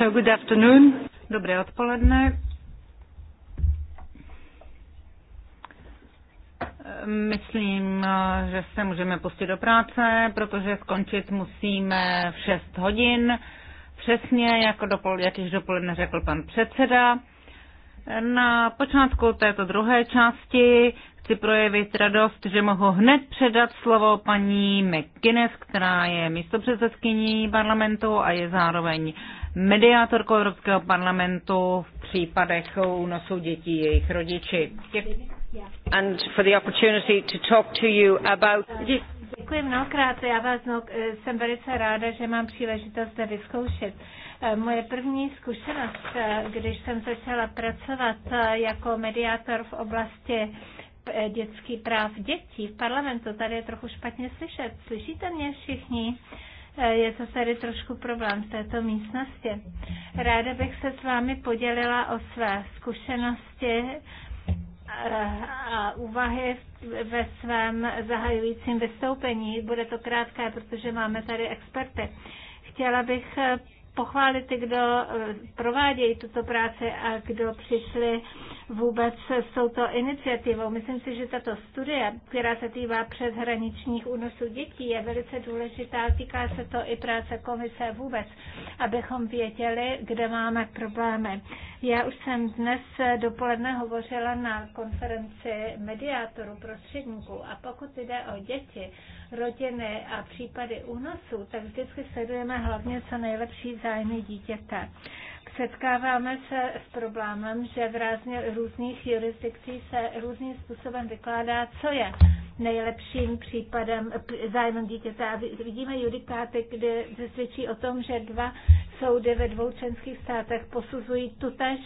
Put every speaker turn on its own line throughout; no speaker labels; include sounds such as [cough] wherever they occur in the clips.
So good afternoon. Dobré odpoledne. Myslím, že se můžeme pustit do práce, protože skončit musíme v 6 hodin, přesně jako dopol, jak již dopoledne řekl pan předseda. Na počátku této druhé části chci projevit radost, že mohu hned předat slovo paní McGuinness, která je místopředsedkyní parlamentu a je zároveň mediátorkou Evropského parlamentu v případech únosu dětí jejich rodiči. Děkuji. And for the opportunity to talk to you about... Děkuji mnohokrát. Já
vás no, jsem velice ráda, že mám příležitost zde vyzkoušet. Eh, moje první zkušenost, eh, když jsem začala pracovat jako mediátor v oblasti dětských práv dětí v parlamentu, tady je trochu špatně slyšet. Slyšíte mě všichni? Eh, je to tady trošku problém v této místnosti. Ráda bych se s vámi podělila o své zkušenosti eh, a úvahy ve svém zahajujícím vystoupení. Bude to krátké, protože máme tady experty. Chtěla bych eh, pochválit ty, kdo eh, provádějí tuto práci a kdo přišli vůbec s touto iniciativou. Myslím si, že tato studie, která se týká přeshraničních únosů dětí, je velice důležitá. Týká se to i práce komise vůbec, abychom věděli, kde máme problémy. Já už jsem dnes dopoledne hovořila na konferenci mediátorů prostředníků a pokud jde o děti, rodiny a případy únosu, tak vždycky sledujeme hlavně co nejlepší zájmy dítěte. Setkáváme se s problémem, že v rázně, různých jurisdikcích se různým způsobem vykládá, co je nejlepším případem zájmem dítěte. A vidíme judikáty, kde se svědčí o tom, že dva soudy ve dvou členských státech posuzují tutež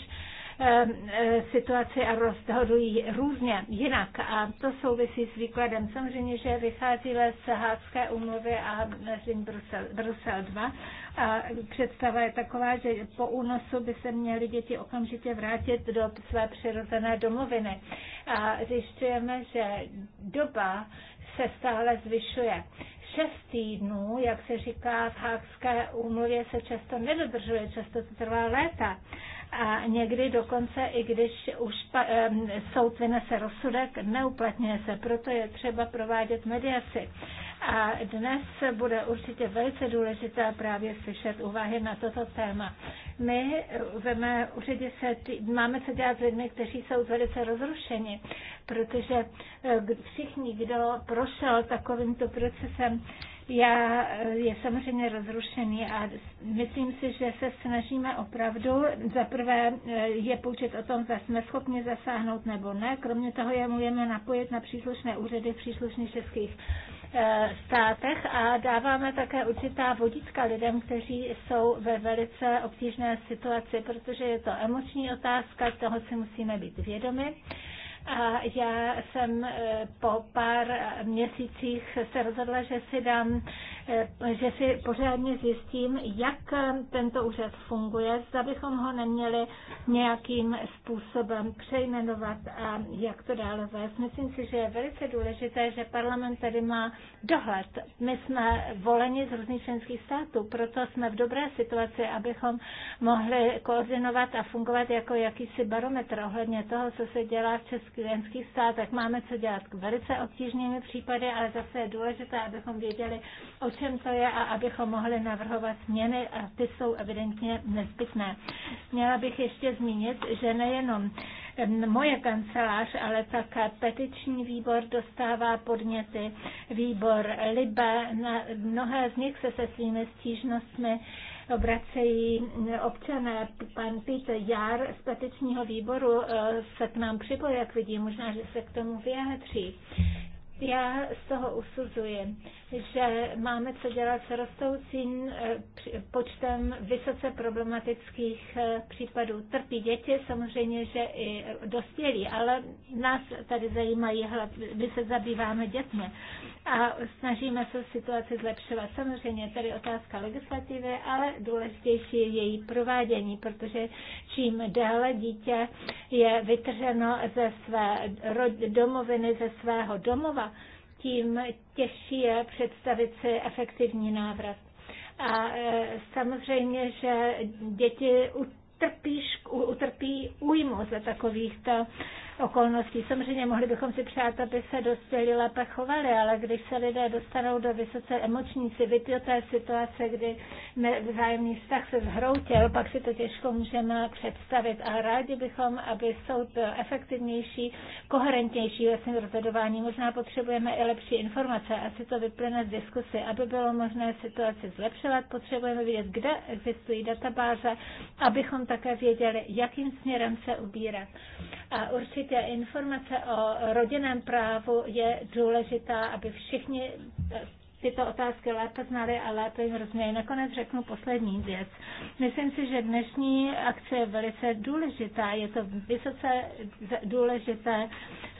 Eh, eh, situaci a rozhodují různě jinak. A to souvisí s výkladem. Samozřejmě, že vycházíme z Hácké úmluvy a nařízení Brusel, Brusel 2. A představa je taková, že po únosu by se měly děti okamžitě vrátit do své přirozené domoviny. A zjišťujeme, že doba se stále zvyšuje šest týdnů, jak se říká v Hákské úmluvě, se často nedodržuje, často to trvá léta a někdy dokonce, i když už pa, soud vynese rozsudek, neuplatňuje se, proto je třeba provádět mediaci. A dnes bude určitě velice důležité právě slyšet úvahy na toto téma. My ve mé určitě se, máme co dělat s lidmi, kteří jsou velice rozrušeni, protože eh, všichni, kdo prošel takovýmto procesem, já eh, je samozřejmě rozrušený a myslím si, že se snažíme opravdu. Za prvé eh, je poučit o tom, zda jsme schopni zasáhnout nebo ne. Kromě toho je můžeme napojit na příslušné úřady v příslušných českých eh, státech a dáváme také určitá vodítka lidem, kteří jsou ve velice obtížné situaci, protože je to emoční otázka, toho si musíme být vědomi. A já jsem eh, po pár měsících se rozhodla, že si dám Eh, že si pořádně zjistím, jak eh, tento úřad funguje, zda bychom ho neměli nějakým způsobem přejmenovat a jak to dále vést. Myslím si, že je velice důležité, že parlament tady má dohled. My jsme voleni z různých členských států, proto jsme v dobré situaci, abychom mohli koordinovat a fungovat jako jakýsi barometr ohledně toho, co se dělá v českých státech. Máme co dělat velice obtížnými případy, ale zase je důležité, abychom věděli, o čem to je a abychom mohli navrhovat změny a ty jsou evidentně nezbytné. Měla bych ještě zmínit, že nejenom moje kancelář, ale také petiční výbor dostává podněty, výbor Libe, mnohé z nich se se svými stížnostmi obracejí občané. Pan Peter Jar z petičního výboru eh, se k nám připojí, jak vidím, možná, že se k tomu vyjádří. Já z toho usuzuji, že máme co dělat s rostoucím eh, počtem vysoce problematických eh, případů. Trpí děti, samozřejmě, že i dospělí, ale nás tady zajímají, my se zabýváme dětmi a snažíme se situaci zlepšovat. Samozřejmě tady otázka legislativy, ale důležitější je její provádění, protože čím déle dítě je vytrženo ze své domoviny, ze svého domova, tím těžší je představit si efektivní návrat. A e, samozřejmě, že děti utrpí, utrpí újmu za takovýchto okolností. Samozřejmě mohli bychom si přát, aby se dospělí lépe chovali, ale když se lidé dostanou do vysoce emoční civitoté situace, kdy vzájemný vztah se zhroutil, pak si to těžko můžeme představit. A rádi bychom, aby soud byl efektivnější, koherentnější ve svém rozhodování. Možná potřebujeme i lepší informace, asi to vyplyne z diskusy. Aby bylo možné situaci zlepšovat, potřebujeme vidět, kde existují databáze, abychom také věděli, jakým směrem se ubírat. A určitě informace o rodinném právu je důležitá, aby všichni eh, tyto otázky lépe znali a lépe jim rozuměli. Nakonec řeknu poslední věc. Myslím si, že dnešní akce je velice důležitá. Je to vysoce důležité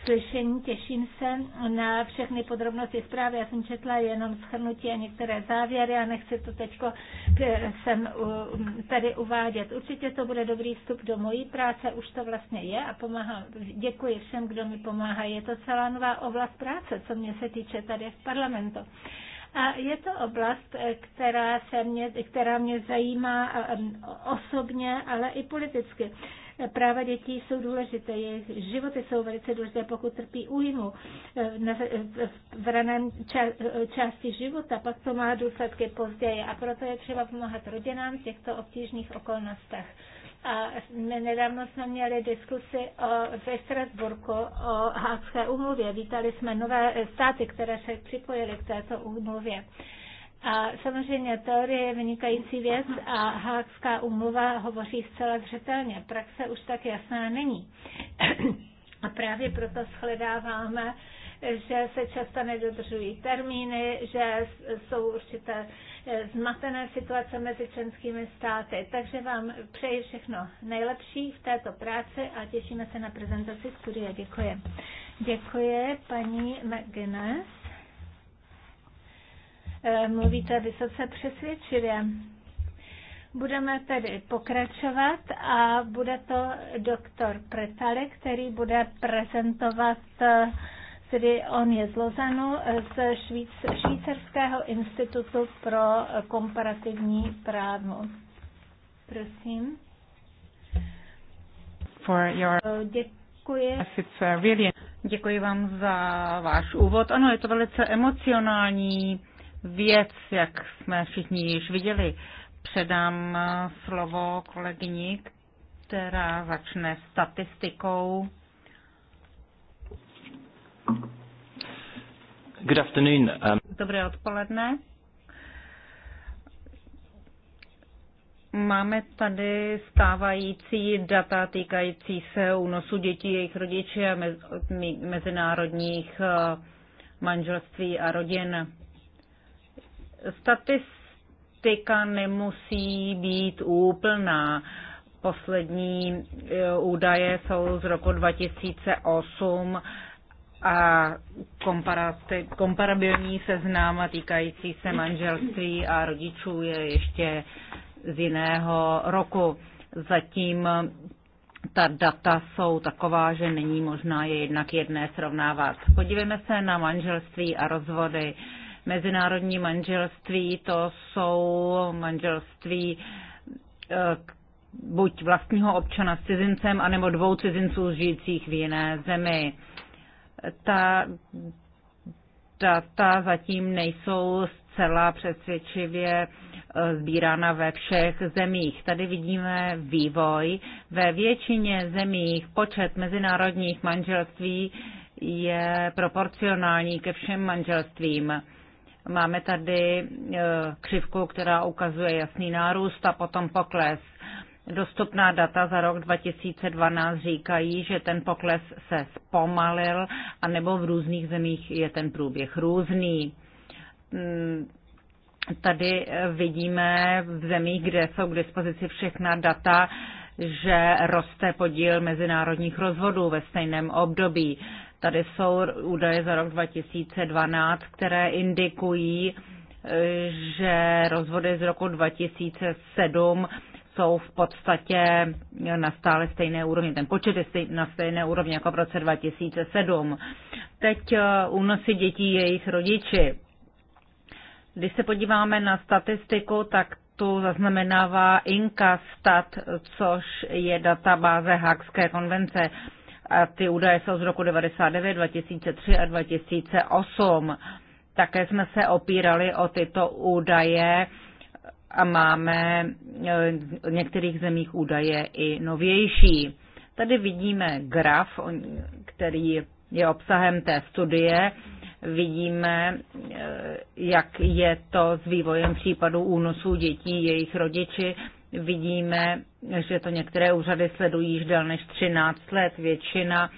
slyšení. Těším se na všechny podrobnosti zprávy. Já jsem četla jenom schrnutí a některé závěry a nechci to teď eh, sem um, tady uvádět. Určitě to bude dobrý vstup do mojí práce, už to vlastně je a pomáhám. Děkuji všem, kdo mi pomáhá. Je to celá nová oblast práce, co mě se týče tady v parlamentu. A je to oblast, eh, která, se mě, která mě zajímá eh, osobně, ale i politicky Práva dětí jsou důležité, jejich životy jsou velice důležité, pokud trpí újmu eh, eh, v raném eh, části života, pak to má důsledky později a proto je třeba pomáhat rodinám v těchto obtížných okolnostech. A nedávno jsme měli diskusi o, ve Strasburku o hádské úmluvě. Vítali jsme nové státy, které se připojily k této umluvě. A samozřejmě teorie je vynikající věc a Hákská umluva hovoří zcela zřetelně. Praxe už tak jasná není. A právě proto shledáváme, že se často nedodržují termíny, že jsou určité eh, zmatené situace mezi členskými státy. Takže vám přeji všechno nejlepší v této práci a těšíme se na prezentaci studie. Děkuji. Děkuji paní McGuinness. Eh, mluvíte vysoce přesvědčivě. Budeme tedy pokračovat a bude to doktor Pretale, který bude prezentovat, eh, tedy on je z Lozanu, eh, z Švýcarského institutu pro komparativní právo. Prosím.
For your... Děkuji. It's really... Děkuji vám za váš úvod. Ano, je to velice emocionální věc, jak jsme všichni již viděli. Předám slovo kolegyni, která začne statistikou. Good afternoon. Um... Dobré odpoledne. Máme tady stávající data týkající se únosu dětí, jejich rodiče a mezinárodních uh, manželství a rodin. Statistika nemusí být úplná. Poslední e, údaje jsou z roku 2008 a komparabilní seznám týkající se manželství a rodičů je ještě z jiného roku. Zatím ta data jsou taková, že není možná je jednak jedné srovnávat. Podívejme se na manželství a rozvody mezinárodní manželství, to jsou manželství eh, buď vlastního občana s cizincem, anebo dvou cizinců žijících v jiné zemi. Ta data zatím nejsou zcela přesvědčivě eh, sbírána ve všech zemích. Tady vidíme vývoj. Ve většině zemích počet mezinárodních manželství je proporcionální ke všem manželstvím. Máme tady e, křivku, která ukazuje jasný nárůst a potom pokles. Dostupná data za rok 2012 říkají, že ten pokles se zpomalil, anebo v různých zemích je ten průběh různý. Mm, tady e, vidíme v zemích, kde jsou k dispozici všechna data, že roste podíl mezinárodních rozvodů ve stejném období. Tady jsou údaje za rok 2012, které indikují, že rozvody z roku 2007 jsou v podstatě na stále stejné úrovni. Ten počet je stejný na stejné úrovni jako v roce 2007. Teď únosy eh, dětí jejich rodiči. Když se podíváme na statistiku, tak tu zaznamenává Inka stat, což je databáze Hákské konvence a ty údaje jsou z roku 99, 2003 a 2008. Také jsme se opírali o tyto údaje a máme eh, v některých zemích údaje i novější. Tady vidíme graf, který je obsahem té studie. Vidíme, eh, jak je to s vývojem případů únosů dětí, jejich rodiči vidíme, že to některé úřady sledují již déle než 13 let. Většina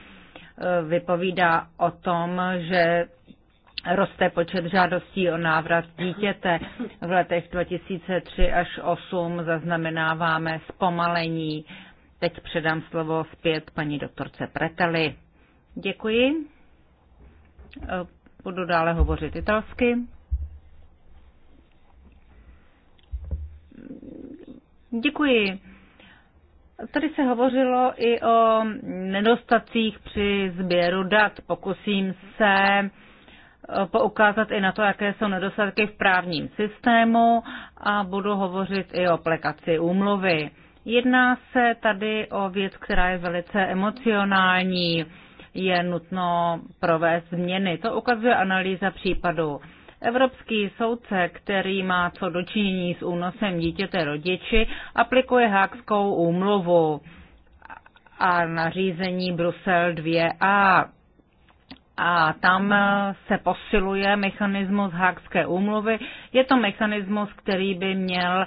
eh, vypovídá o tom, že roste počet žádostí o návrat dítěte. V letech 2003 až 2008 zaznamenáváme zpomalení. Teď předám slovo zpět paní doktorce Preteli. Děkuji. Eh, Budu dále hovořit italsky. Děkuji. Tady se hovořilo i o nedostacích při sběru dat. Pokusím se eh, poukázat i na to, jaké jsou nedostatky v právním systému a budu hovořit i o aplikaci úmluvy. Jedná se tady o věc, která je velice emocionální. Je nutno provést změny. To ukazuje analýza případu. Evropský soudce, který má co dočinění s únosem dítěte rodiči, aplikuje hákskou úmluvu a nařízení Brusel 2a. A tam se posiluje mechanismus hákské úmluvy. Je to mechanismus, který by měl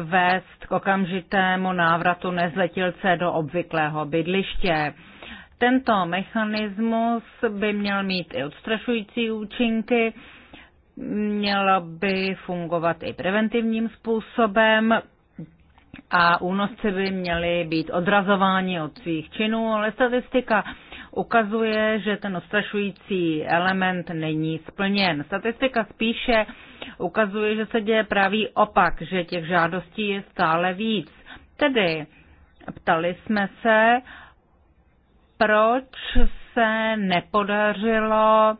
vést k okamžitému návratu nezletilce do obvyklého bydliště. Tento mechanismus by měl mít i odstrašující účinky, měla by fungovat i preventivním způsobem a únosci by měli být odrazováni od svých činů, ale statistika ukazuje, že ten ostrašující element není splněn. Statistika spíše ukazuje, že se děje pravý opak, že těch žádostí je stále víc. Tedy ptali jsme se, proč se nepodařilo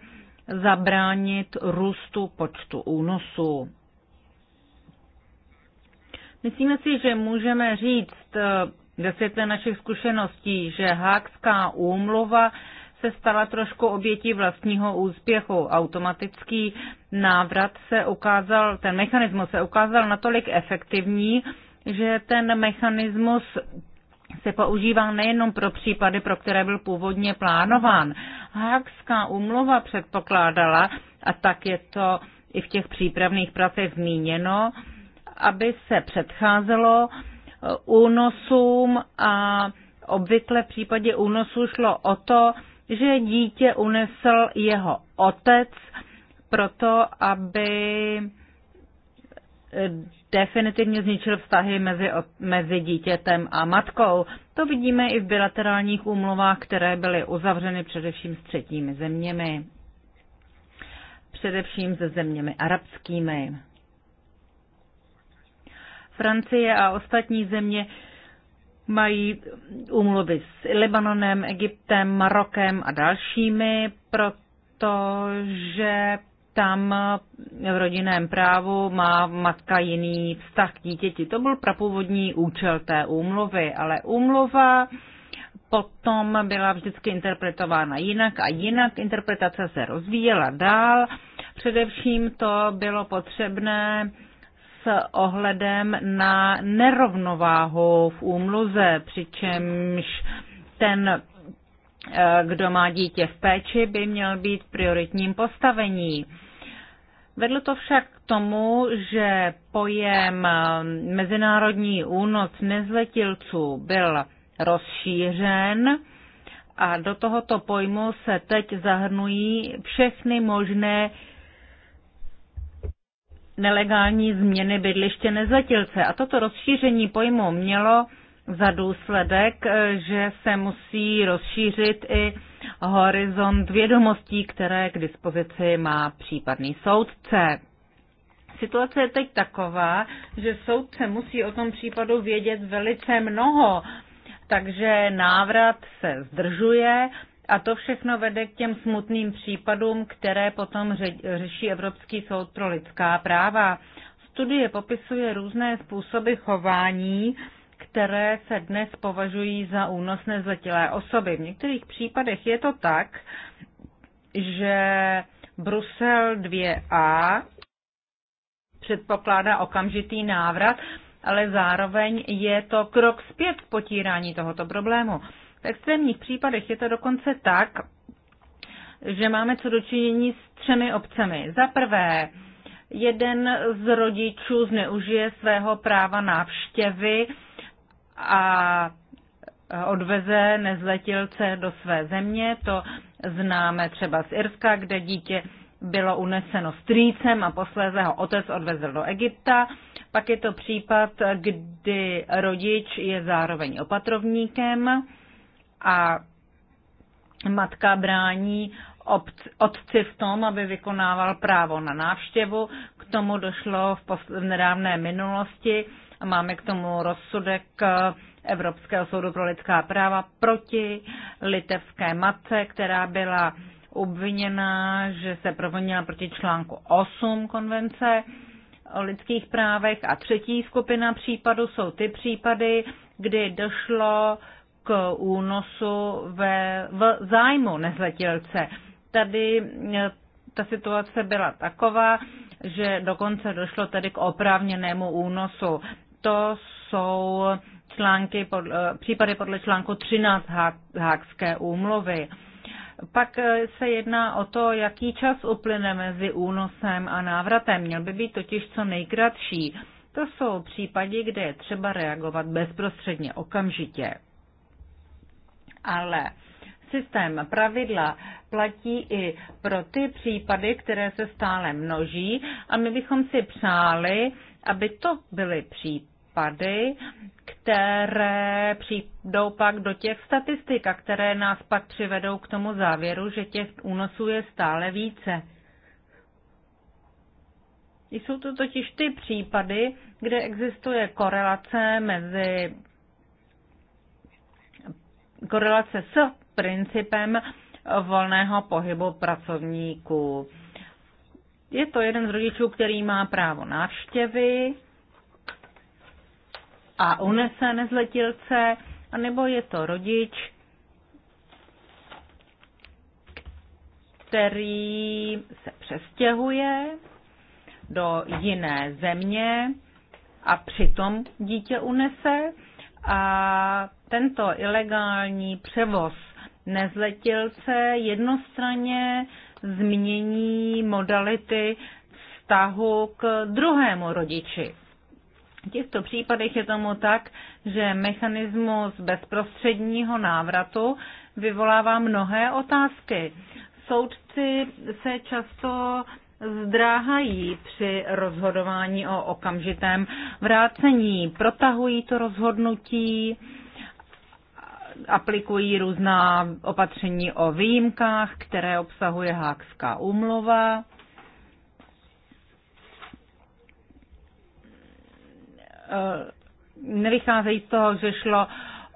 zabránit růstu počtu únosů. Myslíme si, že můžeme říct eh, ve světle našich zkušeností, že Hákská úmluva se stala trošku obětí vlastního úspěchu. Automatický návrat se ukázal, ten mechanismus se ukázal natolik efektivní, že ten mechanismus se používá nejenom pro případy, pro které byl původně plánován. Hákská umlova předpokládala, a tak je to i v těch přípravných pracech zmíněno, aby se předcházelo eh, únosům a obvykle v případě únosu šlo o to, že dítě unesl jeho otec proto, aby definitivně zničil vztahy mezi, mezi dítětem a matkou. To vidíme i v bilaterálních úmluvách, které byly uzavřeny především s třetími zeměmi, především se zeměmi arabskými. Francie a ostatní země mají úmluvy s Libanonem, Egyptem, Marokem a dalšími, protože tam v rodinném právu má matka jiný vztah k dítěti. To byl prapůvodní účel té úmluvy, ale úmluva potom byla vždycky interpretována jinak a jinak. Interpretace se rozvíjela dál. Především to bylo potřebné s ohledem na nerovnováhu v úmluze, přičemž ten, eh, kdo má dítě v péči, by měl být prioritním postavení. Vedlo to však k tomu, že pojem eh, Mezinárodní únoc nezletilců byl rozšířen a do tohoto pojmu se teď zahrnují všechny možné nelegální změny bydliště nezletilce. A toto rozšíření pojmu mělo za důsledek, že se musí rozšířit i horizont vědomostí, které k dispozici má případný soudce. Situace je teď taková, že soudce musí o tom případu vědět velice mnoho, takže návrat se zdržuje a to všechno vede k těm smutným případům, které potom řeší Evropský soud pro lidská práva. Studie popisuje různé způsoby chování, které se dnes považují za únosné zletilé osoby. V některých případech je to tak, že Brusel 2a předpokládá okamžitý návrat, ale zároveň je to krok zpět k potírání tohoto problému. V extrémních případech je to dokonce tak, že máme co dočinění s třemi obcemi. Za prvé, jeden z rodičů zneužije svého práva návštěvy a odveze nezletilce do své země. To známe třeba z Irska, kde dítě bylo uneseno strýcem a posléze ho otec odvezl do Egypta. Pak je to případ, kdy rodič je zároveň opatrovníkem a matka brání otci v tom, aby vykonával právo na návštěvu k tomu došlo v, v nedávné minulosti a máme k tomu rozsudek eh, Evropského soudu pro lidská práva proti litevské matce, která byla obviněna, že se provonila proti článku 8 konvence o lidských právech. A třetí skupina případů jsou ty případy, kdy došlo k únosu ve, v zájmu nezletilce. Tady eh, ta situace byla taková, že dokonce došlo tedy k oprávněnému únosu. To jsou články eh, případy podle článku 13 Hákské úmluvy. Pak eh, se jedná o to, jaký čas uplyne mezi únosem a návratem. Měl by být totiž co nejkratší. To jsou případy, kde je třeba reagovat bezprostředně, okamžitě. Ale systém pravidla platí i pro ty případy, které se stále množí a my bychom si přáli, aby to byly případy, které přijdou pak do těch statistik a které nás pak přivedou k tomu závěru, že těch únosů je stále více. Jsou to totiž ty případy, kde existuje korelace mezi korelace s principem volného pohybu pracovníků. Je to jeden z rodičů, který má právo návštěvy a unese nezletilce, anebo je to rodič, který se přestěhuje do jiné země a přitom dítě unese a tento ilegální převoz nezletilce jednostranně změní modality vztahu k druhému rodiči. V těchto případech je tomu tak, že mechanismus bezprostředního návratu vyvolává mnohé otázky. Soudci se často zdráhají při rozhodování o okamžitém vrácení, protahují to rozhodnutí, aplikují různá opatření o výjimkách, které obsahuje Hákská umlova. Eh, nevycházejí z toho, že šlo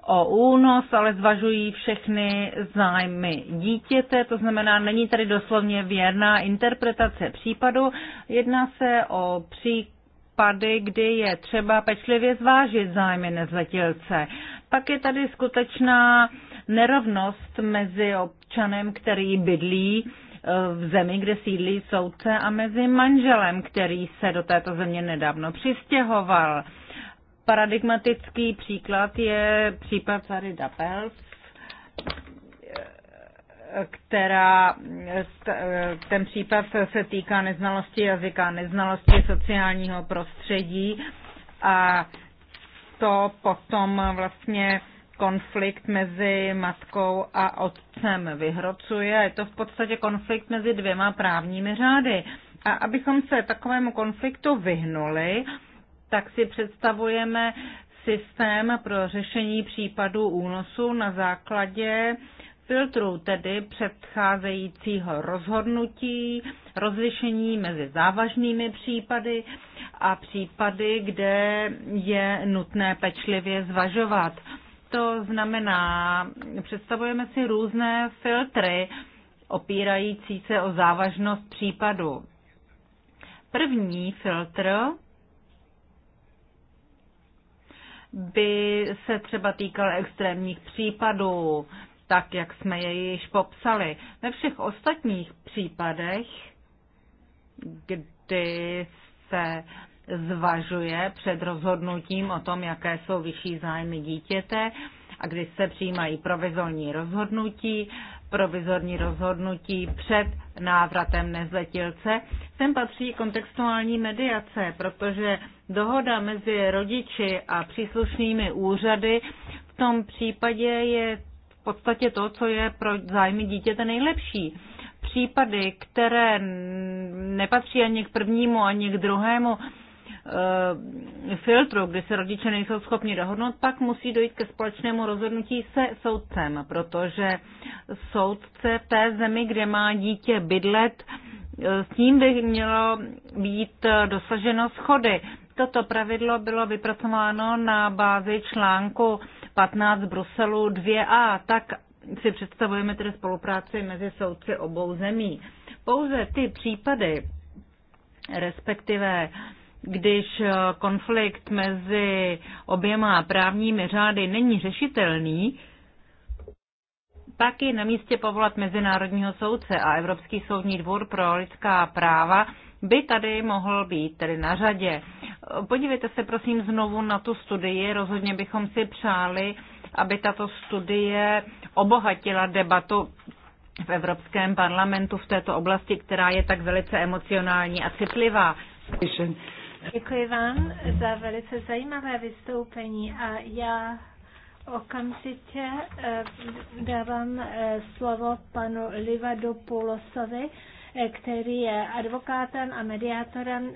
o únos, ale zvažují všechny zájmy dítěte, to znamená, není tady doslovně věrná interpretace případu. Jedná se o případy, kdy je třeba pečlivě zvážit zájmy nezletilce. Pak je tady skutečná nerovnost mezi občanem, který bydlí eh, v zemi, kde sídlí soudce, a mezi manželem, který se do této země nedávno přistěhoval. Paradigmatický příklad je případ Sary Dapels, eh, která eh, ten případ se týká neznalosti jazyka, neznalosti sociálního prostředí a to potom vlastně konflikt mezi matkou a otcem vyhrocuje. Je to v podstatě konflikt mezi dvěma právními řády. A abychom se takovému konfliktu vyhnuli, tak si představujeme systém pro řešení případů únosu na základě filtru, tedy předcházejícího rozhodnutí, rozlišení mezi závažnými případy, a případy, kde je nutné pečlivě zvažovat. To znamená, představujeme si různé filtry opírající se o závažnost případu. První filtr by se třeba týkal extrémních případů, tak jak jsme je již popsali. Ve všech ostatních případech, kdy se zvažuje před rozhodnutím o tom, jaké jsou vyšší zájmy dítěte a když se přijímají provizorní rozhodnutí, provizorní rozhodnutí před návratem nezletilce. Sem patří kontextuální mediace, protože dohoda mezi rodiči a příslušnými úřady v tom případě je v podstatě to, co je pro zájmy dítěte nejlepší. Případy, které nepatří ani k prvnímu, ani k druhému, Eh, filtru, kdy se rodiče nejsou schopni dohodnout, pak musí dojít ke společnému rozhodnutí se soudcem, protože soudce v té zemi, kde má dítě bydlet, eh, s tím by mělo být eh, dosaženo schody. Toto pravidlo bylo vypracováno na bázi článku 15 Bruselu 2a, tak si představujeme tedy spolupráci mezi soudci obou zemí. Pouze ty případy, respektive uh, když eh, konflikt mezi oběma právními řády není řešitelný, pak je na místě povolat Mezinárodního soudce a Evropský soudní dvůr pro lidská práva by tady mohl být tedy na řadě. Podívejte se prosím znovu na tu studii. Rozhodně bychom si přáli, aby tato studie obohatila debatu v Evropském parlamentu v této oblasti, která je tak velice emocionální a citlivá.
Děkuji vám za velice zajímavé vystoupení a já okamžitě eh, dávám eh, slovo panu Livadopoulosovi, eh, který je advokátem a mediátorem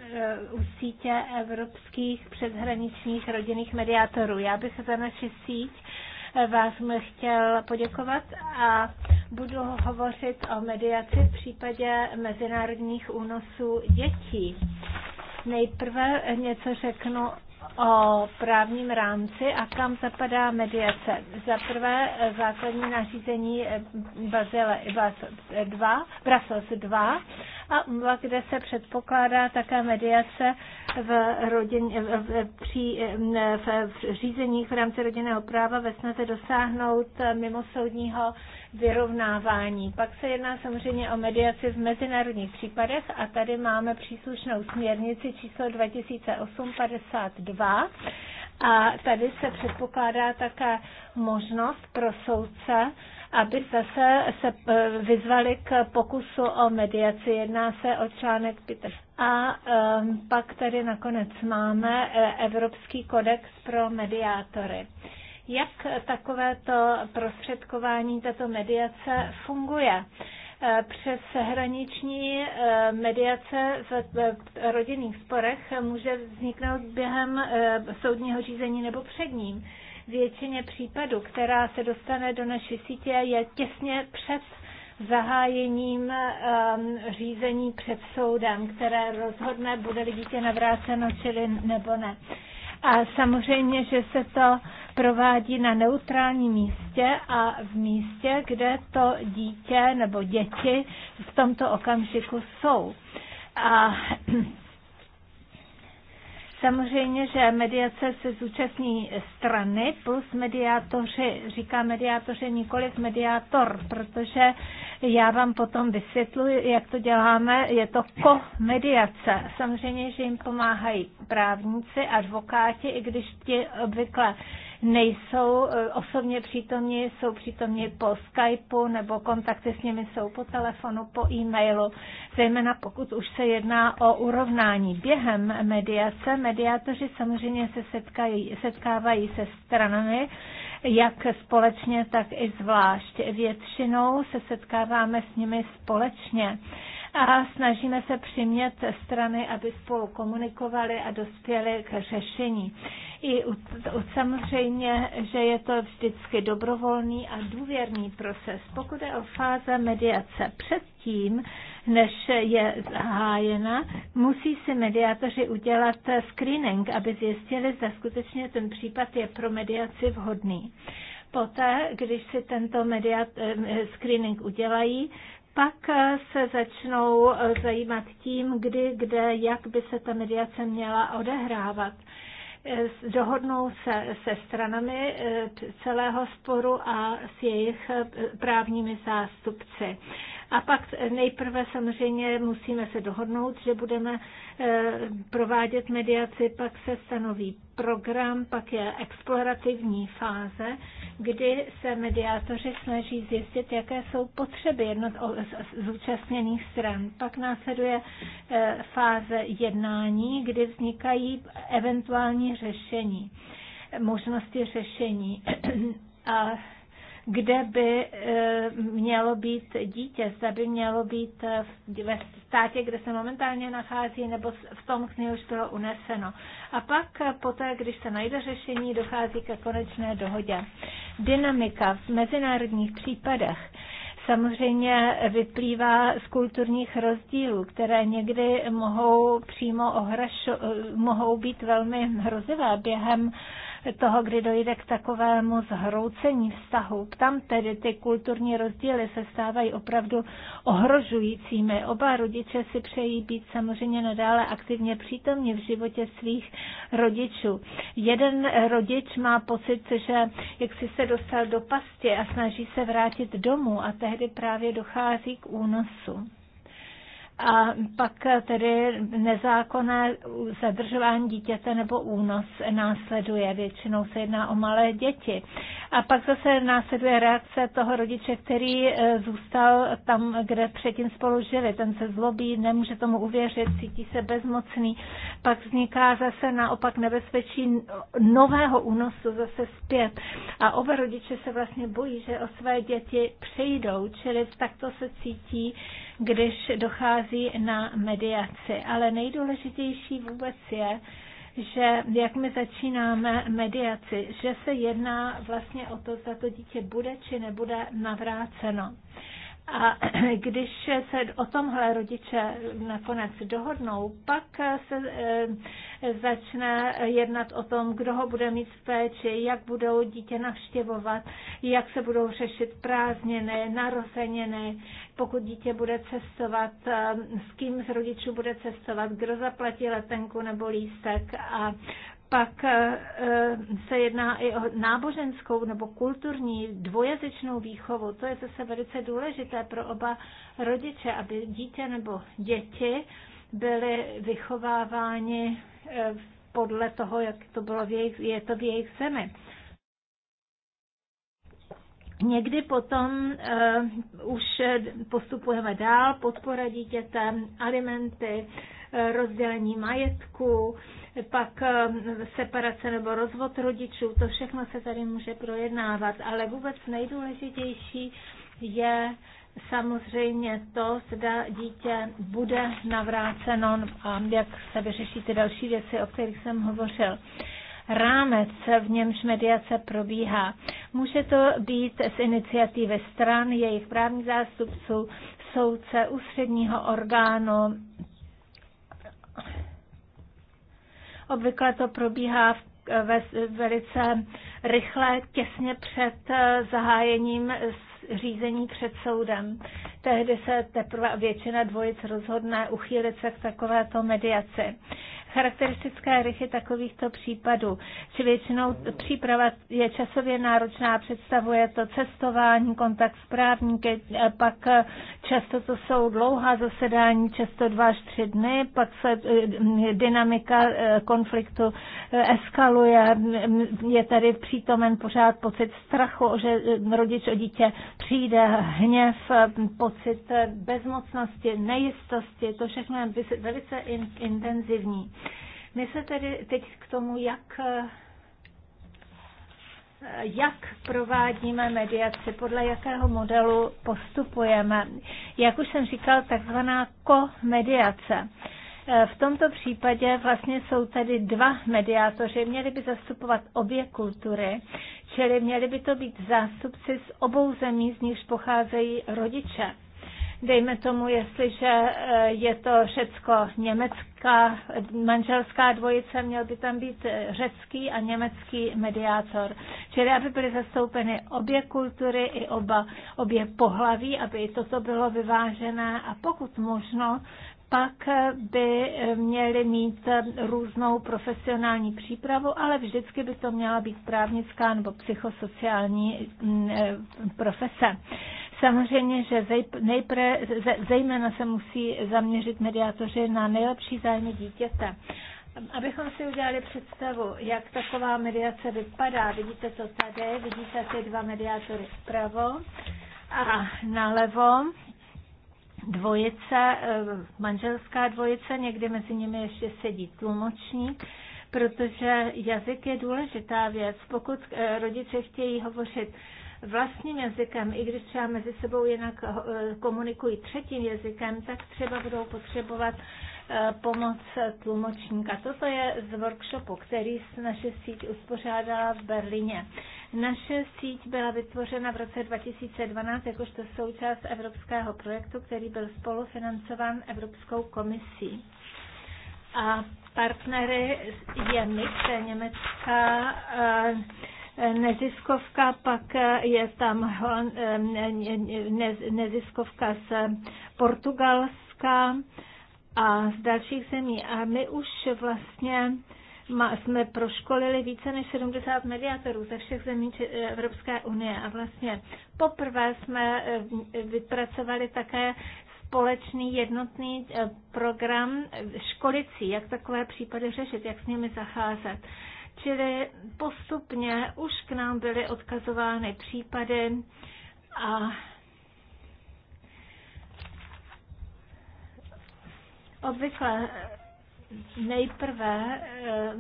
u sítě evropských předhraničních rodinných mediátorů. Já bych se za naši síť vás chtěl poděkovat a budu hovořit o mediaci v případě mezinárodních únosů dětí. Nejprve něco řeknu o právním rámci a kam zapadá mediace. Za prvé základní nařízení Bazile 2, Brasos 2 a umva, kde se předpokládá také mediace v, rodin, v, při, v, v řízeních v rámci rodinného práva ve snaze dosáhnout mimosoudního vyrovnávání. Pak se jedná samozřejmě o mediaci v mezinárodních případech a tady máme příslušnou směrnici číslo 2852. A tady se předpokládá také možnost pro soudce, aby zase se eh, vyzvali k pokusu o mediaci. Jedná se o článek 5. A um, pak tady nakonec máme eh, Evropský kodex pro mediátory. Jak takovéto prostředkování, tato mediace funguje? Uh, Eh, přes hraniční eh, mediace v rodinných sporech může vzniknout během eh, soudního řízení nebo před ním. Většině případů, která se dostane do naší sítě, je těsně před zahájením um, řízení před soudem, které rozhodne, bude-li dítě navráceno, čili nebo ne. A samozřejmě, že se to provádí na neutrálním místě a v místě, kde to dítě nebo děti v tomto okamžiku jsou. A [clears throat] Samozřejmě, že mediace se zúčastní strany plus mediátoři. Říká mediátoři nikoliv mediátor, protože já vám potom vysvětluji, jak to děláme. Je to ko-mediace. Samozřejmě, že jim pomáhají právníci, advokáti, i když ti obvykle nejsou e, osobně přítomní, jsou přítomní po Skypeu nebo kontakty s nimi jsou po telefonu, po e-mailu, zejména pokud už se jedná o urovnání. Během mediace mediátoři samozřejmě se setkají, setkávají se stranami, jak společně, tak i zvlášť. Většinou se setkáváme s nimi společně a snažíme se přimět strany, aby spolu komunikovali a dospěli k řešení. I u, u, samozřejmě, že je to vždycky dobrovolný a důvěrný proces. Pokud je o fáze mediace předtím, než je zahájena, musí si mediátoři udělat screening, aby zjistili, zda skutečně ten případ je pro mediaci vhodný. Poté, když si tento mediat- eh, screening udělají, pak eh, se začnou eh, zajímat tím, kdy, kde, jak by se ta mediace měla odehrávat eh, dohodnou se se stranami celého sporu a s jejich právními zástupci. A pak nejprve samozřejmě musíme se dohodnout, že budeme eh, provádět mediaci, pak se stanoví program, pak je explorativní fáze, kdy se mediátoři snaží zjistit, jaké jsou potřeby jednot zúčastněných stran. Pak následuje eh, fáze jednání, kdy vznikají eventuální řešení, možnosti řešení. [clears throat] A kde eh, by mělo být dítě, zda by mělo být ve státě, kde se momentálně nachází, nebo v tom, k němuž bylo uneseno. A pak eh, poté, když se najde řešení, dochází ke konečné dohodě. Dynamika v mezinárodních případech samozřejmě vyplývá z kulturních rozdílů, které někdy mohou přímo ohrašo, mohou být velmi hrozivé během toho, kdy dojde k takovému zhroucení vztahu. Tam tedy ty kulturní rozdíly se stávají opravdu ohrožujícími. Oba rodiče si přejí být samozřejmě nadále aktivně přítomní v životě svých rodičů. Jeden rodič má pocit, že jak si se dostal do pasti a snaží se vrátit domů a tehdy právě dochází k únosu a pak tedy nezákonné zadržování dítěte nebo únos následuje. Většinou se jedná o malé děti. A pak zase následuje reakce toho rodiče, který e, zůstal tam, kde předtím spolu žili. Ten se zlobí, nemůže tomu uvěřit, cítí se bezmocný. Pak vzniká zase naopak nebezpečí nového únosu zase zpět. A oba rodiče se vlastně bojí, že o své děti přejdou, čili takto se cítí když dochází na mediaci. Ale nejdůležitější vůbec je, že jak my začínáme mediaci, že se jedná vlastně o to, zda to dítě bude či nebude navráceno. A [clears throat] když se o tomhle rodiče nakonec dohodnou, pak se eh, začne jednat o tom, kdo ho bude mít v péči, jak budou dítě navštěvovat, jak se budou řešit prázdniny, narozeniny, pokud dítě bude cestovat, eh, s kým z rodičů bude cestovat, kdo zaplatí letenku nebo lístek a pak eh, eh, se jedná i o náboženskou nebo kulturní dvojazyčnou výchovu. To je zase velice důležité pro oba rodiče, aby dítě nebo děti byly vychováváni eh, podle toho, jak to bylo v jejich, je to v jejich zemi. Někdy potom uh, už postupujeme dál, podpora dítěte, alimenty, uh, Eh, rozdělení majetku, pak eh, separace nebo rozvod rodičů, to všechno se tady může projednávat, ale vůbec nejdůležitější je samozřejmě to, zda dítě bude navráceno a jak se vyřeší ty další věci, o kterých jsem hovořil rámec, v němž mediace probíhá. Může to být z iniciativy stran, jejich právních zástupců, soudce, ústředního orgánu, Obvykle to probíhá v velice rychle, těsně před eh, zahájením řízení před soudem. Tehdy se teprve většina dvojic rozhodne uchýlit se k takovéto mediaci charakteristické rychy takovýchto případů. Či většinou příprava je časově náročná, představuje to cestování, kontakt s právníky, pak eh, často to jsou dlouhá zasedání, často dva až tři dny, pak se eh, dynamika eh, konfliktu eskaluje, mm, je tady přítomen pořád pocit strachu, že rodič o dítě přijde, hněv, pocit bezmocnosti, nejistosti, to všechno je velice intenzivní. My se tedy teď k tomu, jak jak provádíme mediaci, podle jakého modelu postupujeme. Jak už jsem říkal, takzvaná komediace. V tomto případě vlastně jsou tady dva mediátoři, měli by zastupovat obě kultury, čili měli by to být zástupci z obou zemí, z nichž pocházejí rodiče. Dejme tomu, jestliže eh, je to řecko-německá manželská dvojice, měl by tam být eh, řecký a německý mediátor. Čili aby byly zastoupeny obě kultury i oba, obě pohlaví, aby i toto bylo vyvážené a pokud možno, pak eh, by měli mít různou profesionální přípravu, ale vždycky by to měla být právnická nebo psychosociální mm, profese. Samozřejmě, že nejprve, zejména se musí zaměřit mediátoři na nejlepší zájmy dítěte. Abychom si udělali představu, jak taková mediace vypadá, vidíte to tady, vidíte ty dva mediátory vpravo a nalevo dvojice, eh, manželská dvojice, někdy mezi nimi ještě sedí tlumočník, protože jazyk je důležitá věc. Pokud eh, rodiče chtějí hovořit vlastním jazykem, i když třeba mezi sebou jinak eh, komunikují třetím jazykem, tak třeba budou potřebovat eh, pomoc tlumočníka. Toto je z workshopu, který naše síť uspořádala v Berlíně. Naše síť byla vytvořena v roce 2012 jakožto součást evropského projektu, který byl spolufinancován Evropskou komisí. A partnery je MIT, německá eh, neziskovka, pak je tam neziskovka z Portugalska a z dalších zemí. A my už vlastně jsme proškolili více než 70 mediátorů ze všech zemí Evropské unie a vlastně poprvé jsme eh, vypracovali také společný jednotný eh, program školicí, jak takové případy řešit, jak s nimi zacházet. Čili postupně už k nám byly odkazovány případy a obvykle nejprve eh,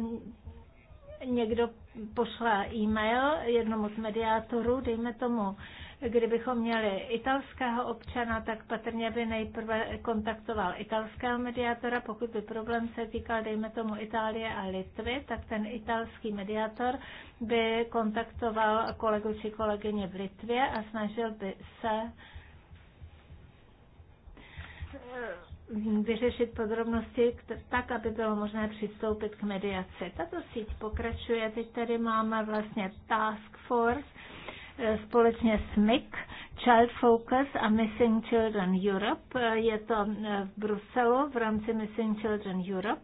někdo pošle e-mail jednomu z mediátorů, dejme tomu Kdybychom měli italského občana, tak patrně by nejprve kontaktoval italského mediátora. Pokud by problém se týkal, dejme tomu, Itálie a Litvy, tak ten italský mediátor by kontaktoval kolegu či kolegyně v Litvě a snažil by se eh, vyřešit podrobnosti tak, aby bylo možné přistoupit k mediaci. Tato síť pokračuje, teď tady máme vlastně task force, společně s MIC, Child Focus a Missing Children Europe. Je to eh, v Bruselu v rámci Missing Children Europe.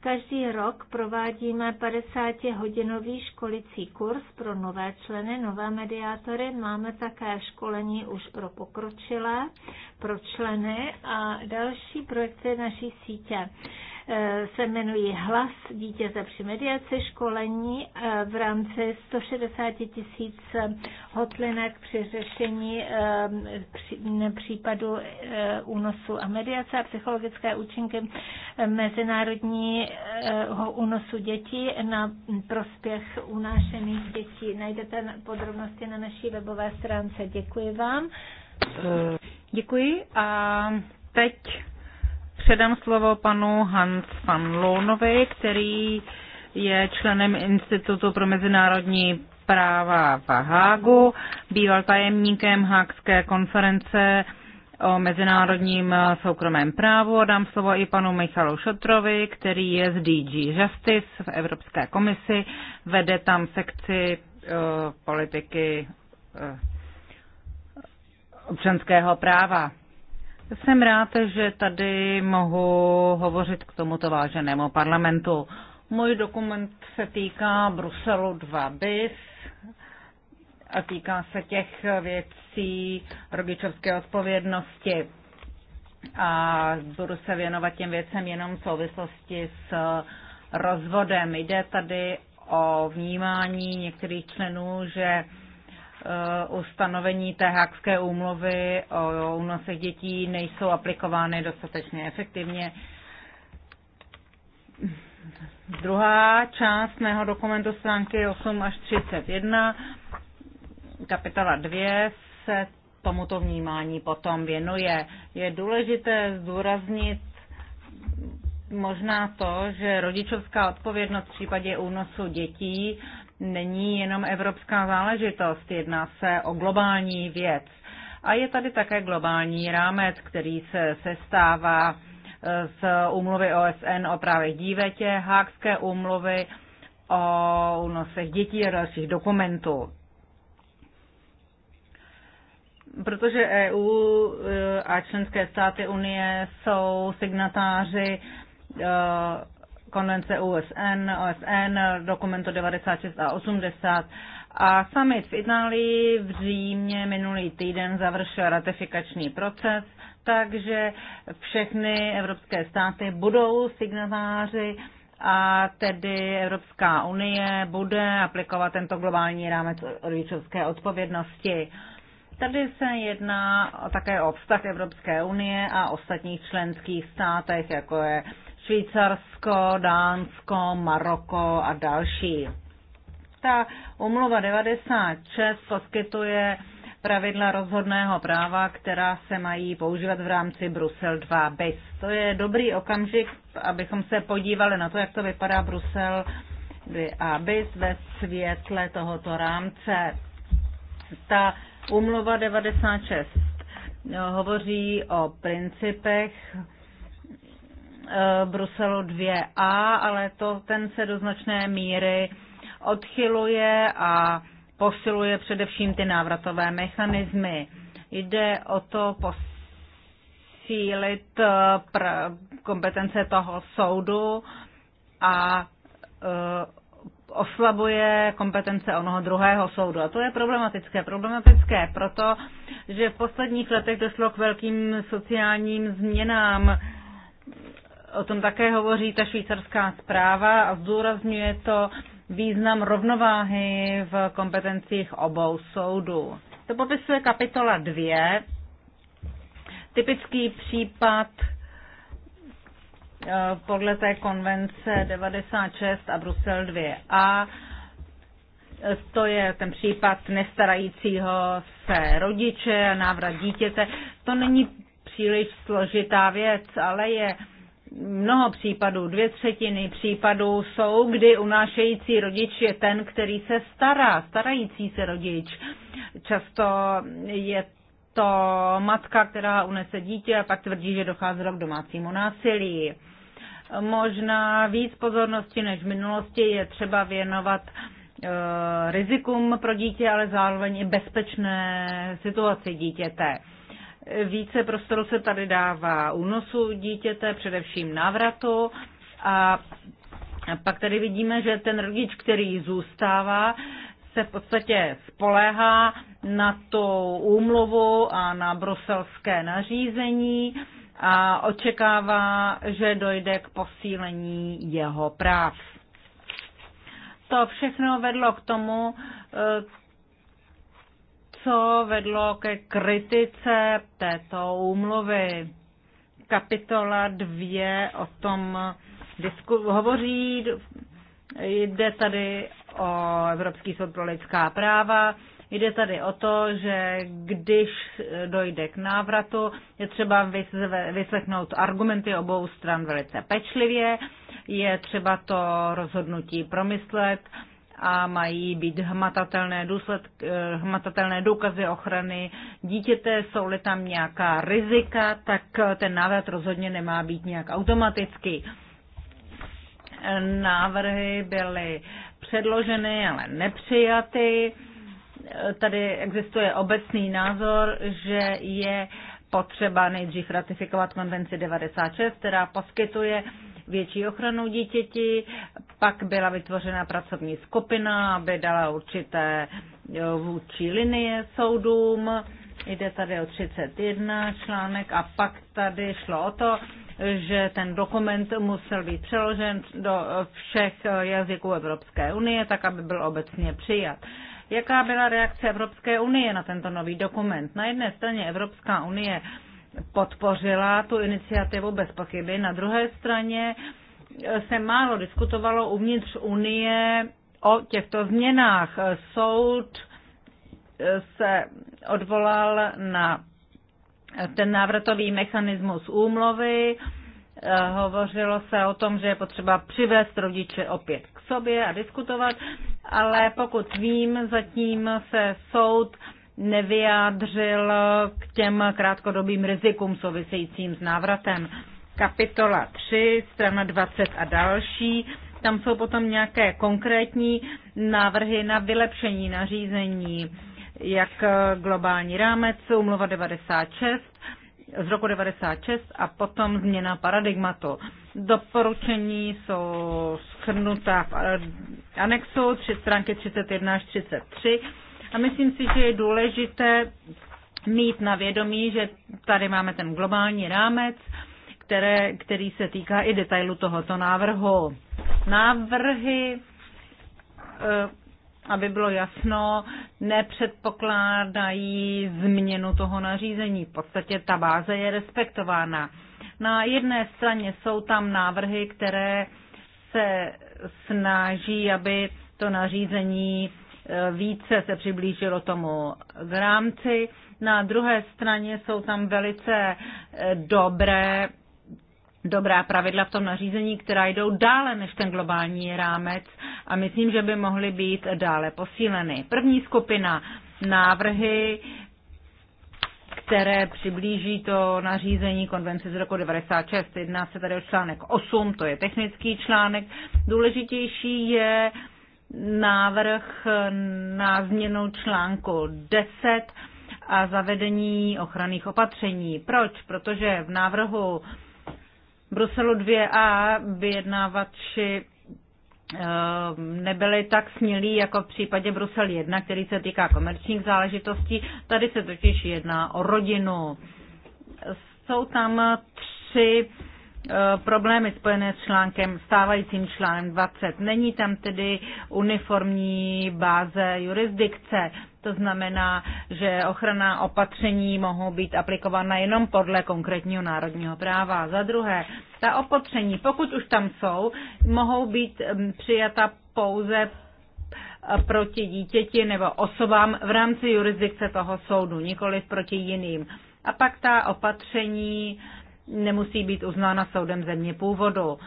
Každý rok provádíme 50-hodinový školicí kurz pro nové členy, nové mediátory. Máme také školení už pro pokročilé, pro členy a další projekty naší sítě. Eh, se jmenují Hlas dítěte při mediaci, školení eh, v rámci 160 tisíc hotlinek při řešení eh, případu únosu a mediace a psychologické účinky mezinárodního únosu dětí na prospěch unášených dětí. Najdete podrobnosti na naší webové stránce. Děkuji vám.
Děkuji a teď předám slovo panu Hans van Loonovi, který je členem Institutu pro mezinárodní práva v Hágu, býval tajemníkem Hákské konference o mezinárodním soukromém právu. Dám slovo i panu Michalu Šotrovi, který je z DG Justice v Evropské komisi, vede tam sekci uh, politiky uh, občanského práva. Jsem rád, že tady mohu hovořit k tomuto váženému parlamentu. Můj dokument se týká Bruselu 2 bis a týká se těch věcí rodičovské odpovědnosti. A budu se věnovat těm věcem jenom v souvislosti s rozvodem. Jde tady o vnímání některých členů, že Eh, ustanovení té hákské úmluvy o únosech dětí nejsou aplikovány dostatečně efektivně. Druhá část mého dokumentu stránky 8 až 31, kapitola 2, se tomuto vnímání potom věnuje. Je důležité zdůraznit možná to, že rodičovská odpovědnost v případě únosu dětí není jenom evropská záležitost, jedná se o globální věc. A je tady také globální rámec, který se sestává e, z úmluvy OSN o právech dívetě, Hákské úmluvy o únosech dětí a dalších dokumentů. Protože EU e, a členské státy Unie jsou signatáři e, konvence USN, OSN, dokumento 96 a 80 a summit v Itálii v Římě minulý týden završil ratifikační proces, takže všechny evropské státy budou signatáři a tedy Evropská unie bude aplikovat tento globální rámec rodičovské odpovědnosti. Tady se jedná také o vztah Evropské unie a ostatních členských státech, jako je Švýcarsko, Dánsko, Maroko a další. Ta umluva 96 poskytuje pravidla rozhodného práva, která se mají používat v rámci Brusel 2 bis. To je dobrý okamžik, abychom se podívali na to, jak to vypadá Brusel 2 bis ve světle tohoto rámce. Ta umluva 96 hovoří o principech Eh, Bruselu 2a, ale to ten se do značné míry odchyluje a posiluje především ty návratové mechanismy. Jde o to posílit eh, kompetence toho soudu a eh, oslabuje kompetence onoho druhého soudu. A to je problematické. Problematické proto, že v posledních letech došlo k velkým sociálním změnám O tom také hovoří ta švýcarská zpráva a zdůrazňuje to význam rovnováhy v kompetencích obou soudů. To popisuje kapitola 2. Typický případ eh, podle té konvence 96 a Brusel 2a. To je ten případ nestarajícího se rodiče a návrat dítěte. To není příliš složitá věc, ale je mnoho případů, dvě třetiny případů jsou, kdy unášející rodič je ten, který se stará, starající se rodič. Často je to matka, která unese dítě a pak tvrdí, že docházelo k domácímu násilí. Možná víc pozornosti než v minulosti je třeba věnovat eh, rizikum pro dítě, ale zároveň i bezpečné situaci dítěte. Více prostoru se tady dává únosu dítěte, především návratu a pak tady vidíme, že ten rodič, který zůstává, se v podstatě spoléhá na tu úmluvu a na bruselské nařízení a očekává, že dojde k posílení jeho práv. To všechno vedlo k tomu, eh, co vedlo ke kritice této úmluvy. Kapitola 2 o tom disku- hovoří, jde tady o Evropský soud pro lidská práva, jde tady o to, že když dojde k návratu, je třeba vyslechnout argumenty obou stran velice pečlivě, je třeba to rozhodnutí promyslet, a mají být hmatatelné, důsledky, eh, hmatatelné důkazy ochrany dítěte, jsou-li tam nějaká rizika, tak eh, ten návrat rozhodně nemá být nějak automatický. Návrhy byly předloženy, ale nepřijaty. Eh, tady existuje obecný názor, že je potřeba nejdřív ratifikovat konvenci 96, která poskytuje větší ochranu dítěti, pak byla vytvořena pracovní skupina, aby dala určité e, vůči linie soudům. Jde tady o 31 článek a pak tady šlo o to, že ten dokument musel být přeložen do všech jazyků Evropské unie, tak aby byl obecně přijat. Jaká byla reakce Evropské unie na tento nový dokument? Na jedné straně Evropská unie podpořila tu iniciativu bez pochyby, na druhé straně se málo diskutovalo uvnitř Unie o těchto změnách. Soud eh, se odvolal na ten návratový mechanismus úmluvy, eh, hovořilo se o tom, že je potřeba přivést rodiče opět k sobě a diskutovat, ale pokud vím, zatím se soud nevyjádřil k těm krátkodobým rizikům souvisejícím s návratem kapitola 3, strana 20 a další. Tam jsou potom nějaké konkrétní návrhy na vylepšení nařízení, jak eh, globální rámec, umluva 96, z roku 96 a potom změna paradigmatu. Doporučení jsou schrnutá v eh, anexu 3 stránky 31 až 33 a myslím si, že je důležité mít na vědomí, že tady máme ten globální rámec, které, který se týká i detailu tohoto návrhu. Návrhy, eh, aby bylo jasno, nepředpokládají změnu toho nařízení. V podstatě ta báze je respektována. Na jedné straně jsou tam návrhy, které se snaží, aby to nařízení eh, více se přiblížilo tomu v rámci. Na druhé straně jsou tam velice eh, dobré dobrá pravidla v tom nařízení, která jdou dále než ten globální rámec a myslím, že by mohly být dále posíleny. První skupina návrhy, které přiblíží to nařízení konvence z roku 96. Jedná se tady o článek 8, to je technický článek. Důležitější je návrh na změnu článku 10 a zavedení ochranných opatření. Proč? Protože v návrhu Bruselu 2a vyjednávači eh, nebyli tak smělí jako v případě Brusel 1, který se týká komerčních záležitostí. Tady se totiž jedná o rodinu. Jsou tam tři eh, problémy spojené s článkem, stávajícím článkem 20. Není tam tedy uniformní báze jurisdikce. To znamená, že ochrana opatření mohou být aplikována jenom podle konkrétního národního práva. Za druhé, ta opatření, pokud už tam jsou, mohou být mm, přijata pouze e, proti dítěti nebo osobám v rámci jurisdikce toho soudu, nikoli proti jiným. A pak ta opatření nemusí být uznána soudem země původu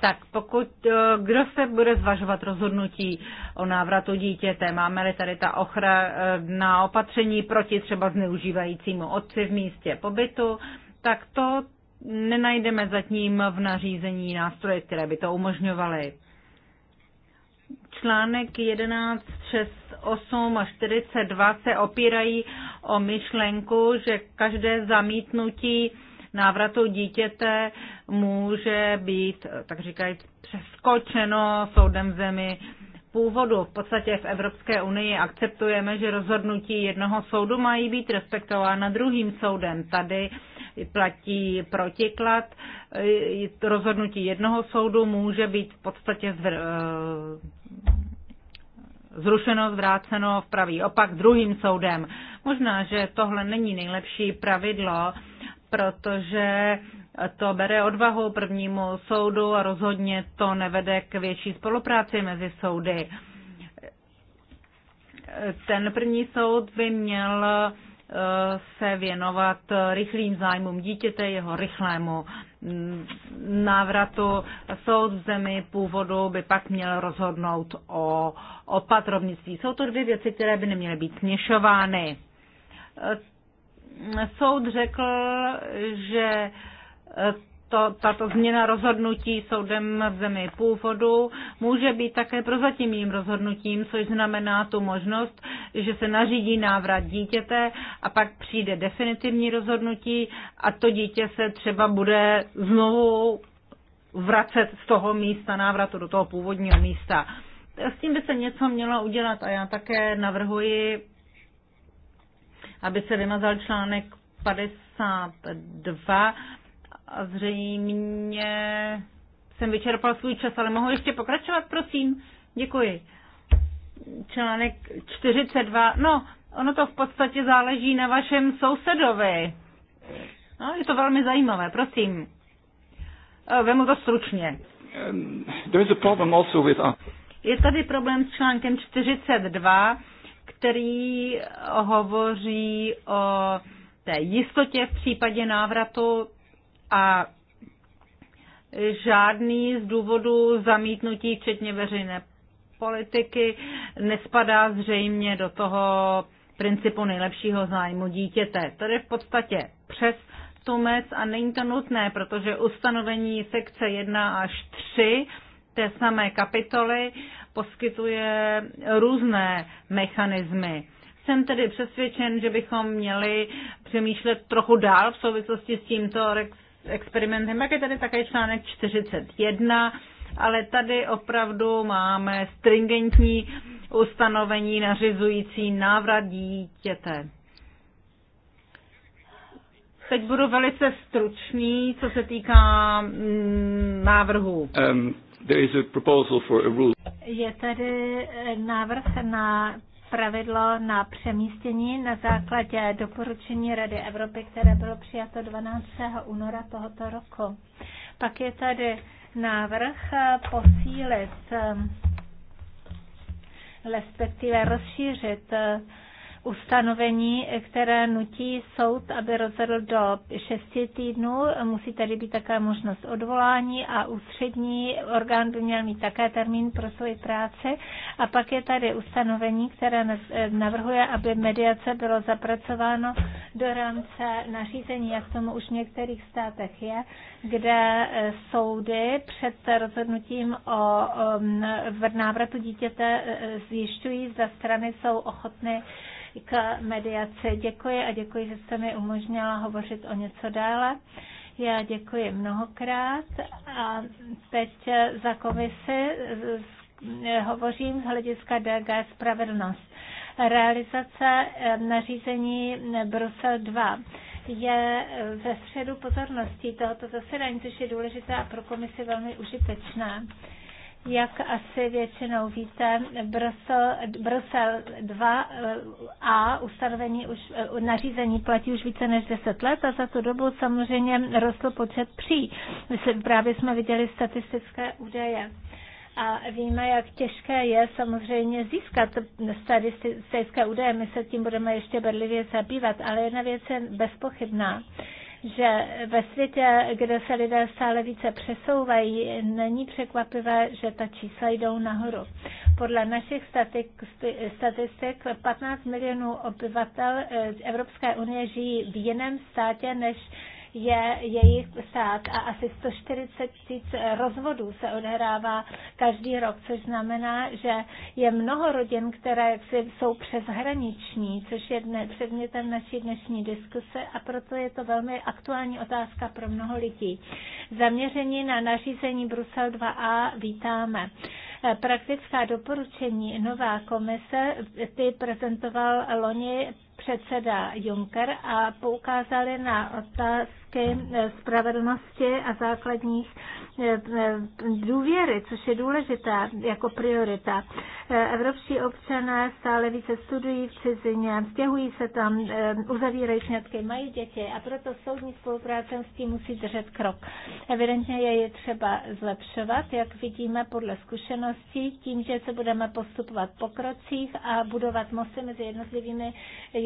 tak pokud eh, kdo se bude zvažovat rozhodnutí o návratu dítěte, máme-li tady ta ochrana eh, opatření proti třeba zneužívajícímu otci v místě pobytu, tak to nenajdeme zatím v nařízení nástroje, které by to umožňovaly. Článek 11, 6, 8 a 42 se opírají o myšlenku, že každé zamítnutí návratu dítěte může být, tak říkají, přeskočeno soudem v zemi původu. V podstatě v Evropské unii akceptujeme, že rozhodnutí jednoho soudu mají být respektována druhým soudem. Tady platí protiklad. Rozhodnutí jednoho soudu může být v podstatě eh, zrušeno, zvráceno v pravý opak druhým soudem. Možná, že tohle není nejlepší pravidlo, protože to bere odvahu prvnímu soudu a rozhodně to nevede k větší spolupráci mezi soudy. Ten první soud by měl eh, se věnovat rychlým zájmům dítěte, jeho rychlému mm, návratu. Soud v zemi původu by pak měl rozhodnout o opatrovnictví. Jsou to dvě věci, které by neměly být směšovány soud řekl, že eh, to, tato změna rozhodnutí soudem v zemi původu může být také prozatímým rozhodnutím, což znamená tu možnost, že se nařídí návrat dítěte a pak přijde definitivní rozhodnutí a to dítě se třeba bude znovu vracet z toho místa návratu do toho původního místa. S tím by se něco mělo udělat a já také navrhuji aby se vymazal článek 52. A zřejmě jsem vyčerpal svůj čas, ale mohu ještě pokračovat, prosím. Děkuji. Článek 42. No, ono to v podstatě záleží na vašem sousedovi. No, je to velmi zajímavé, prosím. Eh, vemu to stručně.
Um,
uh,
je tady problém s článkem 42 který hovoří o té jistotě v případě návratu a žádný z důvodů zamítnutí, včetně veřejné politiky, nespadá zřejmě do toho principu nejlepšího zájmu dítěte. To je v podstatě přes tumec a není to nutné, protože ustanovení sekce 1 až 3 té samé kapitoly poskytuje různé mechanismy. Jsem tedy přesvědčen, že bychom měli přemýšlet trochu dál v souvislosti s tímto experimentem. Jak je tady také článek 41, ale tady opravdu máme stringentní ustanovení nařizující návrat dítěte. Teď budu velice stručný, co se týká mm, návrhu.
Um, There is
a proposal for a rule.
Je tady eh, návrh na pravidlo na přemístění na základě doporučení Rady Evropy, které bylo přijato 12. února tohoto roku. Pak je tady návrh eh, posílit, eh, respektive rozšířit ustanovení, které nutí soud, aby rozhodl do šesti týdnů. Musí tady být také možnost odvolání a ústřední orgán by měl mít také termín pro svoji práci. A pak je tady ustanovení, které navrhuje, aby mediace bylo zapracováno do rámce nařízení, jak tomu už v některých státech je, kde eh, soudy před rozhodnutím o návratu dítěte eh, zjišťují, zda strany jsou ochotny k mediaci. Děkuji a děkuji, že jste mi umožnila hovořit o něco dále. Já děkuji mnohokrát a teď za komisi hovořím z hlediska DG Spravedlnost. Realizace eh, nařízení Brusel 2 je ve eh, středu pozorností tohoto zasedání, což je důležité a pro komisi velmi užitečné. Jak asi většinou víte, Brusel, Brusel 2a eh, ustanovení už, eh, nařízení platí už více než 10 let a za tu dobu samozřejmě rostl počet pří. Právě jsme viděli statistické údaje. A víme, jak těžké je samozřejmě získat statistické údaje. My se tím budeme ještě bedlivě zabývat, ale jedna věc je bezpochybná že ve světě, kde se lidé stále více přesouvají, není překvapivé, že ta čísla jdou nahoru. Podle našich statistik 15 milionů obyvatel eh, Evropské unie žijí v jiném státě než je jejich stát a asi 140 tisíc rozvodů se odehrává každý rok, což znamená, že je mnoho rodin, které jsou přeshraniční, což je dne, předmětem naší dnešní diskuse a proto je to velmi aktuální otázka pro mnoho lidí. Zaměření na nařízení Brusel 2a vítáme praktická doporučení nová komise, ty prezentoval loni předseda Juncker a poukázali na otázky eh, spravedlnosti a základních eh, důvěry, což je důležité jako priorita. Eh, evropští občané stále více studují v cizině, stěhují se tam, uzavírají sňatky, mají děti a proto soudní spolupráce s tím musí držet krok. Evidentně je je třeba zlepšovat, jak vidíme podle zkušeností, tím, že se budeme postupovat po krocích a budovat mosty mezi jednotlivými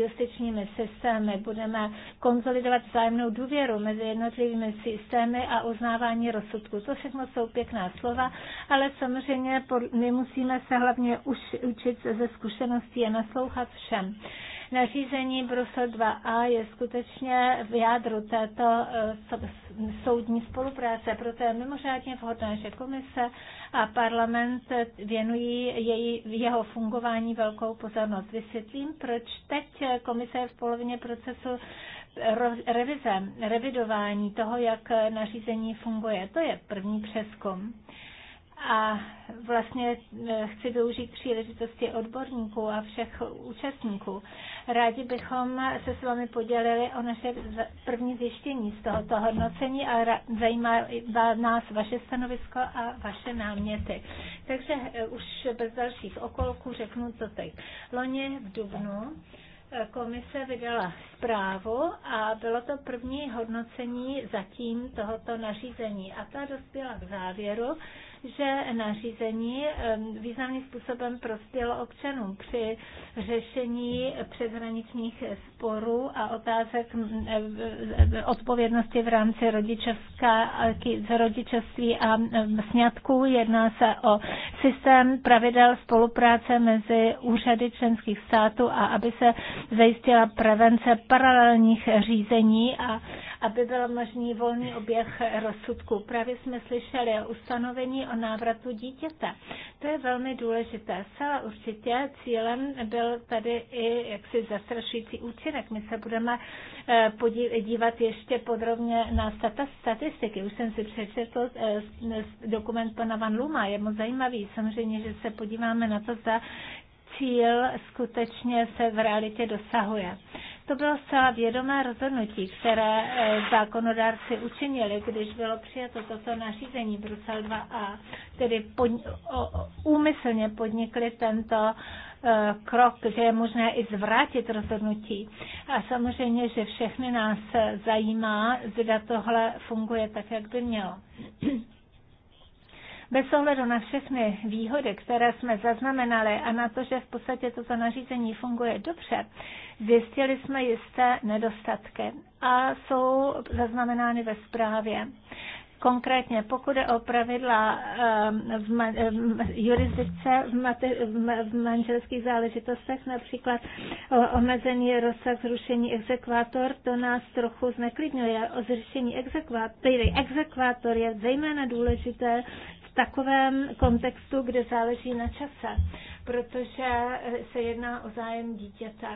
justičními systémy, budeme konzolidovat vzájemnou důvěru mezi jednotlivými systémy a uznávání rozsudků. To všechno jsou pěkná slova, ale samozřejmě my musíme se hlavně učit ze zkušeností a naslouchat všem. Nařízení Brusel 2a je skutečně v jádru této eh, soudní spolupráce, proto je mimořádně vhodné, že komise a parlament věnují jej, jeho fungování velkou pozornost. Vysvětlím, proč teď komise je v polovině procesu revize, revidování toho, jak nařízení funguje. To je první přeskum. A vlastně eh, chci využít příležitosti odborníků a všech účastníků. Rádi bychom se s vámi podělili o naše první zjištění z tohoto hodnocení a zajímá nás vaše stanovisko a vaše náměty. Takže eh, už bez dalších okolků řeknu, co teď. Loni v Dubnu eh, komise vydala zprávu a bylo to první hodnocení zatím tohoto nařízení. A ta dospěla k závěru, že nařízení významným způsobem prospělo občanům při řešení přeshraničních sporů a otázek odpovědnosti v rámci rodičovství a sňatků. Jedná se o systém pravidel spolupráce mezi úřady členských států a aby se zajistila prevence paralelních řízení a aby byl možný volný oběh rozsudku. Právě jsme slyšeli ustanovení o návratu dítěte. To je velmi důležité. Celá určitě cílem byl tady i jaksi zastrašující účinek. My se budeme eh, dívat ještě podrobně na statistiky. Už jsem si přečetl eh, dokument pana Van Luma, je moc zajímavý. Samozřejmě, že se podíváme na to, zda cíl skutečně se v realitě dosahuje. To bylo zcela vědomé rozhodnutí, které eh, zákonodárci učinili, když bylo přijato toto nařízení Brusel 2a, tedy pod, o, úmyslně podnikli tento eh, krok, že je možné i zvrátit rozhodnutí. A samozřejmě, že všechny nás eh, zajímá, zda tohle funguje tak, jak by mělo. Bez ohledu na všechny výhody, které jsme zaznamenali a na to, že v podstatě toto nařízení funguje dobře, zjistili jsme jisté nedostatky a jsou zaznamenány ve zprávě. Konkrétně, pokud je o pravidla ehm, v ma- ehm, jurisdikce v, mate- v manželských záležitostech, například omezení rozsah zrušení exekvátor, to nás trochu zneklidňuje. O zrušení exekvátor, tedy exekvátor je zejména důležité takovém kontextu, kde záleží na čase, protože se jedná o zájem dítěte.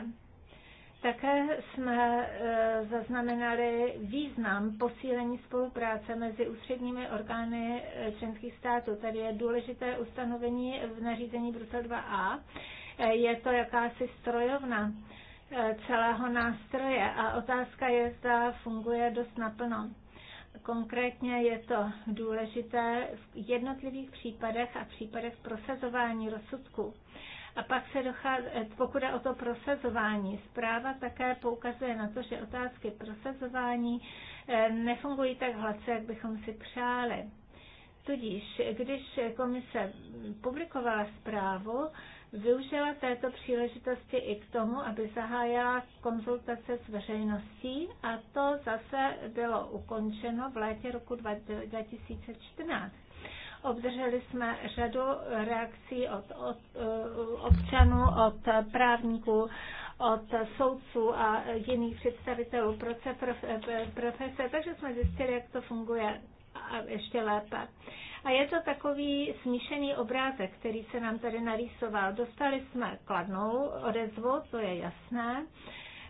Také jsme e, zaznamenali význam posílení spolupráce mezi ústředními orgány e, členských států. Tady je důležité ustanovení v nařízení Brusel 2a. E, je to jakási strojovna celého nástroje a otázka je, zda funguje dost naplno. Konkrétně je to důležité v jednotlivých případech a případech prosazování rozsudku. A pak se dochází, pokud je o to prosazování, zpráva také poukazuje na to, že otázky prosazování eh, nefungují tak hladce, jak bychom si přáli. Tudíž, když komise publikovala zprávu, využila této příležitosti i k tomu, aby zahájila konzultace s veřejností a to zase bylo ukončeno v létě roku 2014. Obdrželi jsme řadu reakcí od, od eh, občanů, od právníků, od soudců a jiných představitelů eh, profese, takže jsme zjistili, jak to funguje a ještě lépe. A je to takový smíšený obrázek, který se nám tady narýsoval. Dostali jsme kladnou odezvu, to je jasné.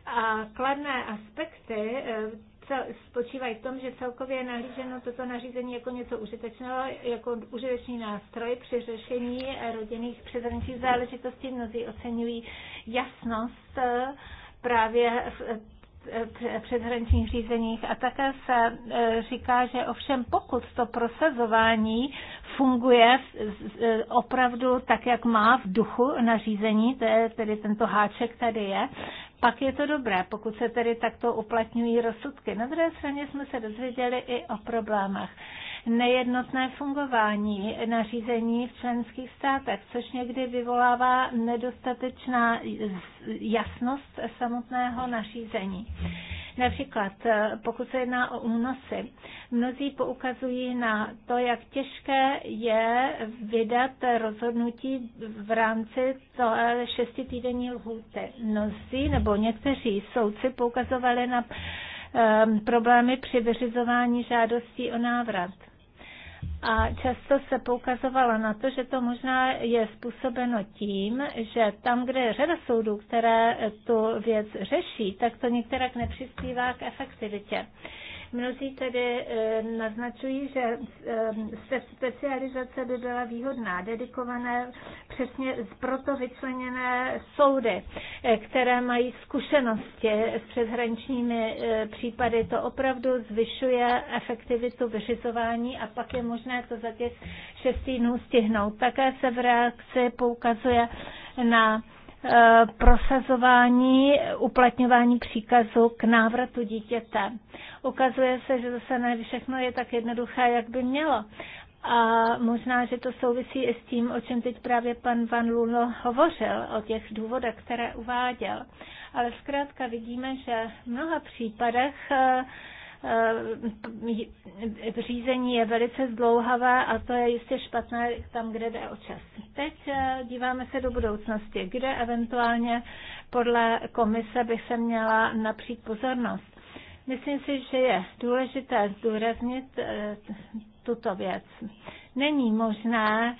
A kladné aspekty eh, spočívají v tom, že celkově je nahlíženo toto nařízení jako něco užitečného, jako užitečný nástroj při řešení rodinných přezraničních záležitostí. Mnozí oceňují jasnost eh, právě v předhraničních řízeních a také se e, říká, že ovšem pokud to prosazování funguje e, opravdu tak, jak má v duchu na to je tedy tento háček tady je, pak je to dobré, pokud se tedy takto uplatňují rozsudky. Na druhé straně jsme se dozvěděli i o problémech nejednotné fungování nařízení v členských státech, což někdy vyvolává nedostatečná jasnost samotného nařízení. Například, eh, pokud se jedná o únosy, mnozí poukazují na to, jak těžké je vydat rozhodnutí v rámci šesti týdenní lhůty. Mnozí nebo někteří soudci poukazovali na eh, problémy při vyřizování žádostí o návrat. A často se poukazovalo na to, že to možná je způsobeno tím, že tam, kde je řada soudů, které tu věc řeší, tak to některak nepřispívá k efektivitě. Mnozí tedy eh, naznačují, že eh, specializace by byla výhodná, dedikované přesně proto vyčleněné soudy, eh, které mají zkušenosti s přeshraničními případy. To opravdu zvyšuje efektivitu vyřizování a pak je možné to za těch šest týdnů stihnout. Také se v reakci poukazuje na prosazování uplatňování příkazu k návratu dítěte. Ukazuje se, že zase ne všechno je tak jednoduché, jak by mělo. A možná, že to souvisí i s tím, o čem teď právě pan Van Luno hovořil, o těch důvodech, které uváděl. Ale zkrátka vidíme, že v mnoha případech eh, Eh, eh, řízení je velice zdlouhavé a to je jistě špatné tam, kde jde o čas. Teď eh, díváme se do budoucnosti, kde eventuálně podle komise bych se měla napřít pozornost. Myslím si, že je důležité zdůraznit tuto věc. Není možné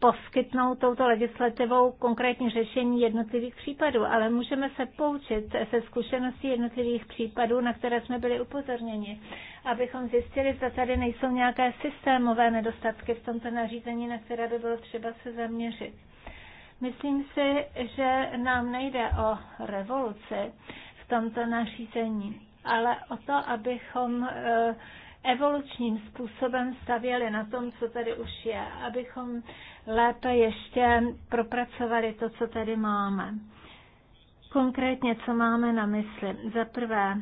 poskytnout touto legislativou konkrétní řešení jednotlivých případů, ale můžeme se poučit se zkušeností jednotlivých případů, na které jsme byli upozorněni, abychom zjistili, zda tady nejsou nějaké systémové nedostatky v tomto nařízení, na které by bylo třeba se zaměřit. Myslím si, že nám nejde o revoluci v tomto nařízení, ale o to, abychom eh, evolučním způsobem stavěli na tom, co tady už je, abychom lépe ještě propracovali to, co tady máme. Konkrétně, co máme na mysli? Za prvé,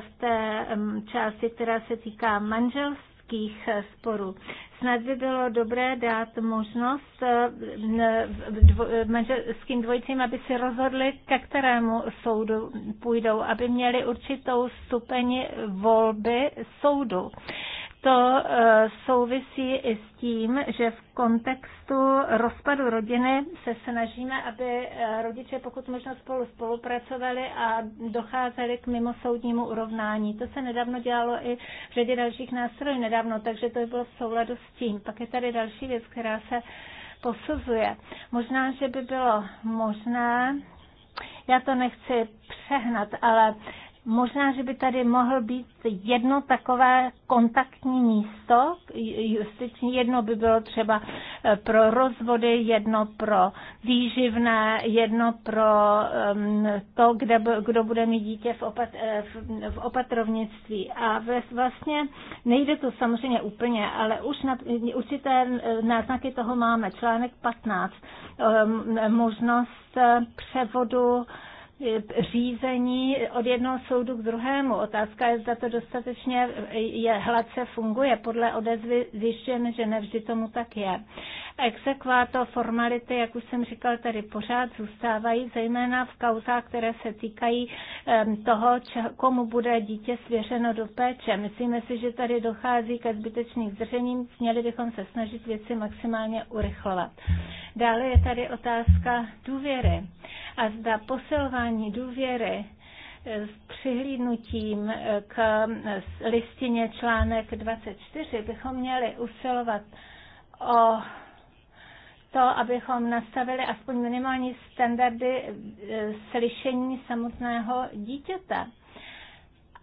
v té části, která se týká manželství, soudních eh, sporů. Snad by bylo dobré dát možnost eh, manželským dvojicím, aby si rozhodli, ke kterému soudu půjdou, aby měli určitou stupeň volby soudu to eh, souvisí i s tím, že v kontextu rozpadu rodiny se snažíme, aby eh, rodiče pokud možno spolu spolupracovali a docházeli k mimosoudnímu urovnání. To se nedávno dělalo i v řadě dalších nástrojů nedávno, takže to bylo v souladu s tím. Pak je tady další věc, která se posuzuje. Možná, že by bylo možné, já to nechci přehnat, ale Možná, že by tady mohl být jedno takové kontaktní místo, justiční, jedno by bylo třeba eh, pro rozvody, jedno pro výživné, jedno pro ehm, to, kde, kdo bude mít dítě v, opat, eh, v opatrovnictví. A vlastně nejde to samozřejmě úplně, ale už na, určité eh, náznaky toho máme. Článek 15, ehm, možnost převodu řízení od jednoho soudu k druhému. Otázka je, zda to dostatečně je, hladce funguje. Podle odezvy zjišťujeme, že nevždy tomu tak je. Exekváto formality, jak už jsem říkal, tady pořád zůstávají, zejména v kauzách, které se týkají toho, če, komu bude dítě svěřeno do péče. Myslíme si, že tady dochází ke zbytečným zdržením, měli bychom se snažit věci maximálně urychlovat. Dále je tady otázka důvěry a zda posilování vyjádření důvěry eh, s přihlídnutím eh, k eh, listině článek 24 bychom měli usilovat o to, abychom nastavili aspoň minimální standardy slyšení samotného dítěte.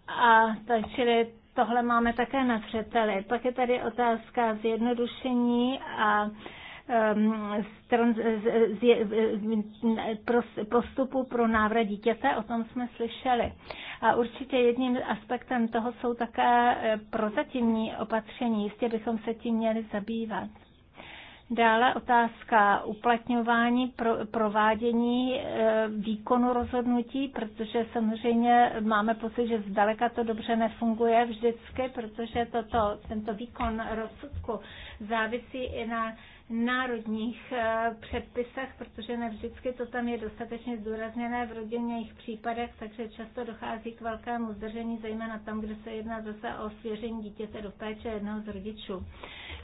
A to, čili tohle máme také na zřeteli. Pak je tady otázka zjednodušení a Ehm, postupu pro návrat dítěte, o tom jsme slyšeli. A určitě jedním aspektem toho jsou také eh, prozatímní opatření, jistě bychom se tím měli zabývat. Dále otázka uplatňování, pro, provádění e, výkonu rozhodnutí, protože samozřejmě máme pocit, že zdaleka to dobře nefunguje vždycky, protože toto, tento výkon rozsudku závisí i na národních eh, předpisech, protože ne vždycky to tam je dostatečně zdůrazněné v rodinných případech, takže často dochází k velkému zdržení, zejména tam, kde se jedná zase o svěření dítěte do péče jednoho z rodičů.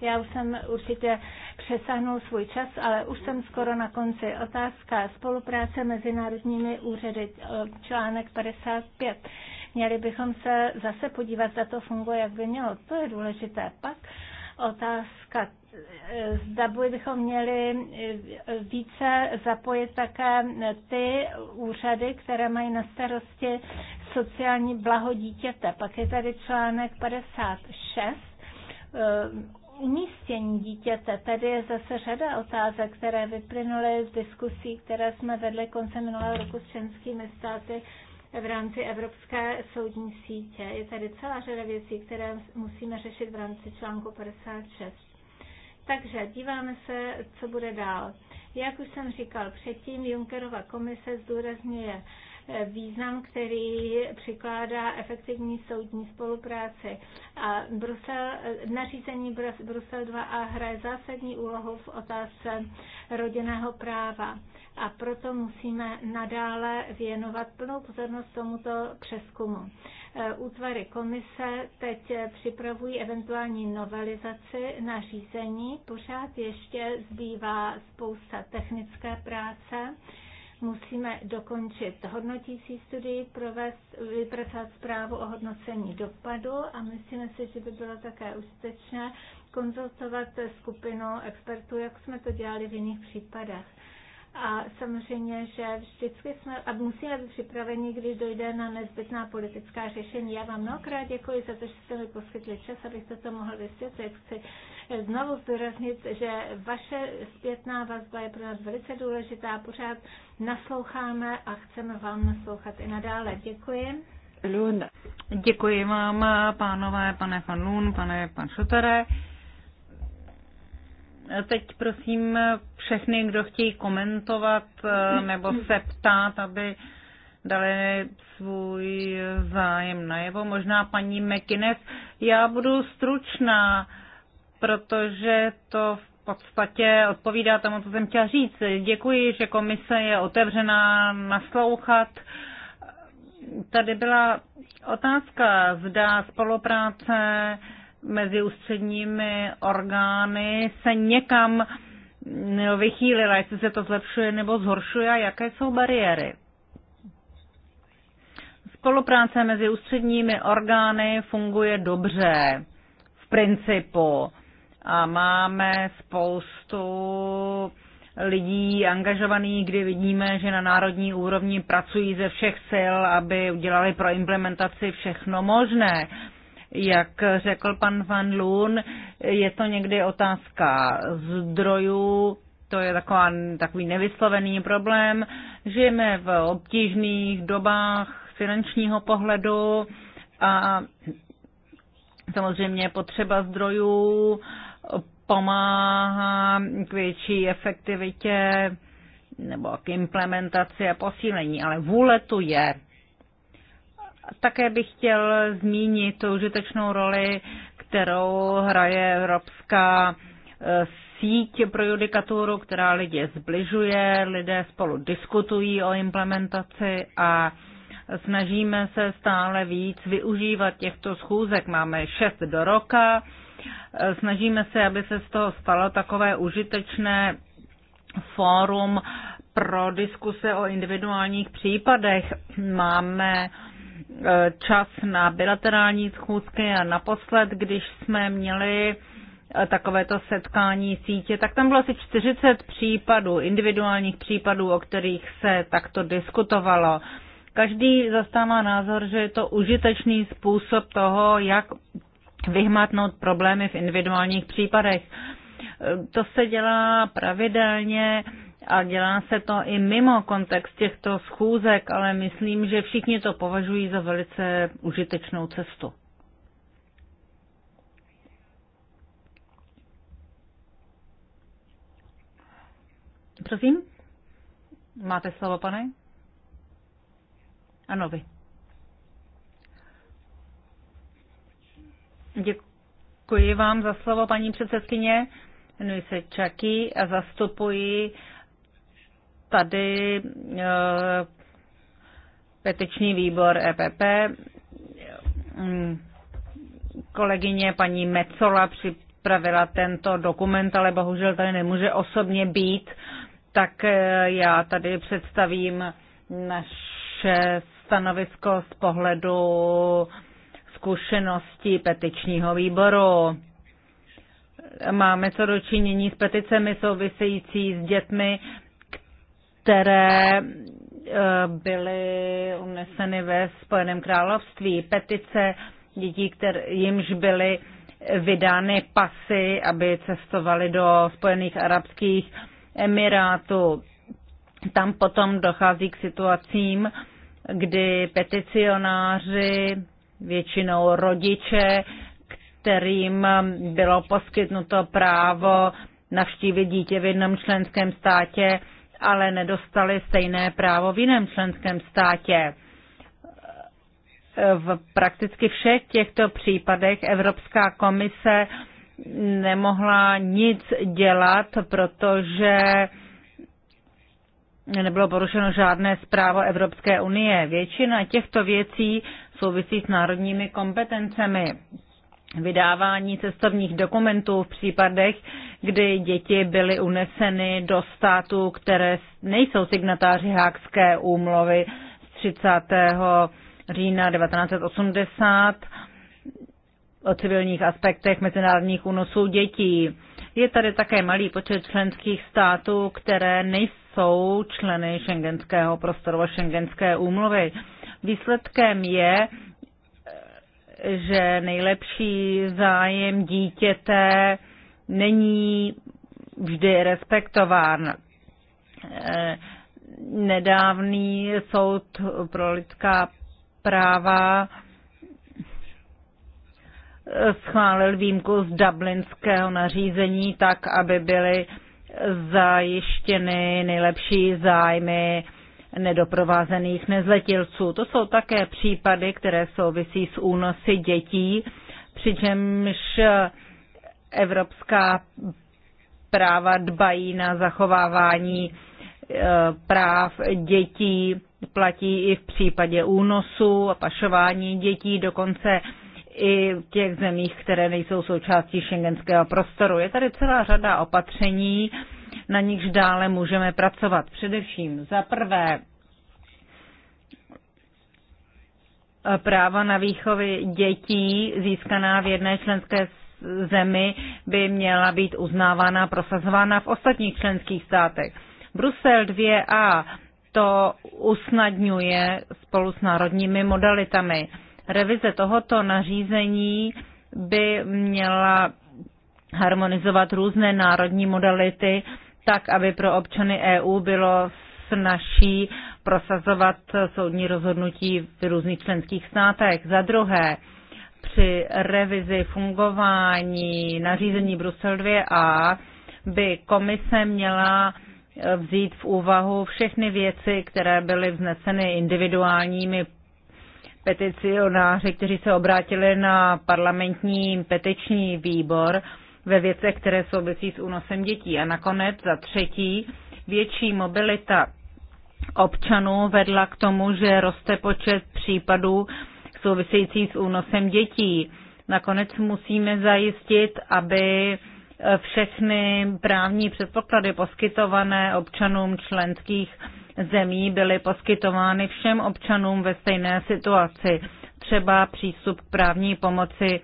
Já už jsem určitě přesáhnul svůj čas, ale už jsem skoro na konci. Otázka spolupráce mezi národními úřady, eh, článek 55. Měli bychom se zase podívat, zda to funguje, jak by mělo. To je důležité. Pak otázka zda bychom měli eh, více zapojit také ty úřady, které mají na starosti sociální blaho dítěte. Pak je tady článek 56 eh, umístění dítěte. Tady je zase řada otázek, které vyplynuly z diskusí, které jsme vedli koncem minulého roku s členskými státy v rámci Evropské soudní sítě. Je tady celá řada věcí, které musíme řešit v rámci článku 56. Takže díváme se, co bude dál. Jak už jsem říkal předtím, Junckerova komise zdůrazňuje význam, který přikládá efektivní soudní spolupráci. A Brusel, nařízení Brusel 2a hraje zásadní úlohu v otázce rodinného práva a proto musíme nadále věnovat plnou pozornost tomuto přeskumu. E, útvary komise teď připravují eventuální novelizaci nařízení. Pořád ještě zbývá spousta technické práce musíme dokončit hodnotící studii, provést, vypracovat zprávu o hodnocení dopadu a myslíme si, že by bylo také úspěšné konzultovat skupinu expertů, jak jsme to dělali v jiných případech. A samozřejmě, že vždycky jsme a musíme být připraveni, když dojde na nezbytná politická řešení. Já vám mnohokrát děkuji za to, že jste mi poskytli čas, abych to mohl vysvětlit. Chci znovu zdůraznit, že vaše zpětná vazba je pro nás velice důležitá. Pořád nasloucháme a chceme vám naslouchat i nadále. Děkuji.
Luna. Děkuji vám, pánové, pane Fanlun, pane pan Šutere. Teď prosím všechny, kdo chtějí komentovat eh, nebo se ptát, aby dali svůj zájem najevo. Možná paní Mekines. Já budu stručná, protože to v podstatě odpovídá tomu, co jsem chtěla říct. Děkuji, že komise je otevřená naslouchat. Tady byla otázka, zda spolupráce mezi ústředními orgány se někam vychýlila, jestli se to zlepšuje nebo zhoršuje a jaké jsou bariéry. Spolupráce mezi ústředními orgány funguje dobře v principu a máme spoustu lidí angažovaných, kdy vidíme, že na národní úrovni pracují ze všech sil, aby udělali pro implementaci všechno možné. Jak řekl pan Van Loon, je to někdy otázka zdrojů, to je taková, takový nevyslovený problém. Žijeme v obtížných dobách finančního pohledu a samozřejmě potřeba zdrojů pomáhá k větší efektivitě nebo k implementaci a posílení, ale vůle tu je. Také bych chtěl zmínit tu užitečnou roli, kterou hraje Evropská e, síť pro judikaturu, která lidi zbližuje, lidé spolu diskutují o implementaci a snažíme se stále víc využívat těchto schůzek. Máme šest do roka, e, snažíme se, aby se z toho stalo takové užitečné fórum pro diskuse o individuálních případech. Máme čas na bilaterální schůzky a naposled, když jsme měli eh, takovéto setkání sítě, tak tam bylo asi 40 případů, individuálních případů, o kterých se takto diskutovalo. Každý zastává názor, že je to užitečný způsob toho, jak vyhmatnout problémy v individuálních případech. Eh, to se dělá pravidelně, a dělá se to i mimo kontext těchto schůzek, ale myslím, že všichni to považují za velice užitečnou cestu. Prosím, máte slovo, pane? Ano, vy. Děkuji vám za slovo, paní předsedkyně. Jmenuji se Čaký a zastupuji tady eh, petiční výbor EPP. Mm, kolegyně paní Mecola připravila tento dokument, ale bohužel tady nemůže osobně být, tak eh, já tady představím naše stanovisko z pohledu zkušeností petičního výboru. Máme co dočinění s peticemi související s dětmi, které eh, byly uneseny ve Spojeném království. Petice dětí, které jimž byly vydány pasy, aby cestovali do Spojených arabských emirátů. Tam potom dochází k situacím, kdy peticionáři, většinou rodiče, kterým bylo poskytnuto právo navštívit dítě v jednom členském státě, ale nedostali stejné právo v jiném členském státě. V prakticky všech těchto případech Evropská komise nemohla nic dělat, protože nebylo porušeno žádné zprávo Evropské unie. Většina těchto věcí souvisí s národními kompetencemi vydávání cestovních dokumentů v případech, kdy děti byly uneseny do států, které nejsou signatáři Hákské úmluvy z 30. října 1980 o civilních aspektech mezinárodních únosů dětí. Je tady také malý počet členských států, které nejsou členy šengenského prostoru a šengenské úmluvy. Výsledkem je, že nejlepší zájem dítěte není vždy respektován. Nedávný soud pro lidská práva schválil výjimku z dublinského nařízení tak, aby byly zajištěny nejlepší zájmy nedoprovázených nezletilců. To jsou také případy, které souvisí s únosy dětí, přičemž evropská práva dbají na zachovávání e, práv dětí, platí i v případě únosu a pašování dětí, dokonce i v těch zemích, které nejsou součástí šengenského prostoru. Je tady celá řada opatření, na nichž dále můžeme pracovat. Především za prvé práva na výchovy dětí získaná v jedné členské zemi by měla být uznávána a prosazována v ostatních členských státech. Brusel 2a to usnadňuje spolu s národními modalitami. Revize tohoto nařízení by měla harmonizovat různé národní modality tak, aby pro občany EU bylo snaží prosazovat soudní rozhodnutí v různých členských státech. Za druhé, při revizi fungování nařízení Brusel 2a by komise měla vzít v úvahu všechny věci, které byly vzneseny individuálními peticionáři, kteří se obrátili na parlamentní petiční výbor ve věcech, které souvisí s únosem dětí. A nakonec za třetí, větší mobilita občanů vedla k tomu, že roste počet případů související s únosem dětí. Nakonec musíme zajistit, aby eh, všechny právní předpoklady poskytované občanům členských zemí byly poskytovány všem občanům ve stejné situaci, třeba přístup k právní pomoci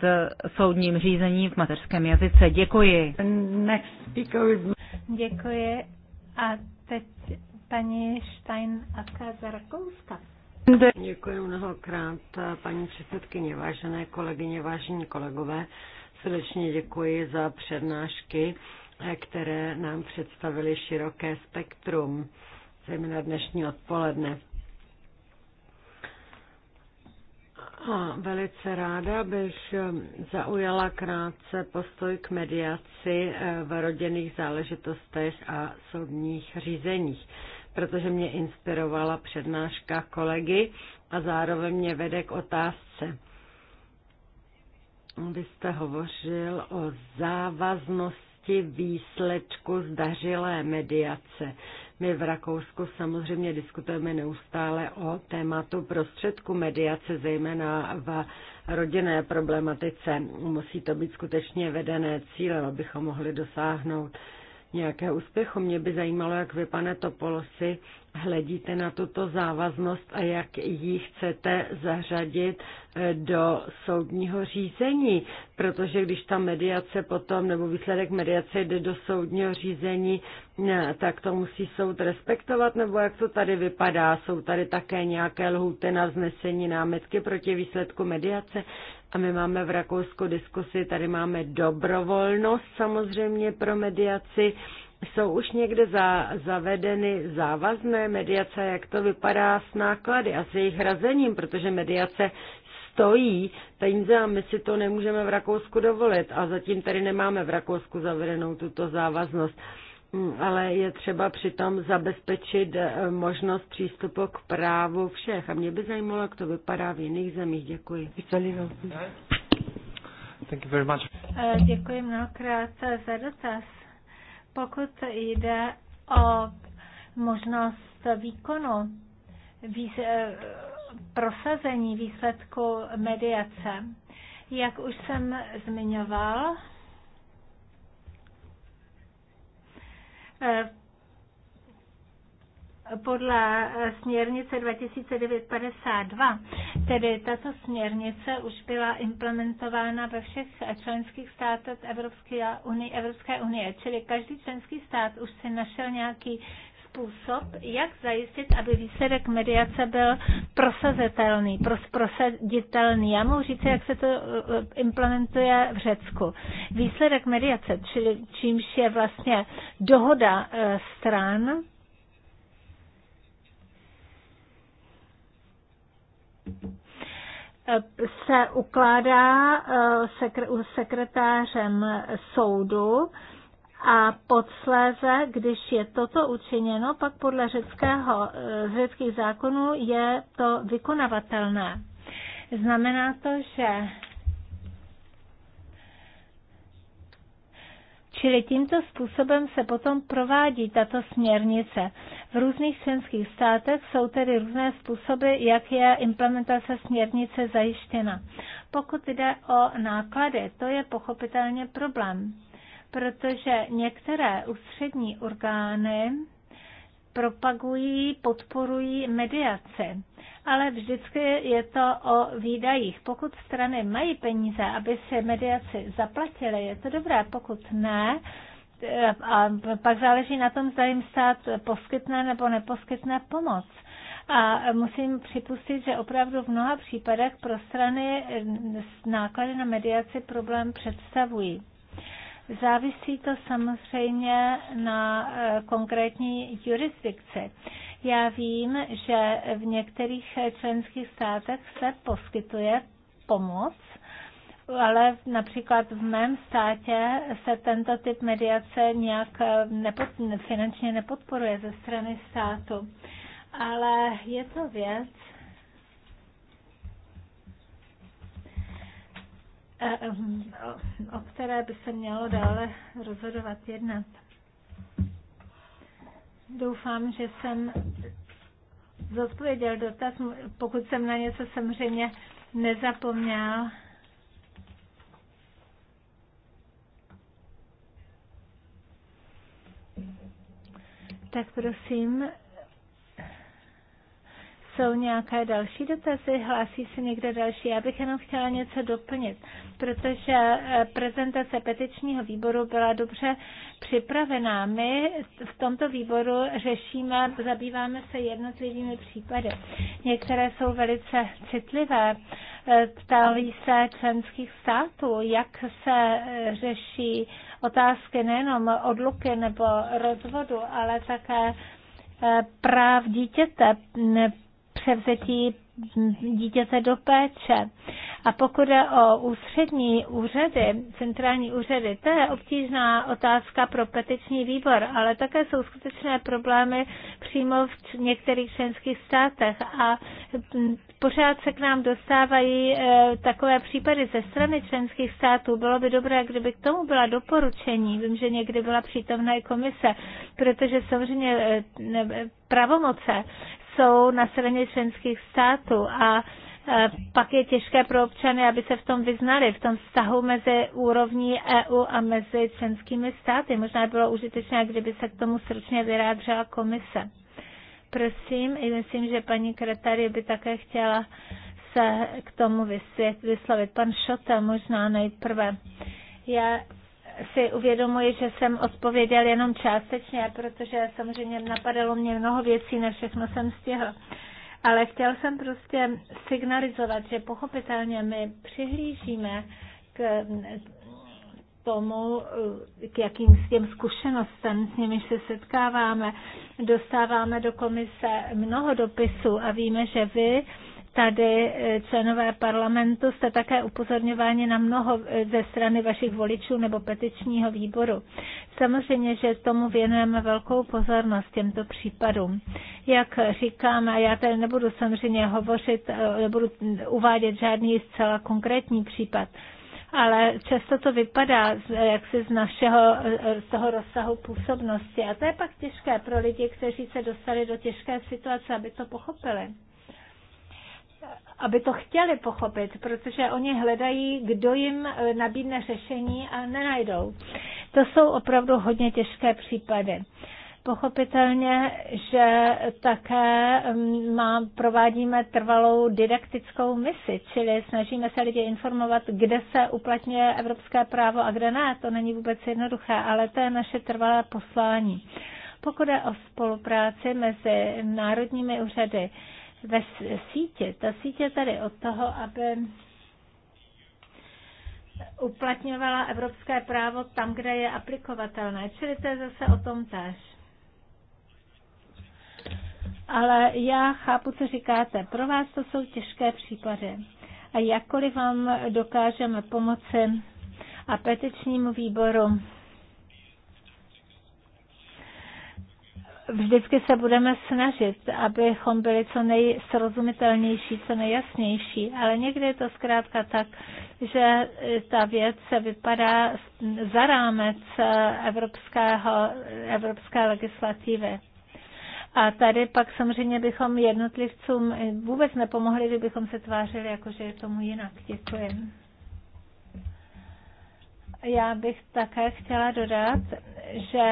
v soudním řízení v mateřském jazyce. Děkuji.
Děkuji. A teď paní Stein a Rakouska.
Děkuji mnohokrát, paní předsedkyně, vážené kolegyně, vážení kolegové. Srdečně děkuji za přednášky, které nám představili široké spektrum, zejména dnešní odpoledne. A velice ráda bych ehm, zaujala krátce postoj k mediaci eh, v rodinných záležitostech a soudních řízeních, protože mě inspirovala přednáška kolegy a zároveň mě vede k otázce. Vy jste hovořil o závaznosti výsledku zdařilé mediace. My v Rakousku samozřejmě diskutujeme neustále o tématu prostředku mediace, zejména v rodinné problematice. Musí to být skutečně vedené cílem, abychom mohli dosáhnout nějaké úspěchu. Mě by zajímalo, jak vy, pane Topolosi, hledíte na tuto závaznost a jak ji chcete zařadit eh, do soudního řízení, protože když ta mediace potom, nebo výsledek mediace jde do soudního řízení, tak to musí soud respektovat, nebo jak to tady vypadá? Jsou tady také nějaké lhuty na vznesení námitky proti výsledku mediace? A my máme v Rakousku diskusy, tady máme dobrovolnost samozřejmě pro mediaci. Jsou už někde za, zavedeny závazné mediace, jak to vypadá s náklady a s jejich hrazením, protože mediace stojí peníze a my si to nemůžeme v Rakousku dovolit a zatím tady nemáme v Rakousku zavedenou tuto závaznost ale je třeba přitom zabezpečit eh, možnost přístupu k právu všech. A mě by zajímalo, jak to vypadá v jiných zemích. Děkuji.
Thank you very much.
Eh, děkuji mnohokrát za dotaz. Pokud jde o možnost výkonu, výz, eh, prosazení výsledku mediace, jak už jsem zmiňoval, Eh, podle směrnice 2952, tedy tato směrnice už byla implementována ve všech členských státech Evropské unie, Evropské unie, čili každý členský stát už si našel nějaký způsob, jak zajistit, aby výsledek mediace byl prosazetelný, pros, prosaditelný. Já mohu říct, jak se to eh, eh, implementuje v Řecku. Výsledek mediace, čili čímž je vlastně dohoda eh, stran, se ukládá sekretářem soudu a podsléze, když je toto učiněno, pak podle řeckého, eh, řeckých zákonů je to vykonavatelné. Znamená to, že Čili tímto způsobem se potom provádí tato směrnice. V různých členských státech jsou tedy různé způsoby, jak je implementace směrnice zajištěna. Pokud jde o náklady, to je pochopitelně problém protože některé ústřední orgány propagují, podporují mediace, Ale vždycky je to o výdajích. Pokud strany mají peníze, aby si mediaci zaplatili, je to dobré. Pokud ne, eh, a pak záleží na tom, zda jim stát poskytne nebo neposkytne pomoc. A musím připustit, že opravdu v mnoha případech pro strany eh, náklady na mediaci problém představují. Závisí to samozřejmě na eh, konkrétní jurisdikci. Já vím, že v některých členských státech se poskytuje pomoc, ale například v mém státě se tento typ mediace nějak eh, nepo, finančně nepodporuje ze strany státu. Ale je to věc, Eh, eh, o které by se mělo dále rozhodovat jednat. Doufám, že jsem zodpověděl dotaz, pokud jsem na něco samozřejmě nezapomněl. Tak prosím, jsou nějaké další dotazy? Hlásí se někdo další? Já bych jenom chtěla něco doplnit, protože eh, prezentace petičního výboru byla dobře připravená. My v tomto výboru řešíme, zabýváme se jednotlivými případy. Některé jsou velice citlivé. Eh, ptali se členských států, jak se eh, řeší otázky nejenom odluky nebo rozvodu, ale také práv dítěte, převzetí dítěte do péče. A pokud je o ústřední úřady, centrální úřady, to je obtížná otázka pro petiční výbor, ale také jsou skutečné problémy přímo v některých členských státech a pořád se k nám dostávají e, takové případy ze strany členských států. Bylo by dobré, kdyby k tomu byla doporučení. Vím, že někdy byla přítomná i komise, protože samozřejmě e, e, pravomoce jsou na straně členských států a e, pak je těžké pro občany, aby se v tom vyznali, v tom vztahu mezi úrovní EU a mezi členskými státy. Možná bylo užitečné, kdyby se k tomu stručně vyrádřila komise. Prosím, i myslím, že paní Kretary by také chtěla se k tomu vyslovit. Pan Šota možná nejprve. Já si uvědomuji, že jsem odpověděl jenom částečně, protože samozřejmě napadalo mě mnoho věcí, ne všechno jsem stihl. Ale chtěl jsem prostě signalizovat, že pochopitelně my přihlížíme k tomu, k jakým s těm zkušenostem, s nimiž se setkáváme. Dostáváme do komise mnoho dopisů a víme, že vy tady eh, členové parlamentu jste také upozorňováni na mnoho eh, ze strany vašich voličů nebo petičního výboru. Samozřejmě, že tomu věnujeme velkou pozornost těmto případům. Jak říkám, a já tady nebudu samozřejmě hovořit, eh, nebudu uvádět žádný zcela konkrétní případ, ale často to vypadá jaksi z našeho z toho rozsahu působnosti. A to je pak těžké pro lidi, kteří se dostali do těžké situace, aby to pochopili aby to chtěli pochopit, protože oni hledají, kdo jim eh, nabídne řešení a nenajdou. To jsou opravdu hodně těžké případy. Pochopitelně, že také mm, má, provádíme trvalou didaktickou misi, čili snažíme se lidi informovat, kde se uplatňuje evropské právo a kde ne. To není vůbec jednoduché, ale to je naše trvalé poslání. Pokud je o spolupráci mezi národními úřady, ve síti. Ta sítě je tady od toho, aby uplatňovala evropské právo tam, kde je aplikovatelné. Čili to je zase o tom též. Ale já chápu, co říkáte. Pro vás to jsou těžké případy. A jakkoliv vám dokážeme pomoci a petičnímu výboru vždycky se budeme snažit, abychom byli co nejsrozumitelnější, co nejjasnější, ale někdy je to zkrátka tak, že ta věc se vypadá za rámec evropského, evropské legislativy. A tady pak samozřejmě bychom jednotlivcům vůbec nepomohli, kdybychom se tvářili, jako že je tomu jinak. Děkuji. Já bych také chtěla dodat, že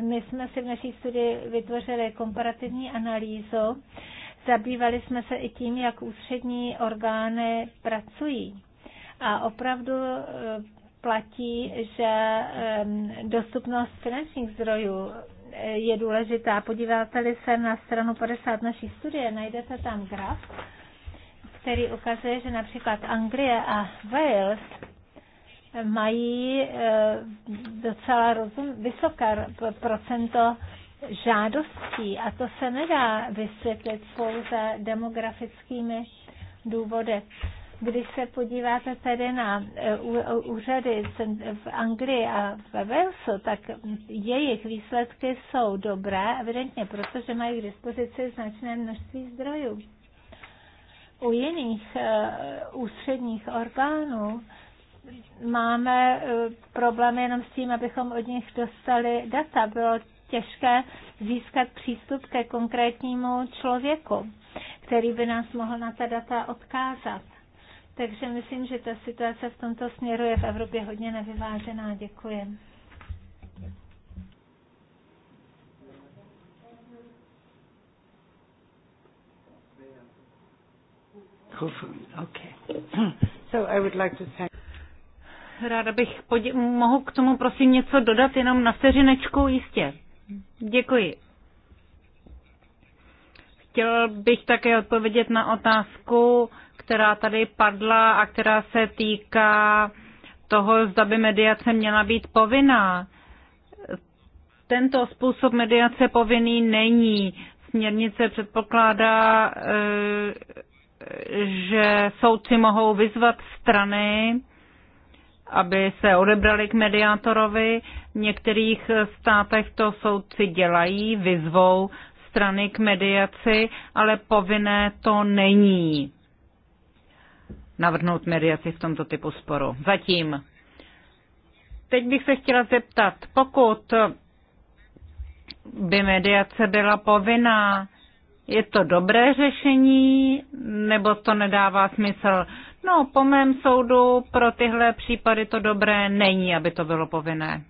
my jsme si v naší studii vytvořili komparativní analýzu. Zabývali jsme se i tím, jak ústřední orgány pracují. A opravdu e, platí, že e, dostupnost finančních zdrojů e, je důležitá. Podíváte-li se na stranu 50 naší studie, najdete tam graf, který ukazuje, že například Anglie a Wales mají eh, docela rozum, vysoké procento žádostí a to se nedá vysvětlit pouze demografickými důvody. Když se podíváte tedy na eh, úřady v Anglii a ve Walesu, tak jejich výsledky jsou dobré, evidentně proto, že mají k dispozici značné množství zdrojů. U jiných eh, ústředních orgánů máme eh, problémy jenom s tím, abychom od nich dostali data. Bylo těžké získat přístup ke konkrétnímu člověku, který by nás mohl na ta data odkázat. Takže myslím, že ta situace v tomto směru je v Evropě hodně nevyvážená. Děkuji.
Okay. [clears throat] So I would like to thank Ráda bych, mohu k tomu prosím něco dodat jenom na vteřinečku jistě. Děkuji. Chtěl bych také odpovědět na otázku, která tady padla a která se týká toho, zda by mediace měla být povinná. Tento způsob mediace povinný není. Směrnice předpokládá, eh, že soudci mohou vyzvat strany, aby se odebrali k mediátorovi. V některých státech to soudci dělají, vyzvou strany k mediaci, ale povinné to není navrhnout mediaci v tomto typu sporu. Zatím. Teď bych se chtěla zeptat, pokud by mediace byla povinná, je to dobré řešení, nebo to nedává smysl? No, po mém soudu pro tyhle případy to dobré není, aby to bylo povinné.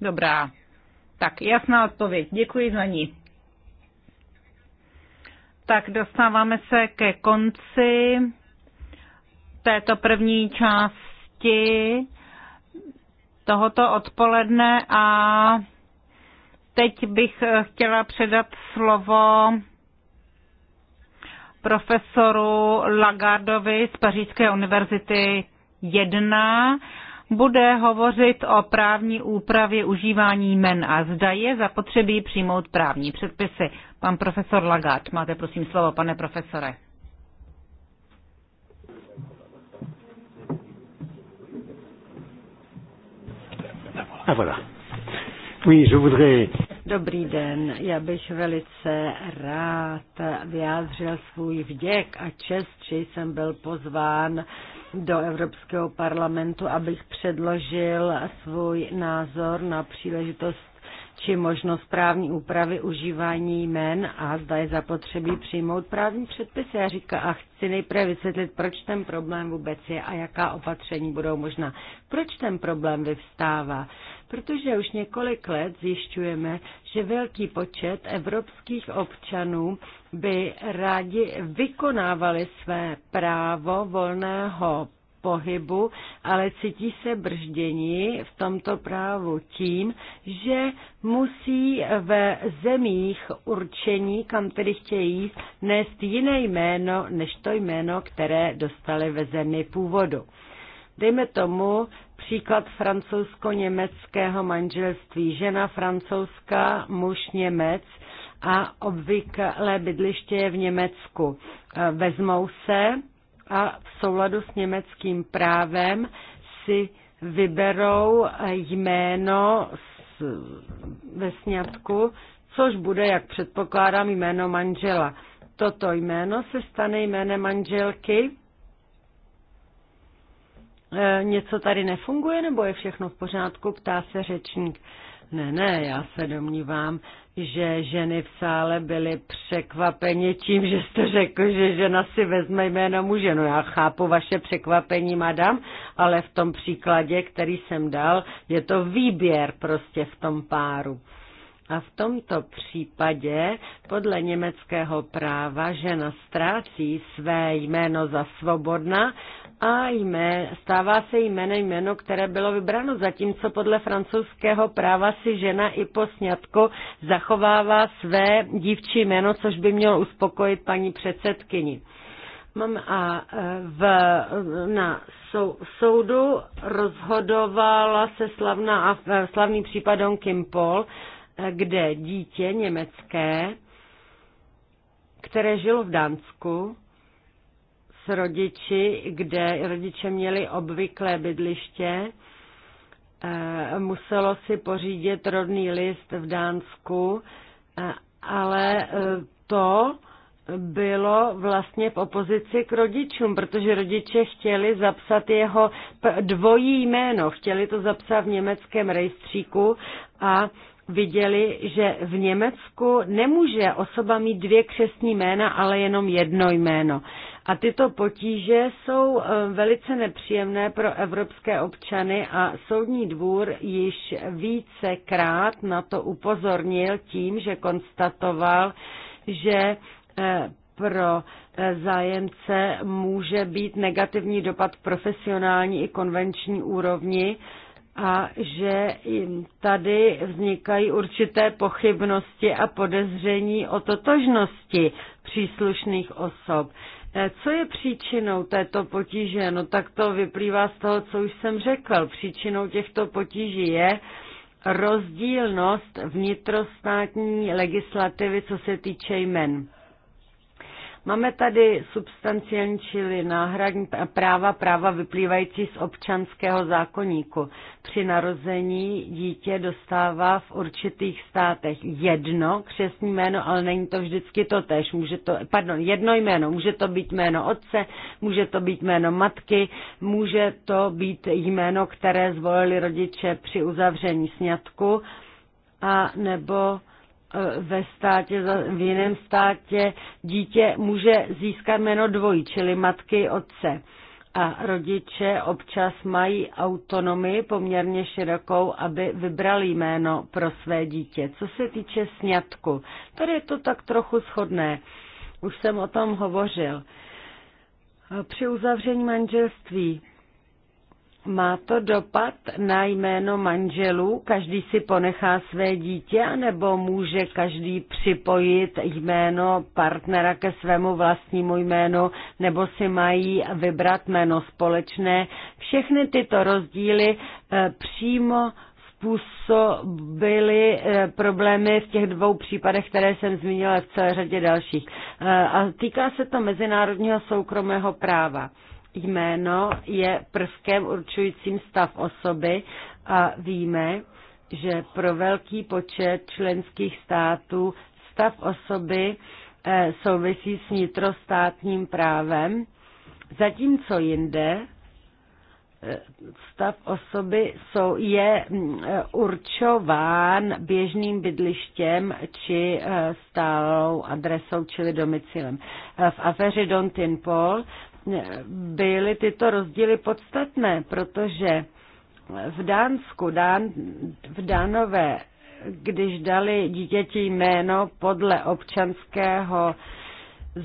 Dobrá. Tak, jasná odpověď. Děkuji za ní. Tak, dostáváme se ke konci této první části tohoto odpoledne a teď bych chtěla předat slovo profesoru Lagardovi z Pařížské univerzity 1 bude hovořit o právní úpravě užívání men a zda je zapotřebí přijmout právní předpisy. Pan profesor Lagard, máte prosím slovo, pane profesore.
A ah, voilà. Oui, je voudrais
Dobrý den, já bych velice rád vyjádřil svůj vděk a čest, že jsem byl pozván do Evropského parlamentu, abych předložil svůj názor na příležitost či možnost právní úpravy užívání jmen a zda je zapotřebí přijmout právní předpisy. Já říkám, a chci nejprve vysvětlit, proč ten problém vůbec je a jaká opatření budou možná. Proč ten problém vyvstává? Protože už několik let zjišťujeme, že velký počet evropských občanů by rádi vykonávali své právo volného pohybu, ale cítí se brždění v tomto právu tím, že musí ve zemích určení, kam tedy chtějí, nést jiné jméno než to jméno, které dostali ve zemi původu. Dejme tomu příklad francouzsko-německého manželství. Žena francouzská, muž Němec a obvyklé bydliště je v Německu. Vezmou se a v souladu s německým právem si vyberou jméno ve sňatku, což bude, jak předpokládám, jméno manžela. Toto jméno se stane jménem manželky. E, něco tady nefunguje, nebo je všechno v pořádku, ptá se řečník. Ne, ne, já se domnívám, že ženy v sále byly překvapeně tím, že jste řekl, že žena si vezme jméno muže. No já chápu vaše překvapení, madam, ale v tom příkladě, který jsem dal, je to výběr prostě v tom páru. A v tomto případě podle německého práva žena ztrácí své jméno za svobodná a jmé, stává se jménem jméno, které bylo vybráno, zatímco podle francouzského práva si žena i po sňatku zachovává své dívčí jméno, což by mělo uspokojit paní předsedkyni. Mám a e, v, na sou, soudu rozhodovala se slavná, e, slavný případ Don Kim Paul, kde dítě německé, které žilo v Dánsku, s rodiči, kde rodiče měli obvyklé bydliště, eh, muselo si pořídit rodný list v Dánsku, eh, ale eh, to bylo vlastně v opozici k rodičům, protože rodiče chtěli zapsat jeho dvojí jméno, chtěli to zapsat v německém rejstříku a viděli, že v Německu nemůže osoba mít dvě křesní jména, ale jenom jedno jméno. A tyto potíže jsou eh, velice nepříjemné pro evropské občany a Soudní dvůr již vícekrát na to upozornil tím, že konstatoval, že eh, pro eh, zájemce může být negativní dopad v profesionální i konvenční úrovni a že tady vznikají určité pochybnosti a podezření o totožnosti příslušných osob. Eh, co je příčinou této potíže? No tak to vyplývá z toho, co už jsem řekl. Příčinou těchto potíží je rozdílnost vnitrostátní legislativy, co se týče jmen. Máme tady substanciální, čili náhradní práva, práva vyplývající z občanského zákoníku. Při narození dítě dostává v určitých státech jedno křesní jméno, ale není to vždycky to tež. Může to, pardon, jedno jméno, může to být jméno otce, může to být jméno matky, může to být jméno, které zvolili rodiče při uzavření sňatku, a nebo Eh, ve státě, v jiném státě dítě může získat jméno dvojí, čili matky otce. A rodiče občas mají autonomii poměrně širokou, aby vybrali jméno pro své dítě. Co se týče sňatku, tady je to tak trochu shodné. Už jsem o tom hovořil. Eh, při uzavření manželství má to dopad na jméno manželů? Každý si ponechá své dítě, anebo může každý připojit jméno partnera ke svému vlastnímu jménu, nebo si mají vybrat jméno společné? Všechny tyto rozdíly eh, přímo způsobily eh, problémy v těch dvou případech, které jsem zmínila v celé řadě dalších. Eh, a týká se to mezinárodního soukromého práva jméno je prvkem určujícím stav osoby a víme, že pro velký počet členských států stav osoby eh, souvisí s nitrostátním právem, zatímco jinde eh, stav osoby jsou, je mm, eh, určován běžným bydlištěm či stálou adresou, čili domicilem. V aféře Don Tinpol Vlastně byly tyto rozdíly podstatné, protože v Dánsku, Dán, v Dánové, když dali dítěti jméno podle občanského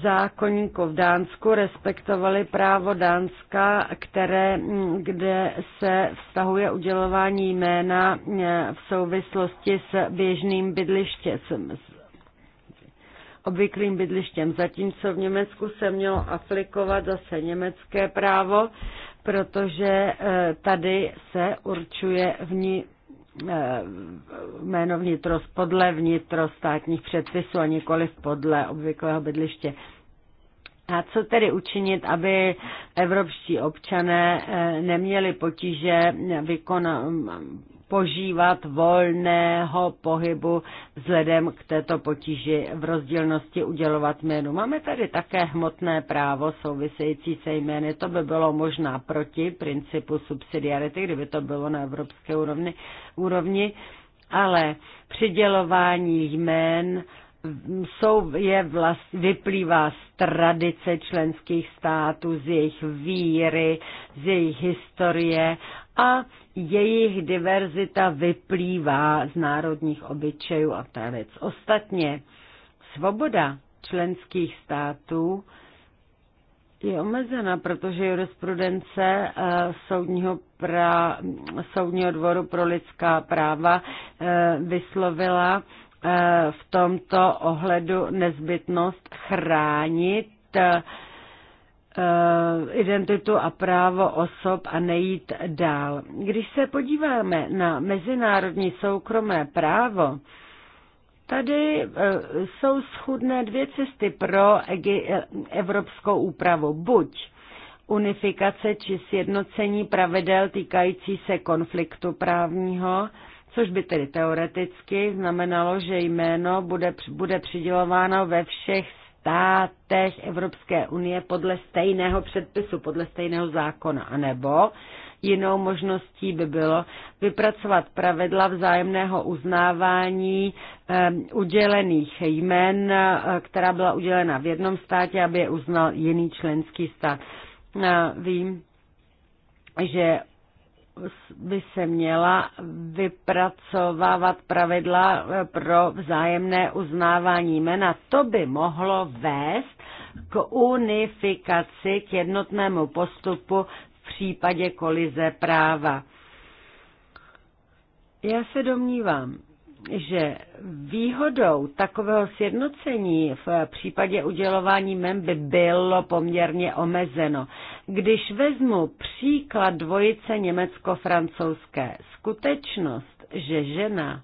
zákonníku v Dánsku respektovali právo Dánska, které, kde se vztahuje udělování jména v souvislosti s běžným bydlištěm, obvyklým bydlištěm, zatímco v Německu se mělo aplikovat zase německé právo, protože e, tady se určuje vní, e, jméno vnitrost podle vnitrostátních předpisů a nikoli podle obvyklého bydliště. A co tedy učinit, aby evropští občané e, neměli potíže vykonat požívat volného pohybu vzhledem k této potíži v rozdílnosti udělovat jménu. Máme tady také hmotné právo související se jmény. To by bylo možná proti principu subsidiarity, kdyby to bylo na evropské úrovni, úrovni ale přidělování jmén jsou, je vlast, vyplývá z tradice členských států, z jejich víry, z jejich historie a jejich diverzita vyplývá z národních obyčejů a tradic. Ostatně svoboda členských států je omezena, protože jurisprudence eh, soudního, pra, soudního dvoru pro lidská práva eh, vyslovila eh, v tomto ohledu nezbytnost chránit Eh, identitu a právo osob a nejít dál. Když se podíváme na mezinárodní soukromé právo, Tady eh, jsou schudné dvě cesty pro evropskou úpravu. Buď unifikace či sjednocení pravidel týkající se konfliktu právního, což by tedy teoreticky znamenalo, že jméno bude, bude přidělováno ve všech státech Evropské unie podle stejného předpisu, podle stejného zákona, anebo Jinou možností by bylo vypracovat pravidla vzájemného uznávání udělených jmen, eh, která byla udělena v jednom státě, aby je uznal jiný členský stát. Eh, vím, že by se měla vypracovávat pravidla pro vzájemné uznávání jména. To by mohlo vést k unifikaci, k jednotnému postupu v případě kolize práva. Já se domnívám, že výhodou takového sjednocení v případě udělování MEM by bylo poměrně omezeno. Když vezmu příklad dvojice německo-francouzské, skutečnost, že žena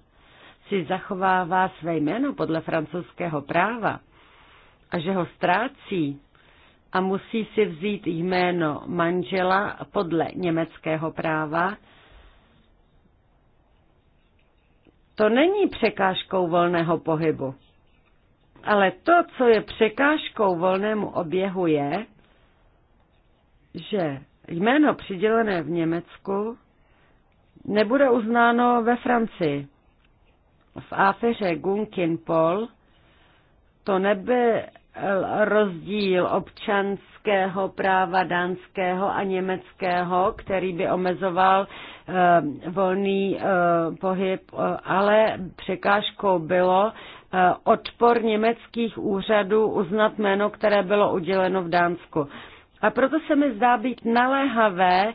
si zachovává své jméno podle francouzského práva a že ho ztrácí a musí si vzít jméno manžela podle německého práva, to není překážkou volného pohybu. Ale to, co je překážkou volnému oběhu, je, že jméno přidělené v Německu nebude uznáno ve Francii. V áferě Gunkin Pol to nebyl rozdíl občanského práva dánského a německého, který by omezoval Eh, volný eh, pohyb, eh, ale překážkou bylo odpor německých úřadů uznat jméno, které bylo uděleno v Dánsku. A proto se mi zdá být naléhavé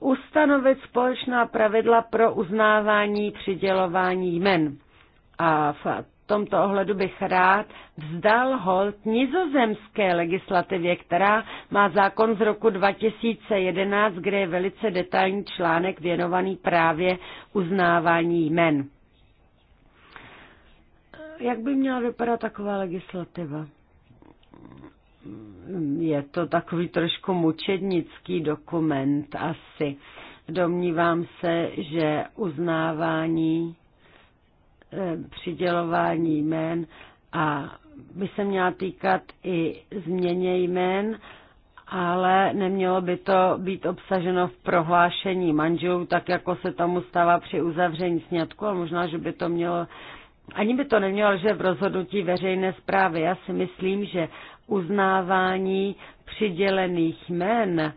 ustanovit společná pravidla pro uznávání přidělování jmen. A v tomto ohledu bych rád vzdal hold nizozemské legislativě, která má zákon z roku 2011, kde je velice detailní článek věnovaný právě uznávání jmen. Jak by měla vypadat taková legislativa? Je to takový trošku mučednický dokument asi. Domnívám se, že uznávání Eh, přidělování jmén a by se měla týkat i změně jmén, ale nemělo by to být obsaženo v prohlášení manželů, tak jako se tomu stává při uzavření sňatku, ale možná, že by to mělo, ani by to nemělo, že v rozhodnutí veřejné zprávy. Já si myslím, že uznávání přidělených jmén,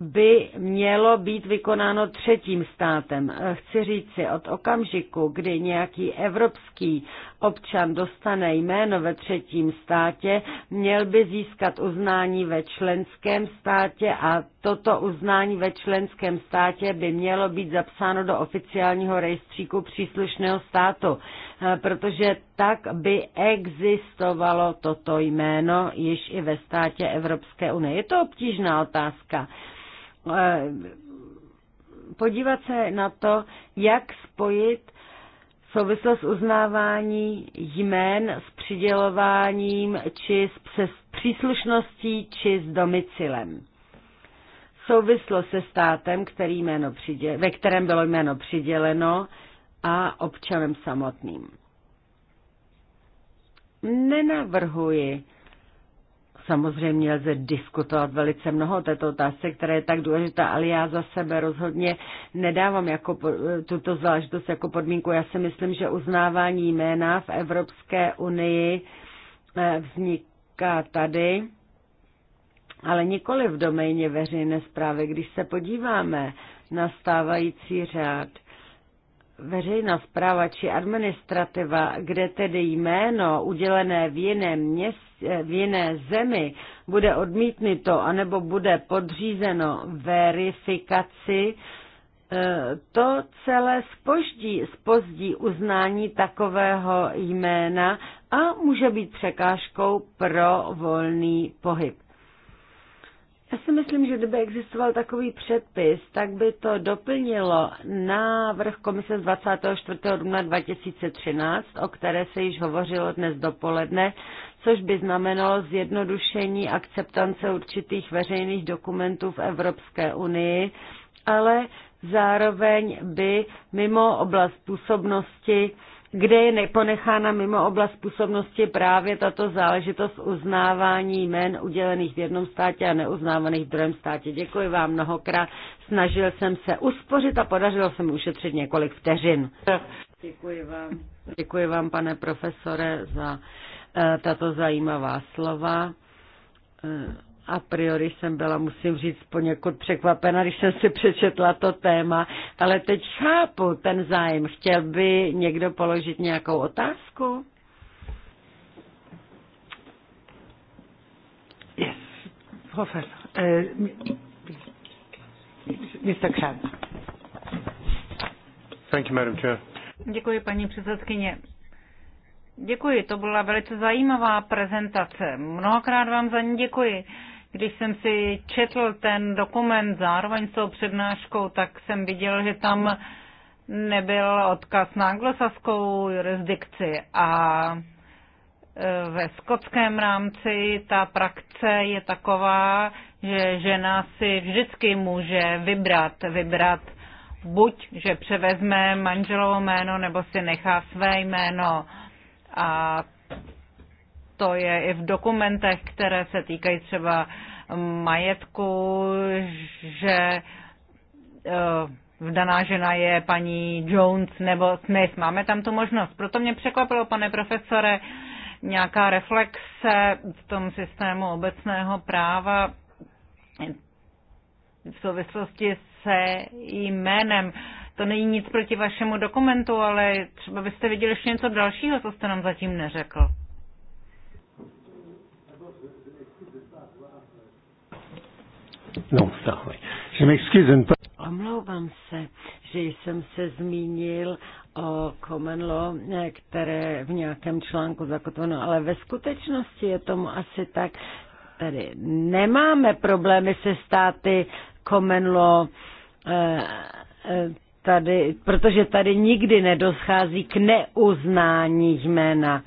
by mělo být vykonáno třetím státem. Eh, chci říci, od okamžiku, kdy nějaký evropský občan dostane jméno ve třetím státě, měl by získat uznání ve členském státě a toto uznání ve členském státě by mělo být zapsáno do oficiálního rejstříku příslušného státu, eh, protože tak by existovalo toto jméno již i ve státě Evropské unie. Je to obtížná otázka Eh, podívat se na to, jak spojit souvislost uznávání jmén s přidělováním či s příslušností či s domicilem. Souvislost se státem, který jméno přiděl, ve kterém bylo jméno přiděleno, a občanem samotným. Nenavrhuji Samozřejmě lze diskutovat velice mnoho o této otázce, která je tak důležitá, ale já za sebe rozhodně nedávám jako, tuto záležitost jako podmínku. Já si myslím, že uznávání jména v Evropské unii eh, vzniká tady, ale nikoli v doméně veřejné zprávy. Když se podíváme na stávající řád, veřejná zpráva či administrativa, kde tedy jméno udělené v jiném městě, v jiné zemi bude odmítnuto anebo bude podřízeno verifikaci, e, to celé spoždí, spozdí uznání takového jména a může být překážkou pro volný pohyb. Já si myslím, že kdyby existoval takový předpis, tak by to doplnilo návrh komise z 24. dubna 2013, o které se již hovořilo dnes dopoledne, což by znamenalo zjednodušení akceptance určitých veřejných dokumentů v Evropské unii, ale zároveň by mimo oblast působnosti kde je neponechána mimo oblast působnosti právě tato záležitost uznávání jmen udělených v jednom státě a neuznávaných v druhém státě. Děkuji vám mnohokrát. Snažil jsem se uspořit a podařilo se mi ušetřit několik vteřin. Děkuji vám. Děkuji vám, pane profesore, za Eh, tato zajímavá slova. Eh, a priori jsem byla, musím říct, poněkud překvapena, když jsem si přečetla to téma, ale teď chápu ten zájem. Chtěl by někdo položit nějakou otázku?
Yes, profesor. Eh, Mr. Krabs.
Thank you, Madam Chair.
Děkuji, paní předsedkyně. Děkuji, to byla velice zajímavá prezentace. Mnohokrát vám za ní děkuji. Když jsem si četl ten dokument zároveň s tou přednáškou, tak jsem viděl, že tam nebyl odkaz na anglosaskou jurisdikci a e, ve skotském rámci ta praxe je taková, že žena si vždycky může vybrat, vybrat buď, že převezme manželovo jméno, nebo si nechá své jméno a to je i v dokumentech, které se týkají třeba majetku, že eh, vdaná žena je paní Jones nebo Smith. Máme tam tu možnost. Proto mě překvapilo, pane profesore, nějaká reflexe v tom systému obecného práva v souvislosti se jménem. Uh, to není nic proti vašemu dokumentu, ale třeba byste viděli ještě něco dalšího, co jste nám zatím neřekl.
No,
Omlouvám se, že jsem se zmínil o common law, které v nějakém článku zakotveno, ale ve skutečnosti je tomu asi tak, tady nemáme problémy se státy common law, eh, eh, tady, protože tady nikdy nedoschází k neuznání jména.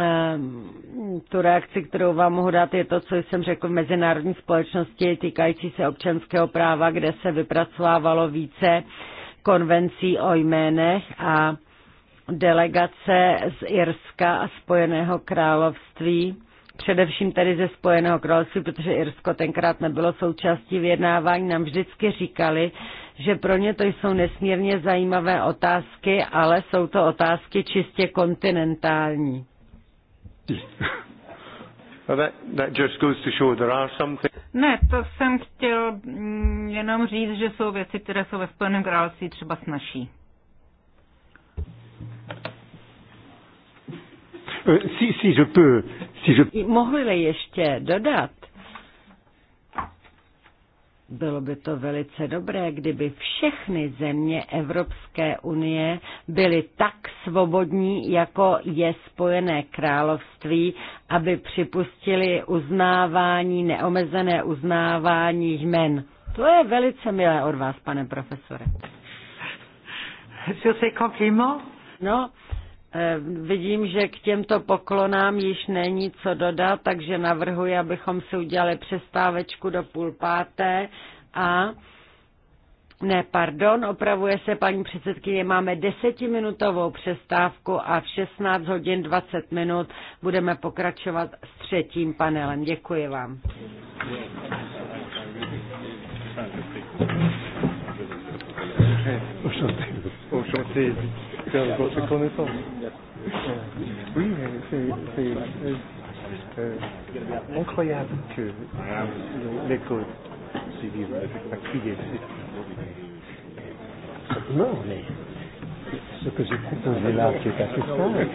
Ehm, tu reakci, kterou vám mohu dát, je to, co jsem řekl v mezinárodní společnosti týkající se občanského práva, kde se vypracovávalo více konvencí o jménech a delegace z Irska a Spojeného království, především tedy ze Spojeného království, protože Irsko tenkrát nebylo součástí vyjednávání, nám vždycky říkali, že pro ně to jsou nesmírně zajímavé otázky, ale jsou to otázky čistě kontinentální.
Ne, to jsem chtěl mm, jenom říct, že jsou věci, které jsou ve Spojeném království třeba snažší.
Uh, si, si, je peux,
si
je... Mohli ještě dodat, bylo by to velice dobré, kdyby všechny země Evropské unie byly tak svobodní, jako je Spojené království, aby připustili uznávání, neomezené uznávání jmen. To je velice milé od vás, pane profesore. Sur ces compliments? No, Eh, vidím, že k těmto poklonám již není co dodat, takže navrhuji, abychom si udělali přestávečku do půl páté a ne, pardon, opravuje se paní předsedkyně, máme desetiminutovou přestávku a v 16 hodin 20 minut budeme pokračovat s třetím panelem. Děkuji vám.
Je Quelle votre connaissance. Oui, mais c'est euh, euh, incroyable que les causes civiles criées.
Non, mais ce que j'ai proposé là, qui est assez simple,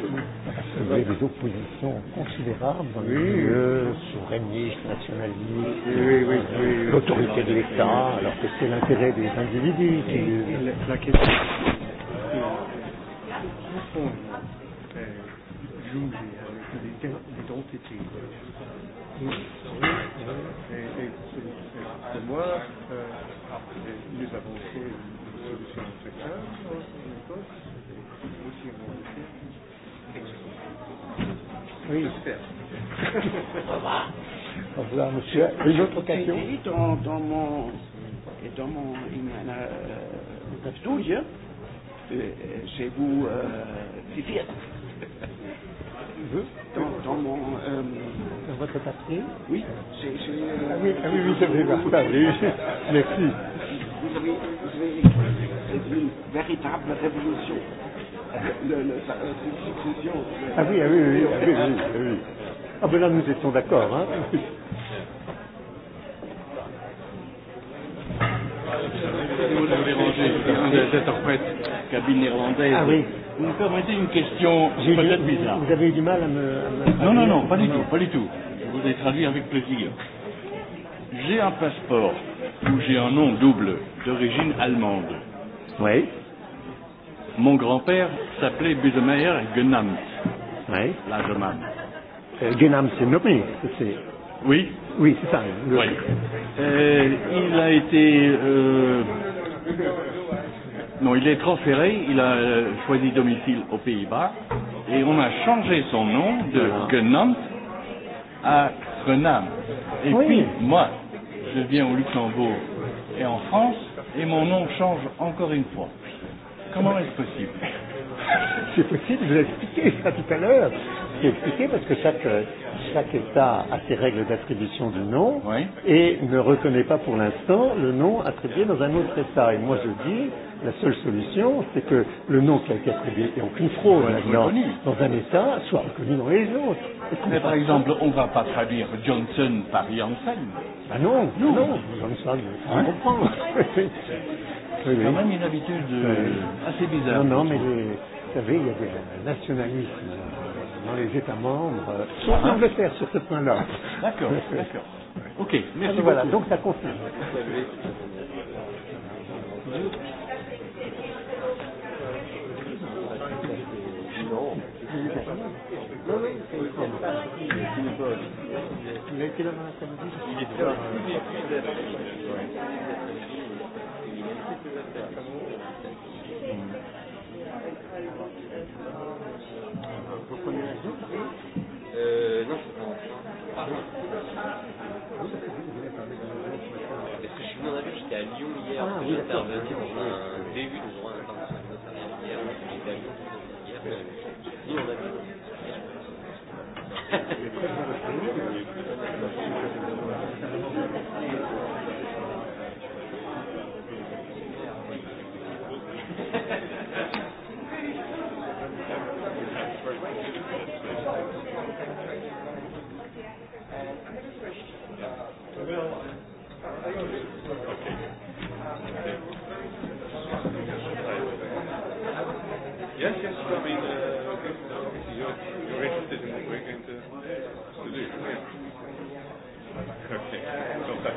il y avait des oppositions considérables dans oui. les milieux souverainistes, nationalistes, oui, oui, oui, l'autorité de l'État, alors que c'est l'intérêt des individus. Qui... Et, et la, la question fondo eh, giunge all'identità et, et, et pour moi, euh, nous avons fait une solution au secteur en
Écosse et aussi
en Angleterre. Oui. J'espère. Au revoir, monsieur.
Une autre question J'ai dit dans, dans mon, dans mon, dans mon, dans mon, dans mon, dans mon, dans mon, dans mon, Eh, chez vous euh, saisir. Dans, dans mon. Euh,
dans votre papier
Oui, j'ai. Euh, ah oui, ah oui, oui, c'est vrai, oui, [laughs] merci. Vous avez, vous avez écrit une véritable révolution. Le, le, la, euh, succession. Ah oui, ah oui, oui, ah oui, oui, ah oui. Ah ben là,
nous étions d'accord, hein.
cabine irlandaise. Ah oui.
Vous me permettez une question peut-être du... bizarre. Vous avez eu du mal à me. À me non, non, non, pas du non. tout, pas du tout. Je vous ai traduit avec plaisir. J'ai un passeport où j'ai un nom double d'origine allemande. Oui. Mon grand-père s'appelait Busemeyer Genamt. Oui. L'Allemagne. Euh, Genamt, c'est nommé. C'est. Oui Oui, c'est ça. Le... Oui. Euh, il a été. Euh... Non, il est transféré, il a euh, choisi domicile aux Pays-Bas et on a changé son nom de voilà. Genant à Grenam. Et oui. puis, moi, je viens au Luxembourg et en France et mon nom change encore une fois. Comment est-ce possible C'est possible, je vous ai expliqué ça tout à l'heure. Je vous ai expliqué parce que chaque chaque État a ses règles d'attribution du nom oui. et ne reconnaît pas pour l'instant le nom attribué dans un autre État. Et moi je dis, la seule solution, c'est que le nom qui a été attribué, et aucune fraude ouais, dans, dans un État, soit reconnu dans les autres. Mais par exemple, on ne va pas traduire Johnson par Janssen. Ah non, non, non, Johnson, hein? on comprend. [laughs] c'est quand même une habitude euh, oui. assez bizarre. Non, non, mais les, vous savez, il y a des nationalismes dans les États membres, sauf ah, l'Angleterre sur ce point-là. D'accord, [laughs] d'accord. Ok, merci. Alors, ah, voilà, donc ça confirme. Il a été là-bas samedi. Il est là.
Parce que je suis venu en avion, j'étais à Lyon hier, ah, oui, intervenu dans un début de droit d'intervention hier, j'étais à Lyon hier, mais en avion. I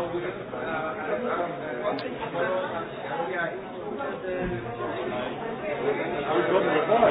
was going to reply.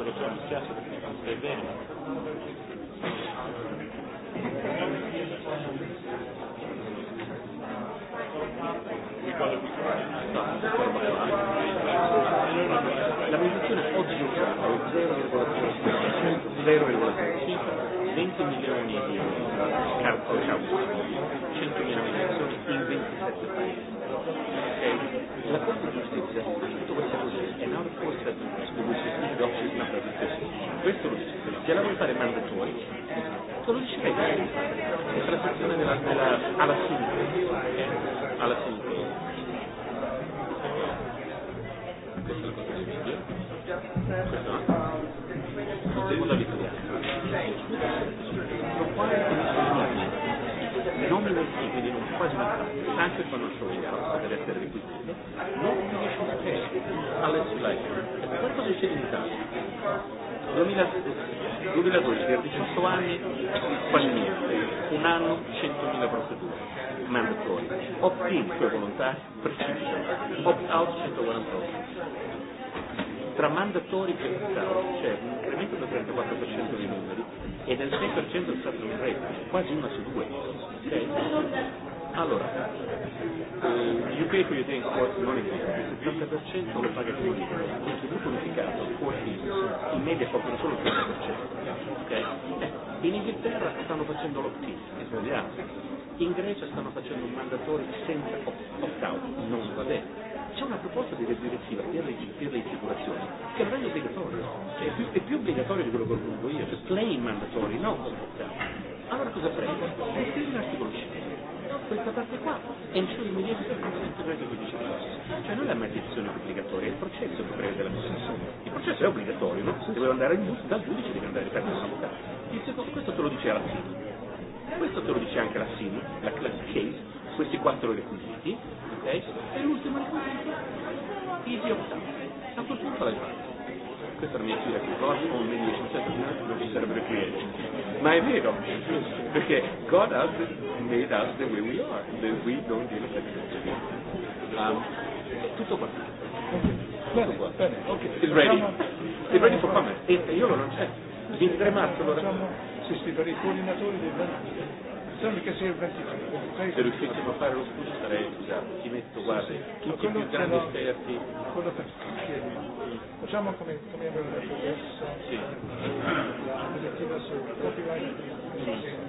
quello che mi piace perché mi stai bene. No, La posizione oggi usata è 0,35 20 milioni di carto causa 100 milioni di persone in 27 paesi. La Corte di giustizia non reported solutions di oggi una presentazione. Questo lo dice, se la volontà fare mandatori, tu lo dice che è la È trattazione della, della, alla sintesi. Alla sintesi. Questa è la cosa che video. Questa no? Tutti la vittoria. Lo quale è nominativi di quasi una parte, anche quando sono in grado di essere requisito, non finisce Alex Flecker. Quanto succede in Italia? 2012, per 18 anni, fallimento, un anno, 100.000 procedure, mandatori, opt-in per volontà, precisione, opt-out 148 tra mandatori e opt-out c'è un incremento del 34% dei numeri e del 6% è stato un rate, quasi una su due. Okay? Allora, you pay for your thing cost money. Il 70% lo paga tu. Contributo unificato fuori in media coprono solo il 30%. Okay? Eh, in Inghilterra stanno facendo l'opt-in, è sbagliato. In Grecia stanno facendo un mandatore senza opt-out, non va bene. C'è una proposta di direttiva per le, per le assicurazioni che non è obbligatorio, cioè è più, è più obbligatorio di quello che ho voluto io, cioè plain mandatory, non opt-out. Allora cosa prendo? Se un 5 questa parte qua è e il suo immediato processo per Cioè non è la maledizione obbligatoria, è il processo che prevede la possessione. Il processo è obbligatorio, no? Se devo andare dal giudice devi andare per possibilità. Il secondo, questo te lo dice la SIM, questo te lo dice anche la SIM, la class case, questi quattro requisiti, ok? E l'ultimo requisito, easy opt A questo punto l'hai fatto. Questa è la mia teoria che oggi ho un mediation set, non ci sarebbero clienti. My è Okay, God has made us the way we are, the we don't deal with it. Um, tutto qua. Bene, qua. bene. Okay. It's ready. It's ready for comment. E, e io non c'è. Il 3 marzo allora. Facciamo, sì, sì, per i coordinatori del che si organizzano. Se riuscissimo a fare lo studio sarei scusato, ti metto, guarda, tutti i più grandi esperti. Quello per Facciamo come, come avevo detto adesso, sì. la direttiva sul copyright. Sì.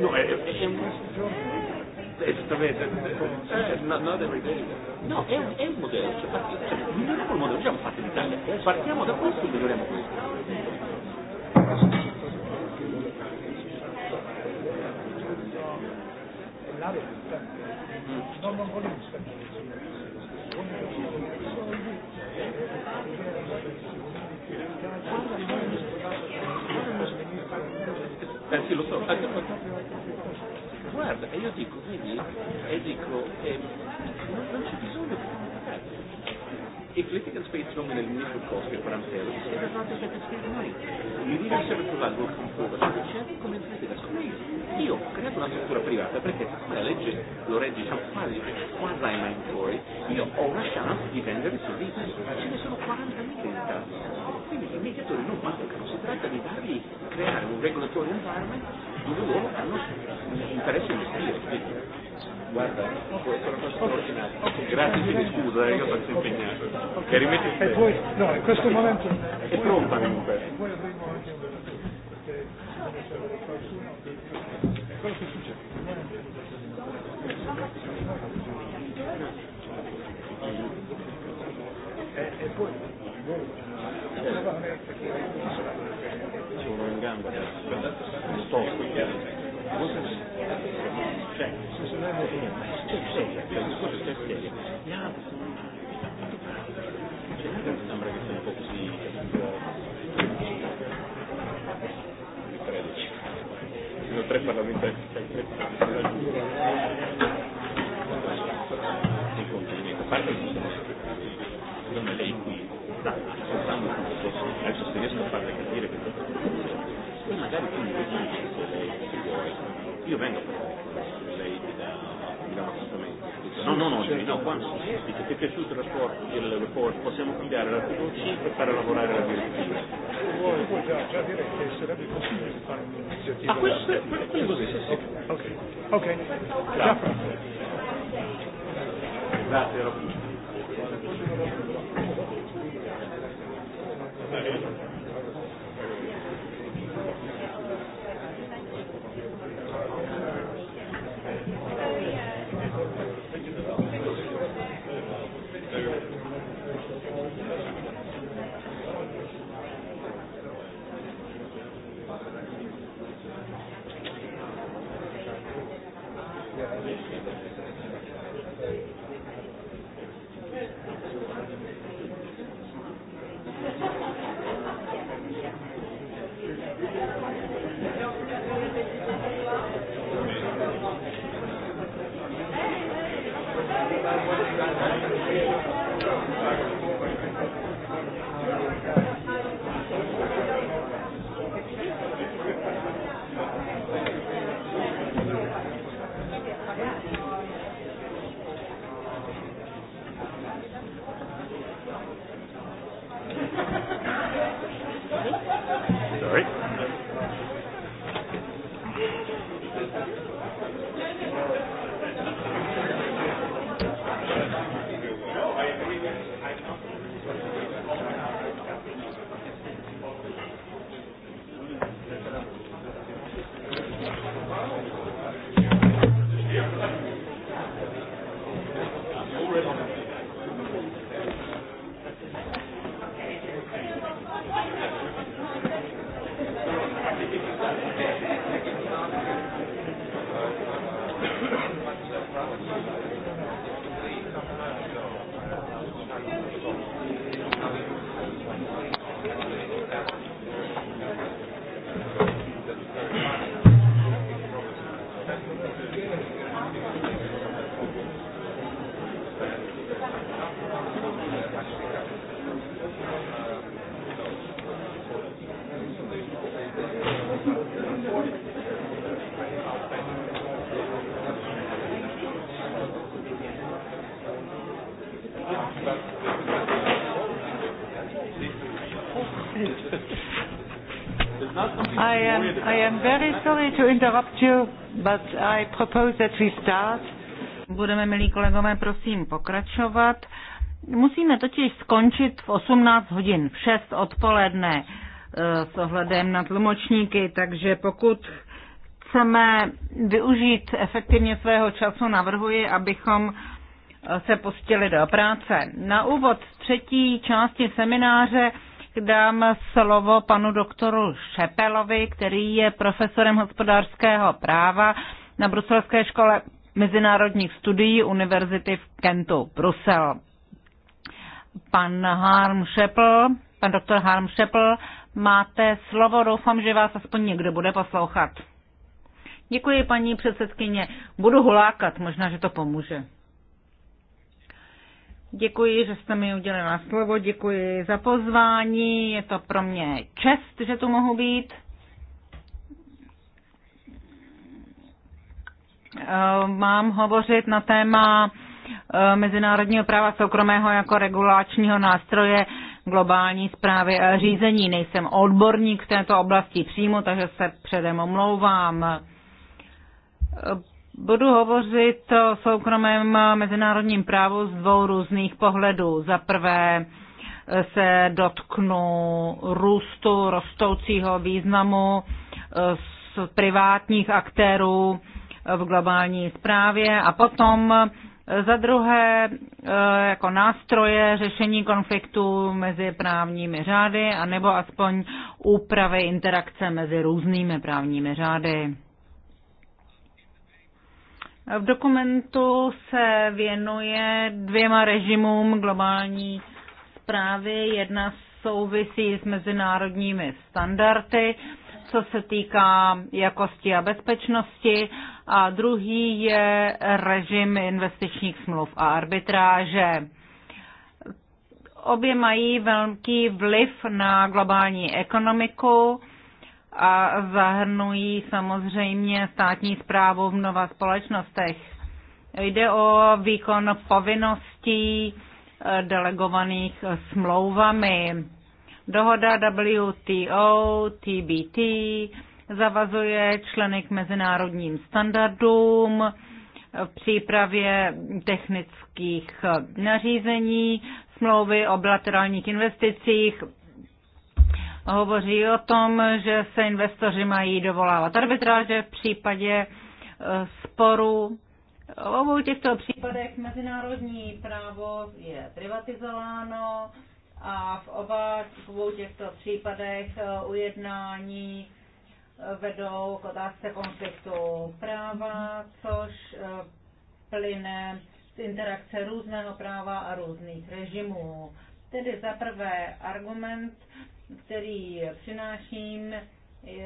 No, esattamente.
Eh, no, not every day. No, è no, un, è no un modello, cioè, cioè, miglioriamo il modello, già fatto in Italia. Partiamo da questo e miglioriamo questo. No, Eh, eh sì, lo so. Guarda, e io dico, vedi, e dico, eh, non, non c'è bisogno di comunicare. If litigants face long and initial cost before I'm there, it's an advantage at the state of mind. L'universo approvato will come forward, cioè certo come litigants, come io. Io ho creato una struttura privata perché la legge lo regge diciamo, quasi, quasi ai mandatori, io ho una chance di vendere i servizi. Ce ne sono 40.000 in Italia quindi i mediatori non mancano, si tratta di dargli, creare un regolatore environment dove loro hanno interesse di investire. Guarda, sono straordinario. Okay. Grazie, mi scusa, eh, io sono impegnato. Che rimetti E poi, no, in questo momento... È pronta comunque. Eh, e poi avremo anche una... Quello che E poi... Sono in gamba non sto cosa cioè se sono ma c'è seria cioè il discorso c'è seria gli altri sono tanto bravi cioè non mi sembra che sia un po' così credici sono tre parlamentari e complimenti a parte che non lei qui dai se riesco a farle capire che tutto questo, e magari quindi decide se lei se vuoi, io vengo a parlare con lei, se lei mi dà, mi dà un appuntamento. No, no, no, certo. No, no, quando dice ti è piaciuto il report, il report possiamo cambiare l'articolo 5 e lavorare la direttiva. Ah, quello, quello, quello così, sì, sì. Ok, ok. Ciao. Grazie, Roberto. Thank you. I am very sorry
to interrupt you, but I propose that we start. Budeme, milí kolegové, prosím pokračovat. Musíme totiž skončit v 18 hodin, v 6 odpoledne eh, s ohledem na tlumočníky, takže pokud chceme využít efektivně svého času, navrhuji, abychom eh, se pustili do práce. Na úvod třetí části semináře dám slovo panu doktoru Šepelovi, který je profesorem hospodářského práva na Bruselské škole mezinárodních studií Univerzity v Kentu, Brusel. Pan Harm Šepel, pan doktor Harm Šepel, máte slovo, doufám, že vás aspoň někdo bude poslouchat. Děkuji, paní předsedkyně. Budu hulákat, možná, že to pomůže. Děkuji, že jste mi udělila slovo, děkuji za pozvání, je to pro mě čest, že tu mohu být. Eh, mám hovořit na téma eh, mezinárodního práva soukromého jako regulačního nástroje globální zprávy a řízení. Nejsem odborník v této oblasti přímo, takže se předem omlouvám. Eh, Budu hovořit o soukromém mezinárodním právu z dvou různých pohledů. Za prvé se dotknu růstu, rostoucího významu z eh, privátních aktérů v globální správě a potom eh, za druhé eh, jako nástroje řešení konfliktů mezi právními řády a nebo aspoň úpravy interakce mezi různými právními řády. V dokumentu se věnuje dvěma režimům globální zprávy. Jedna souvisí s mezinárodními standardy, co se týká jakosti a bezpečnosti, a druhý je režim investičních smluv a arbitráže. Obě mají velký vliv na globální ekonomiku a zahrnují samozřejmě státní zprávu v mnoha společnostech. Jde o výkon povinností eh, delegovaných smlouvami. Dohoda WTO, TBT zavazuje členy k mezinárodním standardům v přípravě technických nařízení, smlouvy o bilaterálních investicích hovoří o tom, že se investoři mají dovolávat arbitráže v případě e, sporu. V obou těchto případech mezinárodní právo je privatizováno a v oba v obou těchto případech e, ujednání e, vedou k otázce konfliktu práva, což plyne z interakce různého práva a různých režimů. Tedy za prvé argument který přináším,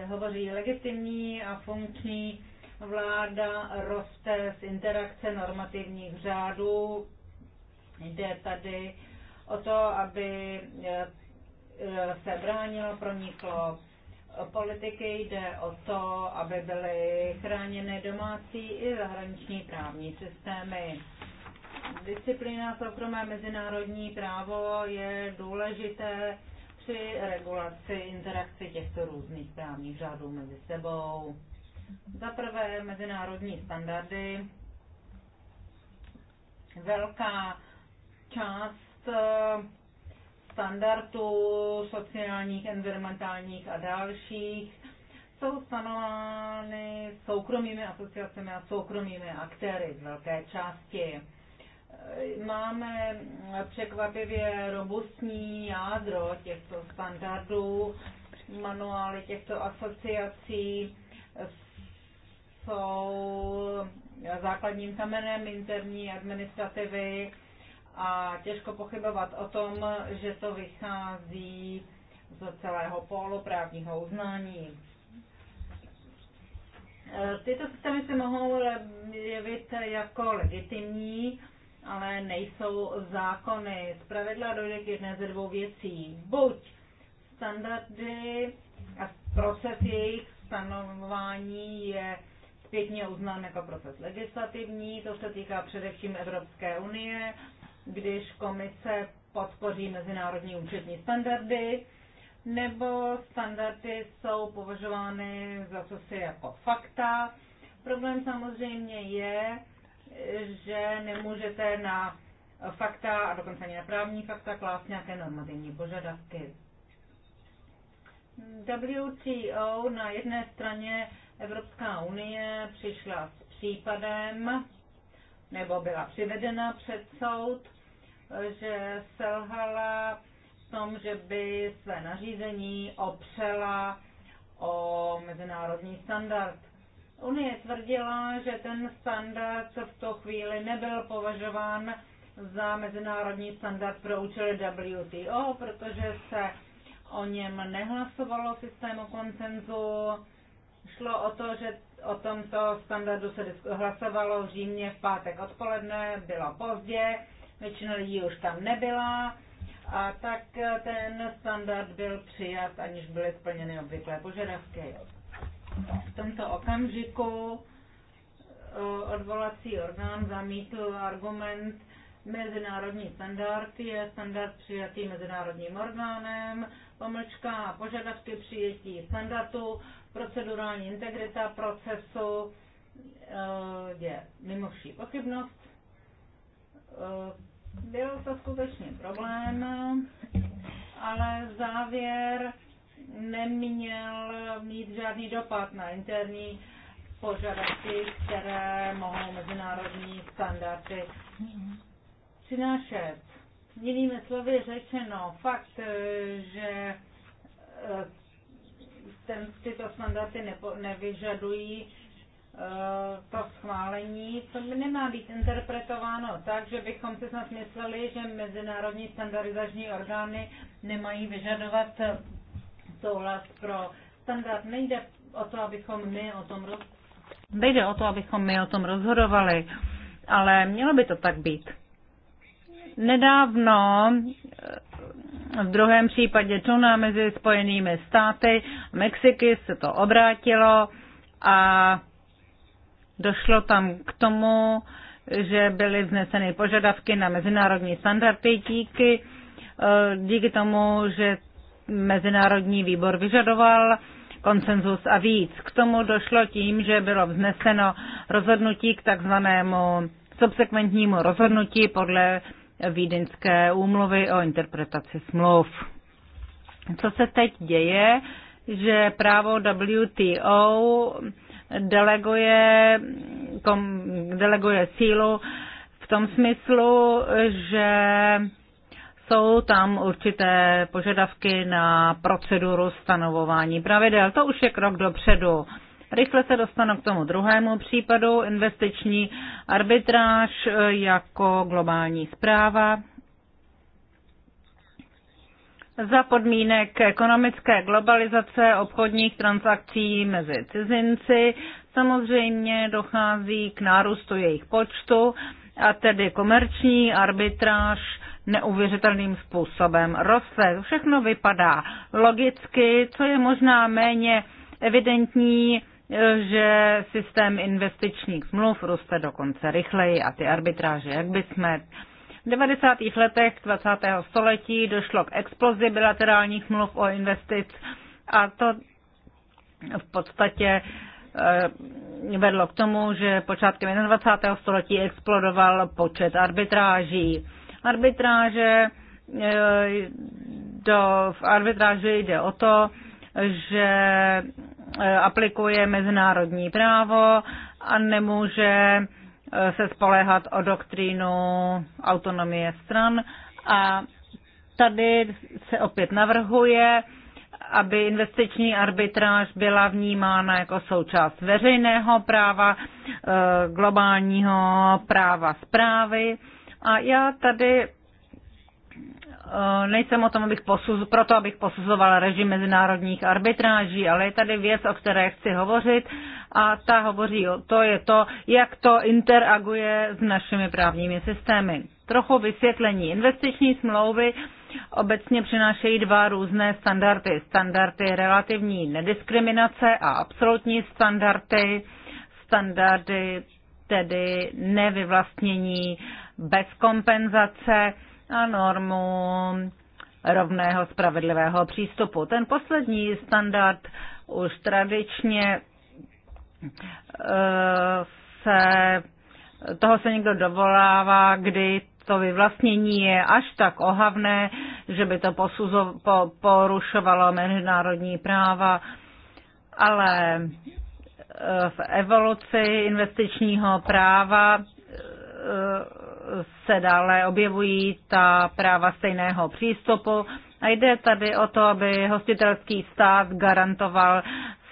hovoří legitimní a funkční vláda roste z interakce normativních řádů. Jde tady o to, aby e, se bránilo, proniklo politiky, jde o to, aby byly chráněny domácí i zahraniční právní systémy. Disciplína soukromé mezinárodní právo je důležité při regulaci interakce těchto různých právních řádů mezi sebou. Za prvé mezinárodní standardy. Velká část eh, standardů sociálních, environmentálních a dalších jsou stanovány soukromými asociacemi a soukromými aktéry z velké části máme překvapivě robustní jádro těchto standardů, manuály těchto asociací jsou základním kamenem interní administrativy a těžko pochybovat o tom, že to vychází z celého právního uznání. Tyto systémy se mohou jevit jako legitimní, ale nejsou zákony. pravidla dojde k jedné ze dvou věcí. Buď standardy a proces jejich stanovování je zpětně uznán jako proces legislativní, to se týká především Evropské unie, když komise podpoří mezinárodní účetní standardy, nebo standardy jsou považovány za co si jako fakta. Problém samozřejmě je, že nemůžete na fakta a dokonce ani na právní fakta klást nějaké normativní požadavky. WTO na jedné straně Evropská unie přišla s případem, nebo byla přivedena před soud, že selhala v tom, že by své nařízení opřela o mezinárodní standard. Unie tvrdila, že ten standard v tu chvíli nebyl považován za mezinárodní standard pro účely WTO, protože se o něm nehlasovalo v systému koncenzu. Šlo o to, že o tomto standardu se hlasovalo v Římě v pátek odpoledne, bylo pozdě, většina lidí už tam nebyla a tak ten standard byl přijat, aniž byly splněny obvyklé požadavky. V tomto okamžiku eh, odvolací orgán zamítl argument, mezinárodní standard je standard přijatý mezinárodním orgánem, pomlčka požadavky přijetí standardu, procedurální integrita procesu eh, je mimo vší pochybnost. Eh, byl to skutečně problém, ale závěr neměl mít žádný dopad na interní požadavky, které mohou mezinárodní standardy přinášet. Jinými slovy řečeno, fakt, eh, že eh, ten, tyto standardy nepo, nevyžadují eh, to schválení, to by nemá být interpretováno tak, že bychom si snad mysleli, že mezinárodní standardizační orgány nemají vyžadovat souhlas pro standard. Nejde o to, abychom my o tom roz... Nejde o to, abychom my o tom rozhodovali, ale mělo by to tak být. Nedávno eh, v druhém případě tuna mezi Spojenými státy a Mexiky se to obrátilo a došlo tam k tomu, že byly vzneseny požadavky na mezinárodní standardy díky, eh, díky tomu, že Mezinárodní výbor vyžadoval konsenzus a víc. K tomu došlo tím, že bylo vzneseno rozhodnutí k takzvanému subsekventnímu rozhodnutí podle Vídeňské úmluvy o interpretaci smluv. Co se teď děje, že právo WTO deleguje, kom, deleguje sílu v tom smyslu, že jsou tam určité požadavky na proceduru stanovování pravidel. To už je krok dopředu. Rychle se dostanu k tomu druhému případu, investiční arbitráž eh, jako globální zpráva. Za podmínek ekonomické globalizace obchodních transakcí mezi cizinci samozřejmě dochází k nárůstu jejich počtu a tedy komerční arbitráž neuvěřitelným způsobem roste. Všechno vypadá logicky, co je možná méně evidentní, že systém investičních smluv roste dokonce rychleji a ty arbitráže, jak by jsme v 90. letech 20. století došlo k explozi bilaterálních smluv o investic a to v podstatě eh, vedlo k tomu, že počátkem 21. století explodoval počet arbitráží arbitráže. E, do, v arbitráži jde o to, že e, aplikuje mezinárodní právo a nemůže e, se spoléhat o doktrínu autonomie stran. A tady se opět navrhuje, aby investiční arbitráž byla vnímána jako součást veřejného práva, globálního práva zprávy a já tady eh, nejsem o tom, abych posuz, proto, abych posuzovala režim mezinárodních arbitráží, ale je tady věc, o které chci hovořit a ta hovoří o to, je to, jak to interaguje s našimi právními systémy. Trochu vysvětlení. Investiční smlouvy obecně přinášejí dva různé standardy. Standardy relativní nediskriminace a absolutní standardy, standardy tedy nevyvlastnění uh, bez kompenzace a normu rovného spravedlivého přístupu. Ten poslední standard už tradičně eh, se, toho se někdo dovolává, kdy to vyvlastnění je až tak ohavné, že by to posuzo, po, porušovalo mezinárodní práva, ale eh, v evoluci investičního práva eh, se dále objevují ta práva stejného přístupu. A jde tady o to, aby hostitelský stát garantoval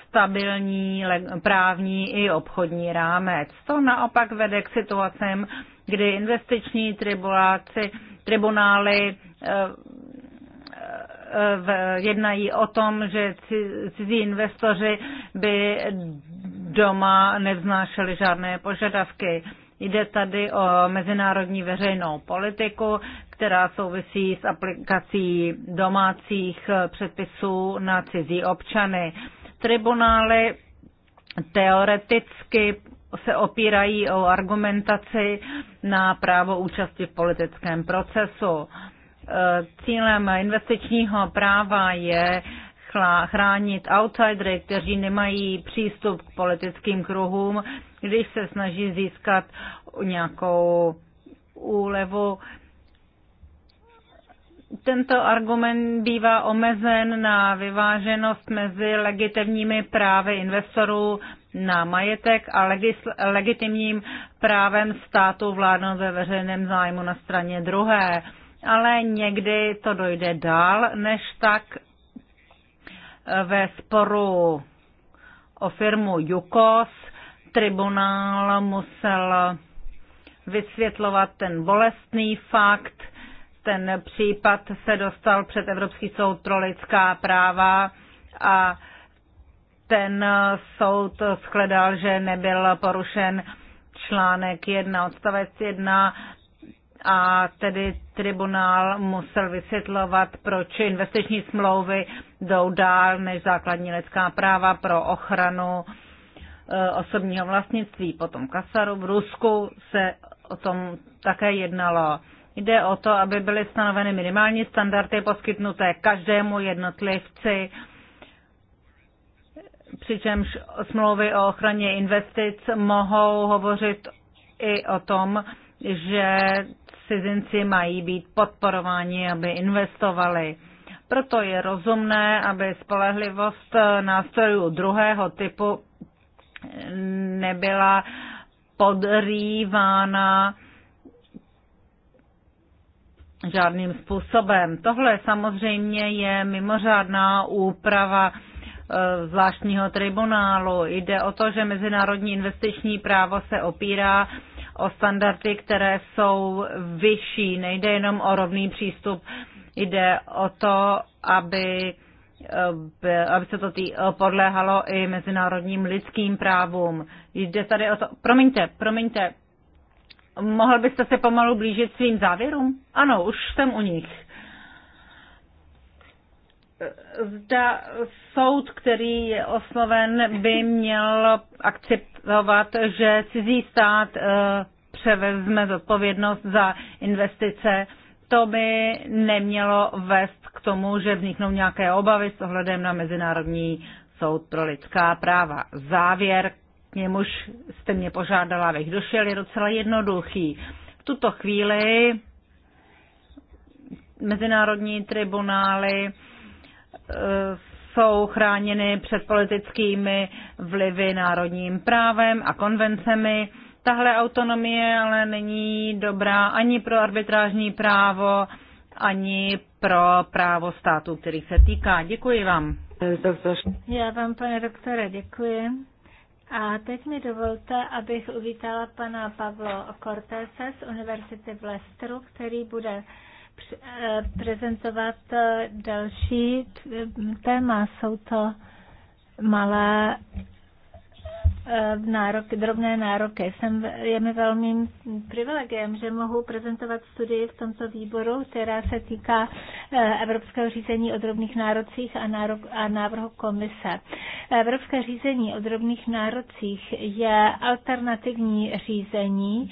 stabilní právní i obchodní rámec. To naopak vede k situacím, kdy investiční tribuláci, tribunály eh, eh, jednají o tom, že cizí investoři by doma nevznášeli žádné požadavky. Jde tady o mezinárodní veřejnou politiku, která souvisí s aplikací domácích předpisů na cizí občany. Tribunály teoreticky se opírají o argumentaci na právo účasti v politickém procesu. Cílem investičního práva je chránit outsidery, kteří nemají přístup k politickým kruhům, když se snaží získat nějakou úlevu. Tento argument bývá omezen na vyváženost mezi legitimními právy investorů na majetek a legitimním právem státu vládnout ve veřejném zájmu na straně druhé ale někdy to dojde dál než tak ve sporu o firmu Jukos. Tribunál musel vysvětlovat ten bolestný fakt. Ten případ se dostal před Evropský soud pro lidská práva a ten soud shledal, že nebyl porušen článek 1 odstavec 1 a tedy tribunál musel vysvětlovat, proč investiční smlouvy jdou dál než základní lidská práva pro ochranu eh, osobního vlastnictví. Potom Kasaru v Rusku se o tom také jednalo. Jde o to, aby byly stanoveny minimální standardy poskytnuté každému jednotlivci, přičemž smlouvy o ochraně investic mohou hovořit i o tom, že cizinci mají být podporováni, aby investovali. Proto je rozumné, aby spolehlivost nástrojů druhého typu nebyla podrývána žádným způsobem. Tohle samozřejmě je mimořádná úprava eh, zvláštního tribunálu. Jde o to, že mezinárodní investiční právo se opírá o standardy, které jsou vyšší. Nejde jenom o rovný přístup, jde o to, aby, eh, aby se to tý, eh, podléhalo i mezinárodním lidským právům. Jde tady o to, promiňte, promiňte, mohl byste se pomalu blížit svým závěrům? Ano, už jsem u nich zda soud, který je osloven, by měl akceptovat, že cizí stát eh, převezme zodpovědnost za investice. To by nemělo vést k tomu, že vzniknou nějaké obavy s ohledem na Mezinárodní soud pro lidská práva. Závěr, k němuž jste mě požádala, abych došel, je docela jednoduchý. V tuto chvíli mezinárodní tribunály jsou chráněny před politickými vlivy národním právem a konvencemi. Tahle autonomie ale není dobrá ani pro arbitrážní právo, ani pro právo státu, který se týká. Děkuji vám. Já vám, pane doktore, děkuji.
A teď mi dovolte, abych uvítala pana Pavlo Cortese z Univerzity v Leicesteru, který bude Eh, prezentovat eh, další téma. Jsou to malé eh, nároky, drobné nároky. Jsem, je mi velmi privilegiem, že mohu prezentovat studii v tomto výboru, která se týká Evropského řízení o drobných nárocích a, nárok, a návrhu komise. Evropské řízení o drobných nárocích je alternativní řízení,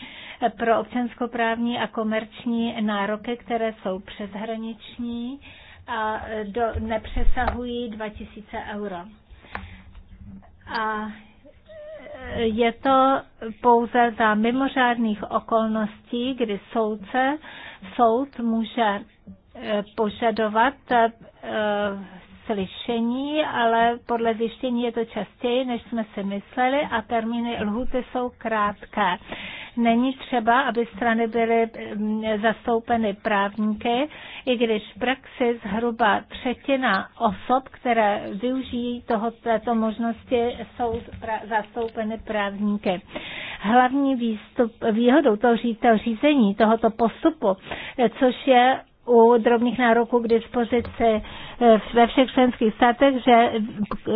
pro občanskoprávní a komerční nároky, které jsou přeshraniční a do, nepřesahují 2000 euro. A e, je to pouze za mimořádných okolností, kdy soudce, soud může e, požadovat e, slyšení, ale podle zjištění je to častěji, než jsme si mysleli a termíny lhuty jsou krátké. Není třeba, aby strany byly mm, zastoupeny právníky, i když v praxi zhruba třetina osob, které využijí toho, této možnosti, jsou zastoupeny právníky. Hlavní výstup, výhodou toho, toho řízení, tohoto postupu, což je u drobných nároků k dispozici eh, ve všech členských státech, že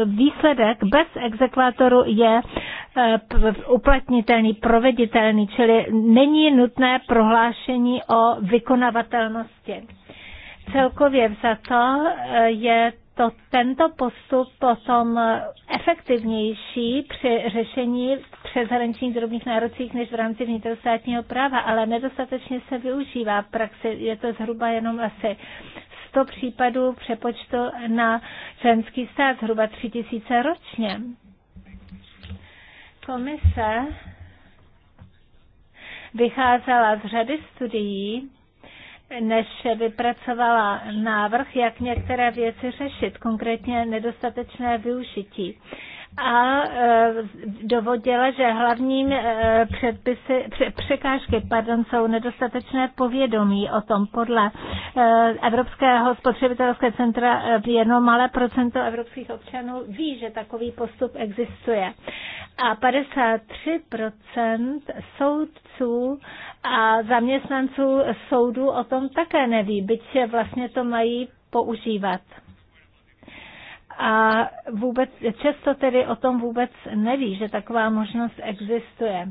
výsledek bez exekvátoru je eh, uplatnitelný, proveditelný, čili není nutné prohlášení o vykonavatelnosti. Celkově za to eh, je to, tento postup potom efektivnější při řešení přeshraničních drobných nárocích než v rámci vnitrostátního práva, ale nedostatečně se využívá. V praxi je to zhruba jenom asi 100 případů přepočtu na členský stát, zhruba 3000 ročně. Komise vycházela z řady studií, než vypracovala návrh, jak některé věci řešit, konkrétně nedostatečné využití a e, dovodila, že hlavním e, předpisy, překážky pardon, jsou nedostatečné povědomí o tom. Podle e, Evropského spotřebitelské centra jedno malé procento evropských občanů ví, že takový postup existuje. A 53% soudců a zaměstnanců soudů o tom také neví, byť vlastně to mají používat a vůbec, často tedy o tom vůbec neví, že taková možnost existuje.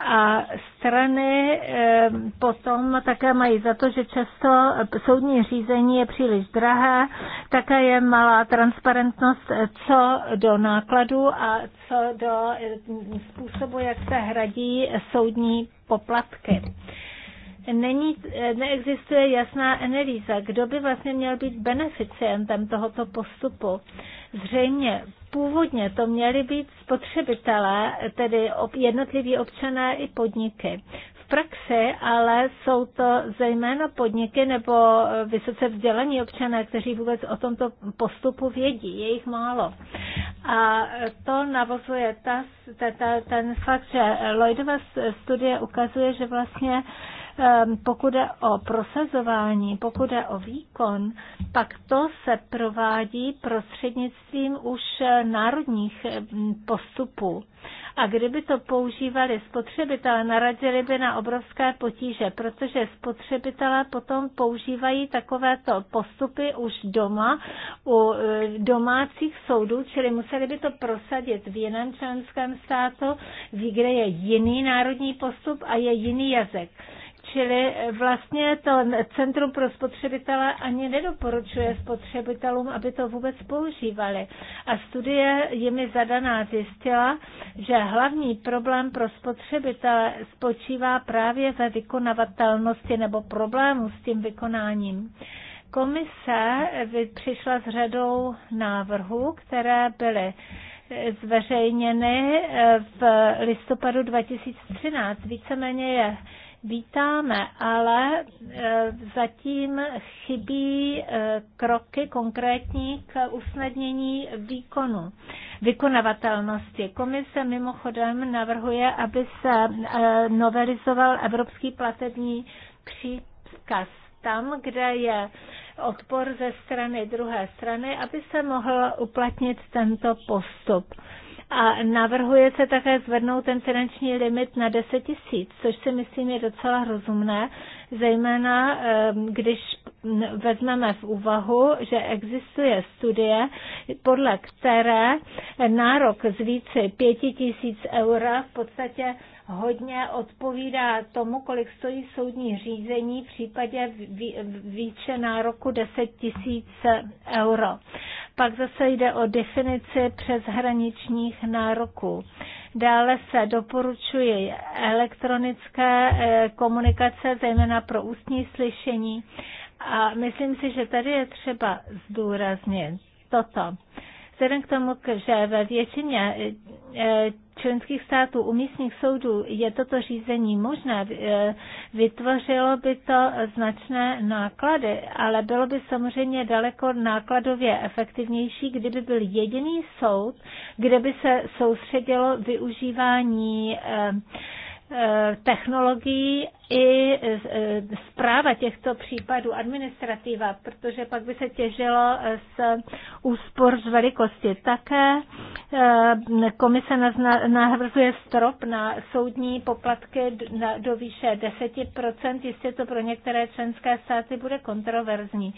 A strany eh, potom také mají za to, že často soudní řízení je příliš drahé, také je malá transparentnost eh, co do nákladu a co do eh, způsobu, jak se hradí soudní poplatky není, eh, neexistuje jasná analýza, kdo by vlastně měl být beneficientem tohoto postupu. Zřejmě původně to měly být spotřebitelé, tedy jednotliví občané i podniky. V praxi ale jsou to zejména podniky nebo eh, vysoce vzdělaní občané, kteří vůbec o tomto postupu vědí. Je jich málo. A to navozuje ta, ta, ta, ten fakt, že Lloydova studie ukazuje, že vlastně Ehm, pokud je o prosazování, pokud je o výkon, pak to se provádí prostřednictvím už eh, národních ehm, postupů. A kdyby to používali spotřebitelé, naradili by na obrovské potíže, protože spotřebitelé potom používají takovéto postupy už doma u eh, domácích soudů, čili museli by to prosadit v jiném členském státu, kde je jiný národní postup a je jiný jazyk. Čili vlastně to Centrum pro spotřebitele ani nedoporučuje spotřebitelům, aby to vůbec používali. A studie jimi zadaná zjistila, že hlavní problém pro spotřebitele spočívá právě ve vykonavatelnosti nebo problému s tím vykonáním. Komise přišla s řadou návrhů, které byly eh, zveřejněny eh, v listopadu 2013. Víceméně je vítáme, ale eh, zatím chybí eh, kroky konkrétní k usnadnění výkonu, vykonavatelnosti. Komise mimochodem navrhuje, aby se eh, novelizoval Evropský platební příkaz tam, kde je odpor ze strany druhé strany, aby se mohl uplatnit tento postup. A navrhuje se také zvednout ten finanční limit na 10 tisíc, což si myslím je docela rozumné, zejména ehm, když vezmeme v úvahu, že existuje studie, podle které nárok z více 5 tisíc eura v podstatě hodně odpovídá tomu, kolik stojí soudní řízení v případě výče nároku 10 tisíc euro. Pak zase jde o definici přeshraničních nároků. Dále se doporučuje elektronické eh, komunikace, zejména pro ústní slyšení. A myslím si, že tady je třeba zdůraznit toto Vzhledem k tomu, že ve většině e, e, členských států umístních soudů je toto řízení možné, e, vytvořilo by to značné náklady, ale bylo by samozřejmě daleko nákladově efektivnější, kdyby byl jediný soud, kde by se soustředilo využívání Eh, technologií i zpráva eh, těchto případů, administrativa, protože pak by se těžilo eh, z úspor z velikosti. Také komise nahrazuje strop na soudní poplatky do výše 10%, jistě to pro některé členské státy bude kontroverzní.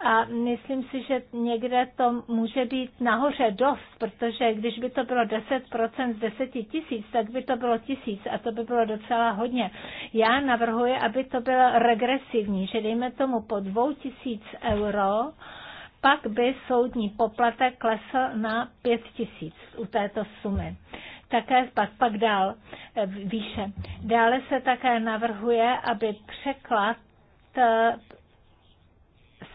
A myslím si, že někde to může být nahoře dost, protože když by to bylo 10% z 10 tisíc, tak by to bylo tisíc a to by bylo docela hodně. Já navrhuji, aby to bylo regresivní, že dejme tomu po 2000 euro, pak by soudní poplatek klesl na 5 tisíc u této sumy také pak, pak dál eh, výše. Dále se také navrhuje, aby překlad eh,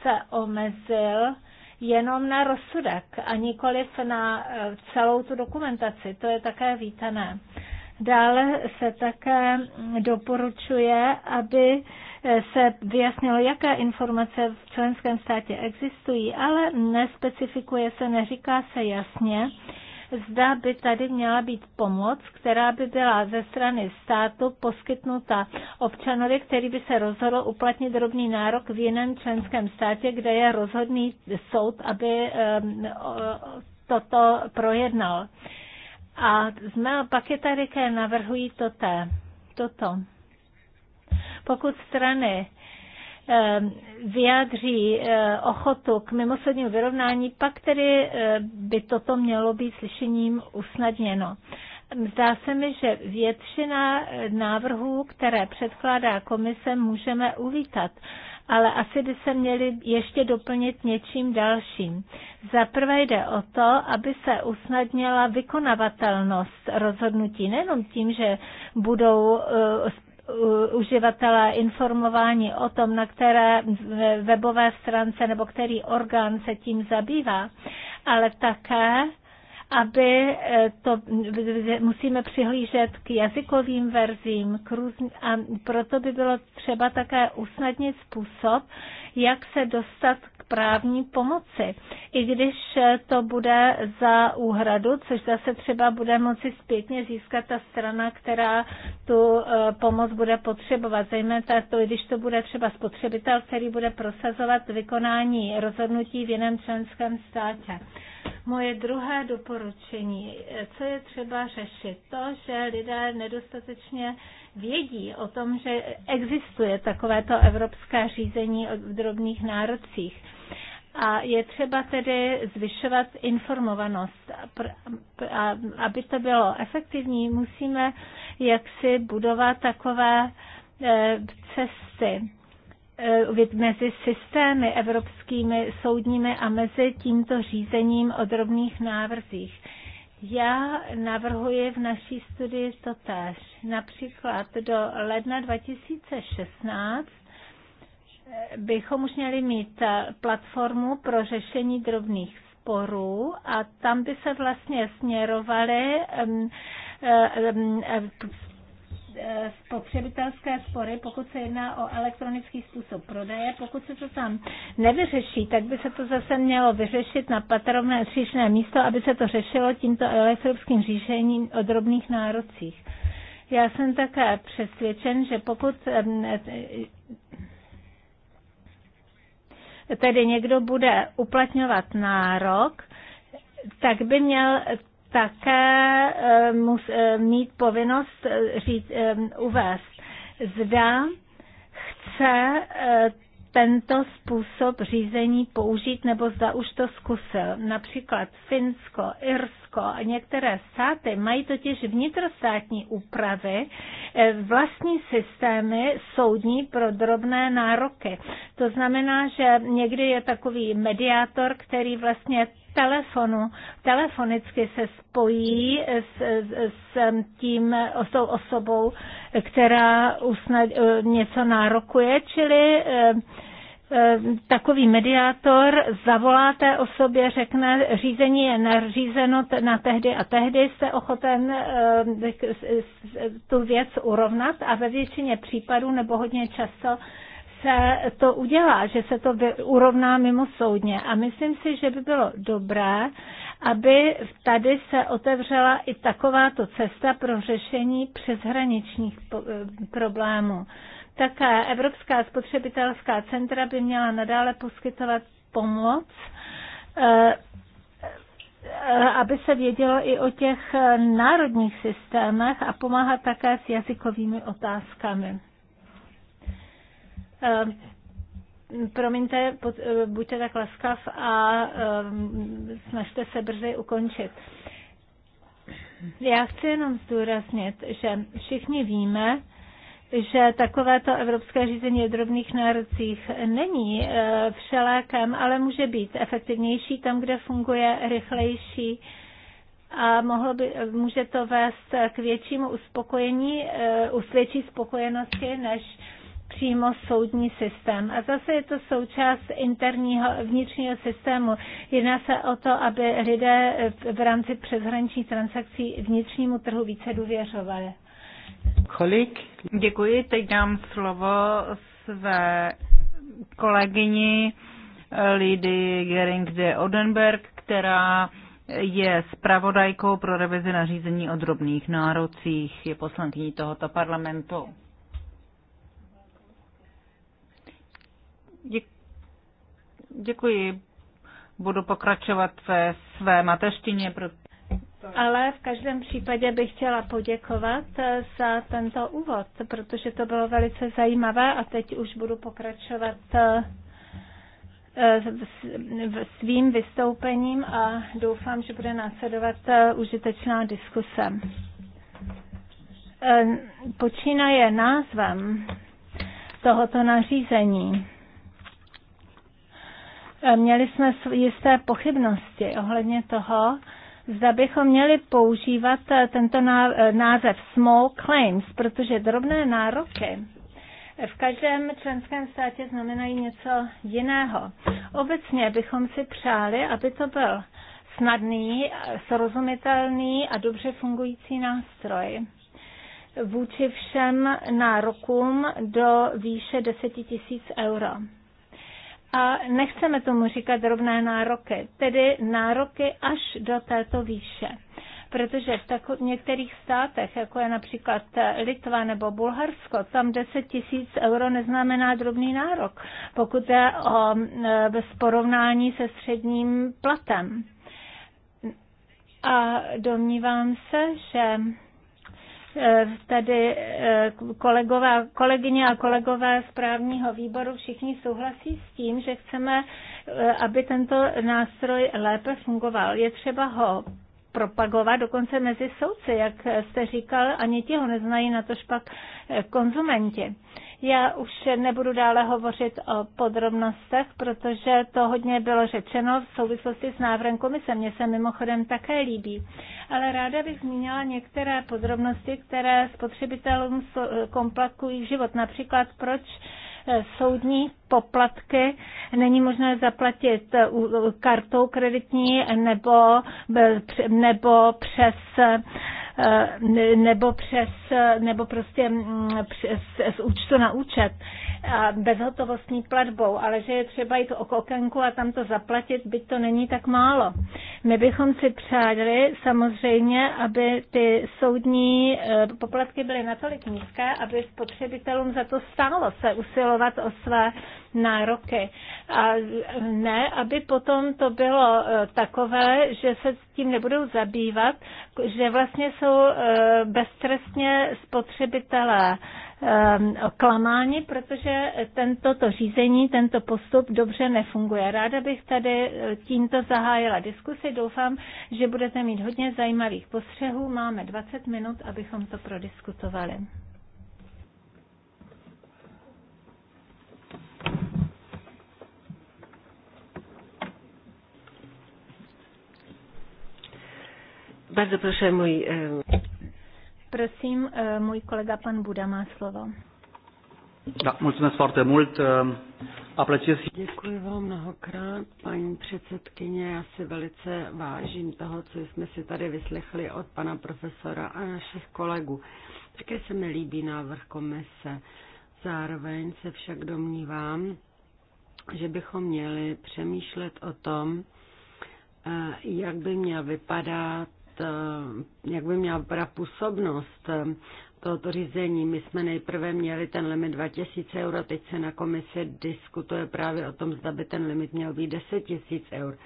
se omezil jenom na rozsudek a nikoliv na eh, celou tu dokumentaci. To je také vítané. Dále se také doporučuje, aby eh, se vyjasnilo, jaké informace v členském státě existují, ale nespecifikuje se, neříká se jasně, zda by tady měla být pomoc, která by byla ze strany státu poskytnuta občanovi, který by se rozhodl uplatnit drobný nárok v jiném členském státě, kde je rozhodný soud, aby ehm, toto projednal. A z pak je tady, navrhují toto. toto. Pokud strany Ehm, vyjádří eh, ochotu k mimosoudnímu vyrovnání, pak tedy eh, by toto mělo být slyšením usnadněno. Zdá se mi, že většina eh, návrhů, které předkládá komise, můžeme uvítat, ale asi by se měly ještě doplnit něčím dalším. Za prvé jde o to, aby se usnadnila vykonavatelnost rozhodnutí, nejenom tím, že budou uživatelé informováni o tom, na které webové stránce nebo který orgán se tím zabývá, ale také aby e, to musíme přihlížet k jazykovým verzím k různ, a proto by bylo třeba také usnadnit způsob, jak se dostat právní pomoci. I když to bude za úhradu, což zase třeba bude moci zpětně získat ta strana, která tu eh, pomoc bude potřebovat, zejména to, když to bude třeba spotřebitel, který bude prosazovat vykonání rozhodnutí v jiném členském státě. Moje druhé doporučení, co je třeba řešit, to, že lidé nedostatečně vědí o tom, že existuje takovéto evropské řízení o drobných nárocích. A je třeba tedy zvyšovat informovanost. A aby to bylo efektivní, musíme jaksi budovat takové e, cesty e, mezi systémy evropskými soudními a mezi tímto řízením o drobných návrzích. Já navrhuji v naší studii totéž. Například do ledna 2016 bychom už měli mít platformu pro řešení drobných sporů a tam by se vlastně směrovaly spotřebitelské spory, pokud se jedná o elektronický způsob prodeje. Pokud se to tam nevyřeší, tak by se to zase mělo vyřešit na patrovné příšné místo, aby se to řešilo tímto elektronickým řízením o drobných nárocích. Já jsem také přesvědčen, že pokud tedy někdo bude uplatňovat nárok, tak by měl také eh, mus, eh, mít povinnost eh, říct, uvést, zda chce tento způsob řízení použít, nebo zda už to zkusil. Například Finsko, Irsko a některé státy mají totiž vnitrostátní úpravy, eh, vlastní systémy soudní pro drobné nároky. To znamená, že někdy je takový mediátor, který vlastně telefonu, telefonicky se spojí s, s, s tím, s tou osobou, která usnad, eh, něco nárokuje, čili eh, eh, takový mediátor zavolá té osobě, řekne, řízení je nařízeno na tehdy a tehdy, jste ochoten tu věc urovnat a ve většině případů nebo hodně často se to udělá, že se to urovná mimo soudně. A myslím si, že by bylo dobré, aby tady se otevřela i takováto cesta pro řešení přeshraničních eh, problémů. Také Evropská spotřebitelská centra by měla nadále poskytovat pomoc eh, eh, aby se vědělo i o těch národních systémech a pomáhat také s jazykovými otázkami. Ehm, promiňte, eh, buďte tak laskav a ehm, snažte se brzy ukončit. Já chci jenom zdůraznit, že všichni víme, že takovéto evropské řízení o drobných nárocích není eh, všelékem, ale může být efektivnější tam, kde funguje rychlejší a mohlo by, může to vést k většímu uspokojení, eh, usvědčí spokojenosti, než přímo soudní systém. A zase je to součást interního vnitřního systému. Jedná se o to, aby lidé v rámci přeshraničních transakcí vnitřnímu trhu více důvěřovali.
Kolik? Děkuji, teď dám slovo své kolegyni eh, Lidy Gering de Odenberg, která je zpravodajkou pro revizi nařízení o drobných nárocích, je poslankyní tohoto parlamentu. Děkuji. Budu pokračovat ve své mateřštině. Ale v každém případě
bych chtěla poděkovat eh, za tento úvod, protože to bylo velice zajímavé a teď už budu pokračovat eh, eh, svým vystoupením a doufám, že bude následovat užitečná diskuse. Počínaje názvem tohoto nařízení. Měli jsme jisté pochybnosti ohledně toho, zda bychom měli používat eh, tento eh, název small claims, protože drobné nároky v každém členském státě znamenají něco jiného. Obecně bychom si přáli, aby to byl snadný, srozumitelný a dobře fungující nástroj vůči všem nárokům do výše 10 000 euro a nechceme tomu říkat rovné nároky, tedy nároky až do této výše. Protože v, tako- v některých státech, jako je například Litva nebo Bulharsko, tam 10 tisíc euro neznamená drobný nárok, pokud je o e, porovnání se středním platem. A domnívám se, že Eh, tady eh, kolegové, kolegyně a kolegové z právního výboru všichni souhlasí s tím, že chceme, eh, aby tento nástroj lépe fungoval. Je třeba ho propagovat dokonce mezi soudci, jak jste říkal, ani ti ho neznají, na to pak eh, konzumenti. Já už nebudu dále hovořit o podrobnostech, protože to hodně bylo řečeno v souvislosti s návrhem komise. Mně se mimochodem také líbí. Ale ráda bych zmínila některé podrobnosti, které spotřebitelům komplikují život. Například proč Eh, soudní poplatky není možné zaplatit eh, kartou kreditní nebo, eh, nebo přes Eh, nebo přes, nebo prostě mm, přes, z účtu na účet bezhotovostní platbou, ale že je třeba jít o okénku a tam to zaplatit, byť to není tak málo. My bychom si přáli samozřejmě, aby ty soudní eh, poplatky byly natolik nízké, aby spotřebitelům za to stálo se usilovat o své nároky. A ne, aby potom to bylo eh, takové, že se s tím nebudou zabývat, že vlastně jsou eh, beztrestně spotřebitelé eh, klamáni, protože tento řízení, tento postup dobře nefunguje. Ráda bych tady tímto zahájila diskusi. Doufám, že budete mít hodně zajímavých postřehů. Máme 20 minut, abychom to prodiskutovali.
Bardzo proszę, mój... E,
Prosím, e, můj kolega pan Buda má slovo.
Da, mulțumesc foarte mult. E, apreciez.
Děkuji vám mnohokrát, paní předsedkyně. Já si velice vážím toho, co jsme si tady vyslechli od pana profesora a našich kolegů. Také se mi líbí návrh komise. Zároveň se však domnívám, že bychom měli přemýšlet o tom, jak by měl vypadat Eh, jak by měla vypadat působnost eh, tohoto řízení. My jsme nejprve měli ten limit 2000 euro, teď se na komisi diskutuje právě o tom, zda by ten limit měl být 10 000 eur.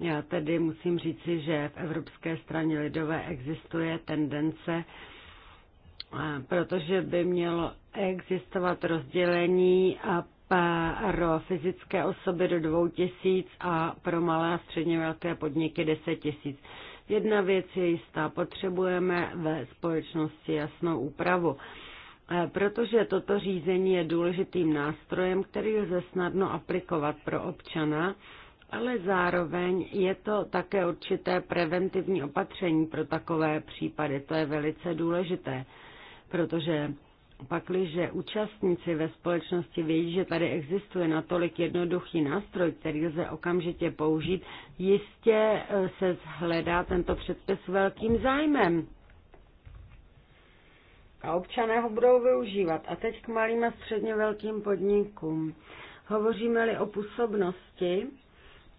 Já tedy musím říci, že v Evropské straně lidové existuje tendence, eh, protože by mělo existovat rozdělení a pro fyzické osoby do 2000 a pro malé a středně velké podniky 10 000. Jedna věc je jistá, potřebujeme ve společnosti jasnou úpravu, eh, protože toto řízení je důležitým nástrojem, který lze snadno aplikovat pro občana, ale zároveň je to také určité preventivní opatření pro takové případy. To je velice důležité, protože Pakliže účastníci ve společnosti vědí, že tady existuje natolik jednoduchý nástroj, který lze okamžitě použít, jistě eh, se hledá tento předpis velkým zájmem. A občané ho budou využívat. A teď k malým a středně velkým podnikům. Hovoříme-li o působnosti,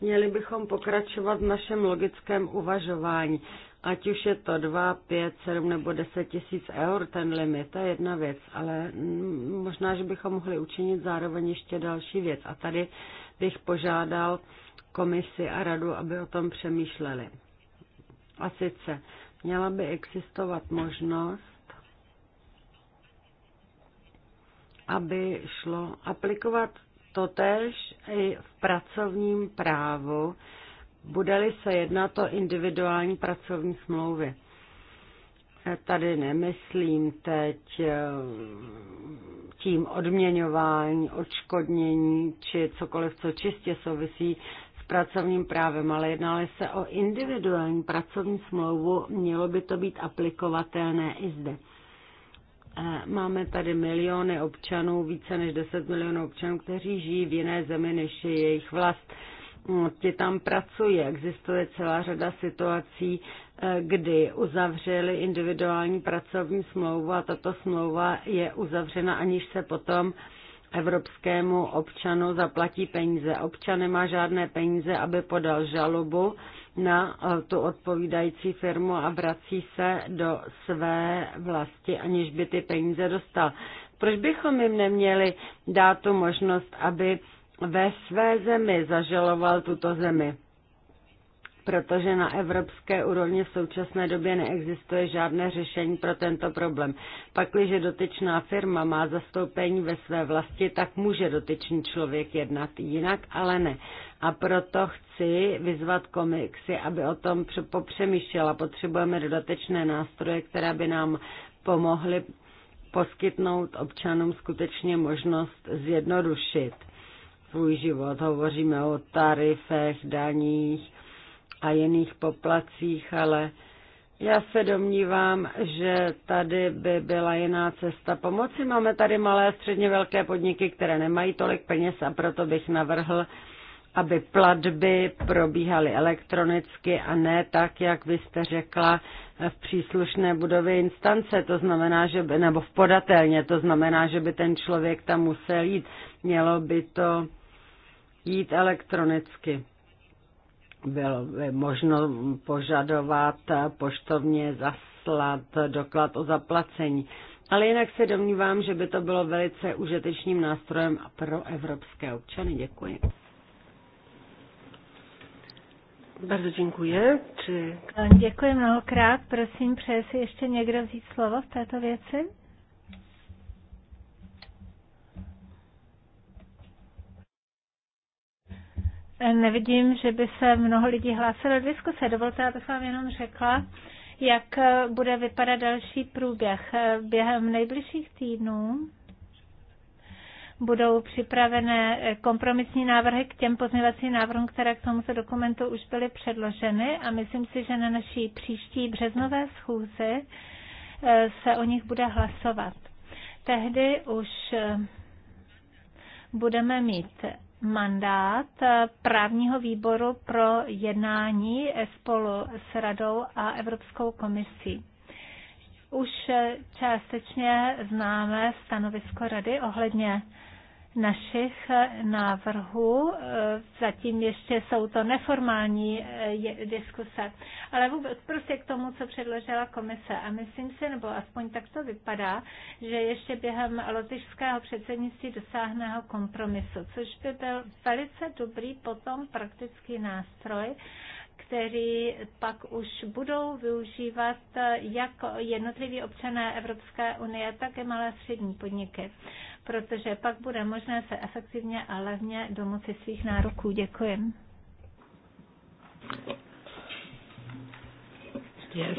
měli bychom pokračovat v našem logickém uvažování ať už je to 2, 5, 7 nebo 10 tisíc eur, ten limit, to je jedna věc, ale mm, možná, že bychom mohli učinit zároveň ještě další věc. A tady bych požádal komisi a radu, aby o tom přemýšleli. A sice měla by existovat možnost, aby šlo aplikovat totéž i v pracovním právu, bude-li se jednat o individuální pracovní smlouvy. E, tady nemyslím teď e, tím odměňování, odškodnění či cokoliv, co čistě souvisí s pracovním právem, ale jednali se o individuální pracovní smlouvu, mělo by to být aplikovatelné i zde. E, máme tady miliony občanů, více než 10 milionů občanů, kteří žijí v jiné zemi než je jejich vlast ti tam pracují. Existuje celá řada situací, eh, kdy uzavřeli individuální pracovní smlouvu a tato smlouva je uzavřena, aniž se potom evropskému občanu zaplatí peníze. Občan nemá žádné peníze, aby podal žalobu na eh, tu odpovídající firmu a vrací se do své vlasti, aniž by ty peníze dostal. Proč bychom jim neměli dát tu možnost, aby ve své zemi zažaloval tuto zemi, protože na evropské úrovni v současné době neexistuje žádné řešení pro tento problém. Pakliže dotyčná firma má zastoupení ve své vlasti, tak může dotyčný člověk jednat jinak, ale ne. A proto chci vyzvat komiksy, aby o tom popřemýšlela. Potřebujeme dodatečné nástroje, které by nám pomohly poskytnout občanům skutečně možnost zjednodušit svůj život. Hovoříme o tarifech, daních a jiných poplacích, ale já se domnívám, že tady by byla jiná cesta pomoci. Máme tady malé a středně velké podniky, které nemají tolik peněz a proto bych navrhl, aby platby probíhaly elektronicky a ne tak, jak vy jste řekla, v příslušné budově instance, to znamená, že by, nebo v podatelně, to znamená, že by ten člověk tam musel jít. Mělo by to jít elektronicky. Bylo by možno požadovat poštovně zaslat doklad o zaplacení. Ale jinak se domnívám, že by to bylo velice užitečným nástrojem pro evropské občany. Děkuji. Bardzo dziękuję. Czy...
Děkuji mnohokrát. Prosím, přeje si ještě někdo vzít slovo v této věci? nevidím, že by se mnoho lidí hlásilo do diskuse. Dovolte, abych vám jenom řekla, jak bude vypadat další průběh. Během nejbližších týdnů budou připravené kompromisní návrhy k těm pozměvacím návrhům, které k tomuto dokumentu už byly předloženy a myslím si, že na naší příští březnové schůzi eh, se o nich bude hlasovat. Tehdy už eh, budeme mít mandát právního výboru pro jednání spolu s Radou a Evropskou komisí. Už částečně známe stanovisko Rady ohledně našich eh, návrhů. Eh, zatím ještě jsou to neformální eh, diskuse. Ale vůbec prostě k tomu, co předložila komise. A myslím si, nebo aspoň tak to vypadá, že ještě během lotyšského předsednictví dosáhného kompromisu, což by byl velice dobrý potom praktický nástroj, kteří pak už budou využívat jak jednotliví občané Evropské unie, tak i malé střední podniky, protože pak bude možné se efektivně a levně domoci svých nároků. Děkuji.
Yes.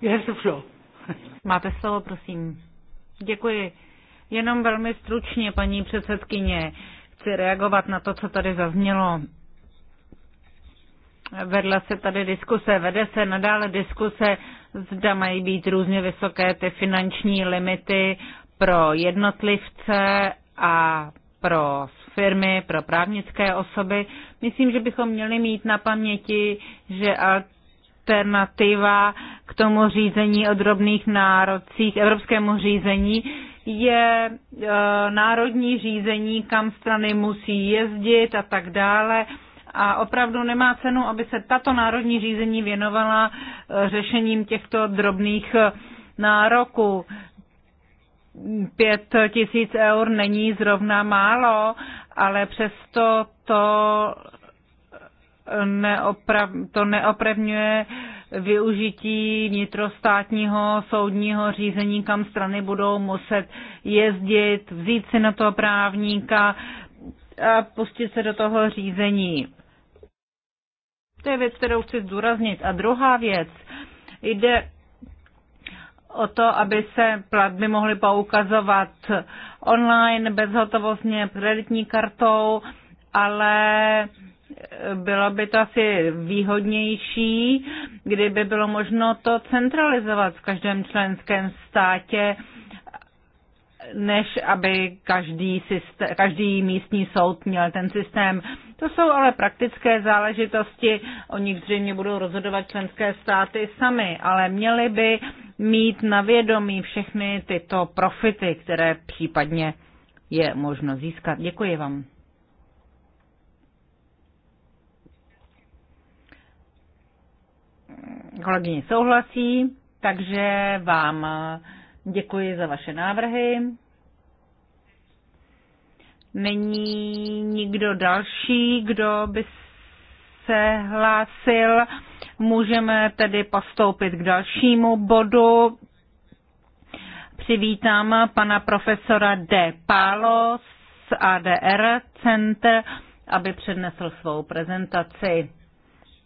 You have the floor. [laughs] Máte slovo, prosím. Děkuji. Jenom velmi stručně, paní předsedkyně chci reagovat na to, co tady zaznělo. Vedla se tady diskuse, vede se nadále diskuse, zda mají být různě vysoké ty finanční limity pro jednotlivce a pro firmy, pro právnické osoby. Myslím, že bychom měli mít na paměti, že alternativa k tomu řízení o drobných nárocích, evropskému řízení, je eh, národní řízení, kam strany musí jezdit a tak dále. A opravdu nemá cenu, aby se tato národní řízení věnovala eh, řešením těchto drobných eh, nároků. Pět tisíc eur není zrovna málo, ale přesto to, neoprav, to neopravňuje využití vnitrostátního soudního řízení, kam strany budou muset jezdit, vzít si na to právníka a pustit se do toho řízení. To je věc, kterou chci zdůraznit. A druhá věc, jde o to, aby se platby mohly poukazovat online, bezhotovostně, kreditní kartou, ale bylo by to asi výhodnější, kdyby bylo možno to centralizovat v každém členském státě, než aby každý, systém, každý místní soud měl ten systém. To jsou ale praktické záležitosti, o nich zřejmě budou rozhodovat členské státy sami, ale měly by mít na vědomí všechny tyto profity, které případně je možno získat. Děkuji vám. kolegyně souhlasí, takže vám děkuji za vaše návrhy. Není nikdo další, kdo by se hlásil. Můžeme tedy postoupit k dalšímu bodu. Přivítám pana profesora D. Pálo z ADR Center, aby přednesl svou prezentaci.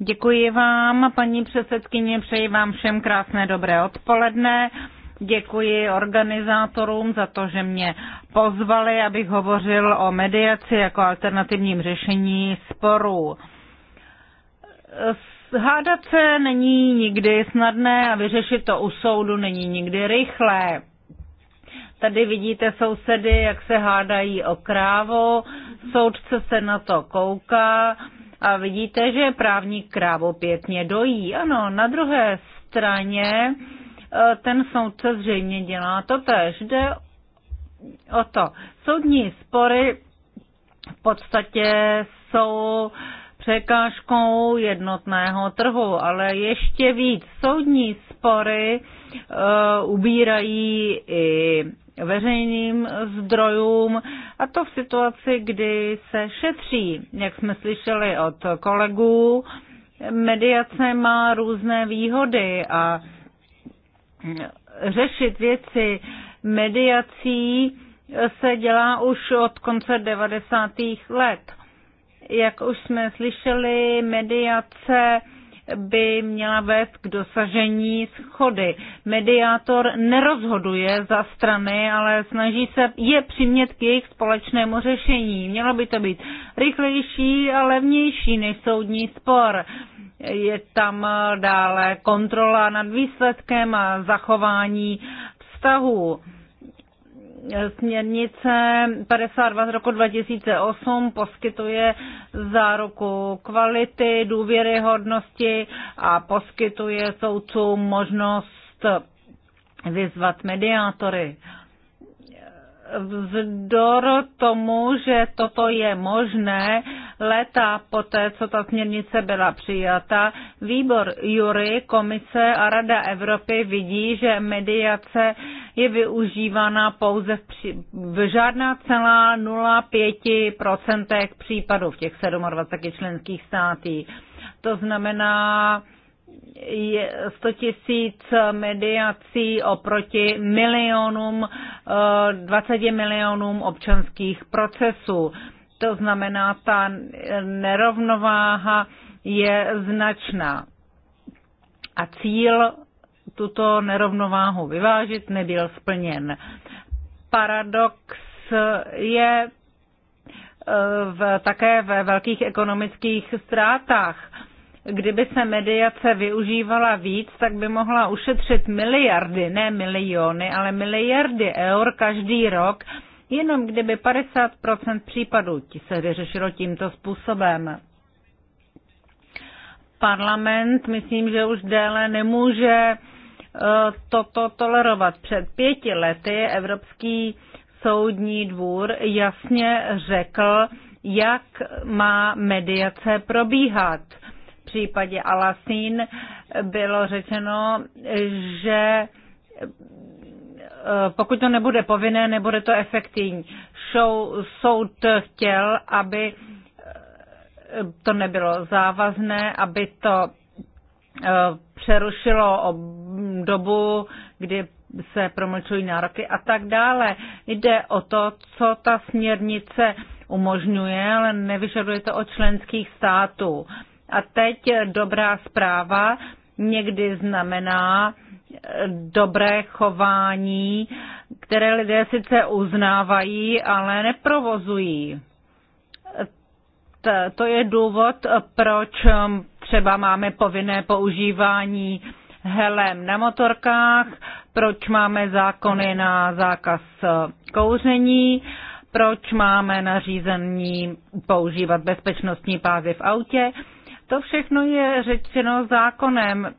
Děkuji vám, paní předsedkyně, přeji vám všem krásné dobré odpoledne. Děkuji organizátorům za to, že mě pozvali, abych hovořil o mediaci jako alternativním řešení sporů. Hádat se není nikdy snadné a vyřešit to u soudu není nikdy rychlé. Tady vidíte sousedy, jak se hádají o krávo, soudce se na to kouká a vidíte, že právník krávo pěkně dojí. Ano, na druhé straně e, ten soudce zřejmě dělá to tež. Jde o to. Soudní spory v podstatě jsou překážkou jednotného trhu, ale ještě víc soudní spory uh, ubírají i veřejným zdrojům a to v situaci, kdy se šetří, jak jsme slyšeli od kolegů. Mediace má různé výhody a řešit věci mediací se dělá už od konce 90. let. Jak už jsme slyšeli, mediace by měla vést k dosažení schody. Mediátor nerozhoduje za strany, ale snaží se je přimět k jejich společnému řešení. Mělo by to být rychlejší a levnější než soudní spor. Je tam dále kontrola nad výsledkem a zachování vztahů Směrnice 52 z roku 2008 poskytuje záruku kvality, důvěryhodnosti a poskytuje soudcům možnost vyzvat mediátory vzdor tomu, že toto je možné, leta poté, co ta směrnice byla přijata, výbor Jury, Komise a Rada Evropy vidí, že mediace je využívána pouze v, při... v žádná celá 0,5% případů v těch 27 členských států. To znamená, 100 tisíc mediací oproti milionům, 20 eh, milionům občanských procesů. To znamená, ta nerovnováha je značná. A cíl tuto nerovnováhu vyvážit nebyl splněn. Paradox je eh, v, také ve velkých ekonomických ztrátách Kdyby se mediace využívala víc, tak by mohla ušetřit miliardy, ne miliony, ale miliardy eur každý rok, jenom kdyby 50% případů se vyřešilo tímto způsobem. Parlament, myslím, že už déle nemůže eh, toto tolerovat. Před pěti lety Evropský soudní dvůr jasně řekl, jak má mediace probíhat případě Alasín bylo řečeno, že e, pokud to nebude povinné, nebude to efektivní. Show, soud chtěl, aby e, to nebylo závazné, aby to e, přerušilo dobu, kdy se promlčují nároky a tak dále. Jde o to, co ta směrnice umožňuje, ale nevyžaduje to od členských států. A teď dobrá zpráva někdy znamená eh, dobré chování, které lidé sice uznávají, ale neprovozují. To je důvod, proč hm, třeba máme povinné používání helem na motorkách, proč máme zákony na zákaz eh, kouření, proč máme nařízení používat bezpečnostní pázy v autě. To všechno je řečeno zákonem,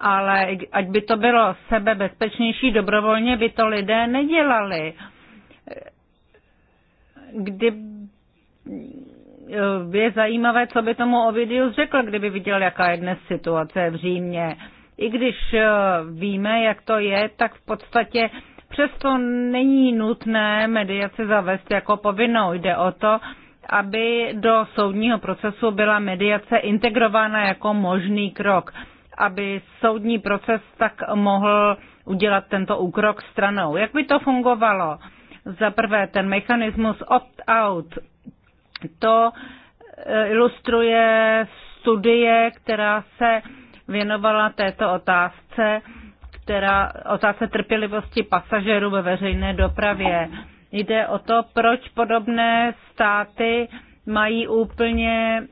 ale ať by to bylo sebebezpečnější, dobrovolně by to lidé nedělali. Kdy eh, je zajímavé, co by tomu Ovidius řekl, kdyby viděl, jaká je dnes situace v Římě. I když eh, víme, jak to je, tak v podstatě přesto není nutné mediace zavést jako povinnou. Jde o to, aby do soudního procesu byla mediace integrována jako možný krok, aby soudní proces tak mohl udělat tento úkrok stranou. Jak by to fungovalo? Za prvé, ten mechanismus opt-out, to e, ilustruje studie, která se věnovala této otázce, která otázce trpělivosti pasažerů ve veřejné dopravě. Jde o to, proč podobné státy mají úplně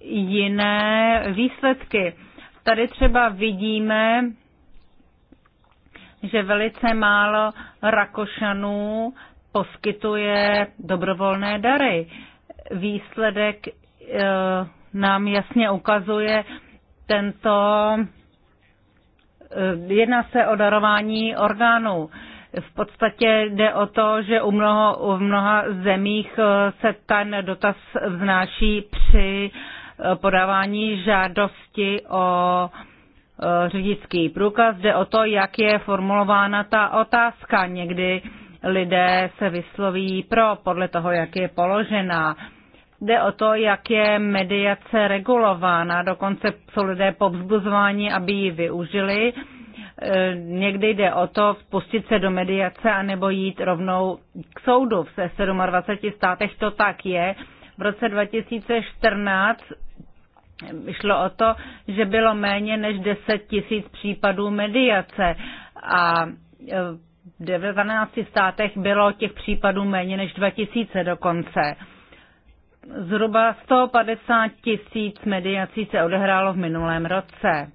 jiné výsledky. Tady třeba vidíme, že velice málo Rakošanů poskytuje dobrovolné dary. Výsledek e, nám jasně ukazuje tento. E, jedná se o darování orgánů. E, v podstatě jde o to, že u, mnoho, u mnoha zemích eh, se ten dotaz vznáší při eh, podávání žádosti o eh, řidičský průkaz. Jde o to, jak je formulována ta otázka. Někdy lidé se vysloví pro, podle toho, jak je položená. Jde o to, jak je mediace regulována. Dokonce jsou lidé povzbuzováni, aby ji využili Eh, někdy jde o to vpustit se do mediace anebo jít rovnou k soudu. V 27 státech to tak je. V roce 2014 šlo o to, že bylo méně než 10 tisíc případů mediace a eh, v 19 státech bylo těch případů méně než 2000 dokonce. Zhruba 150 tisíc mediací se odehrálo v minulém roce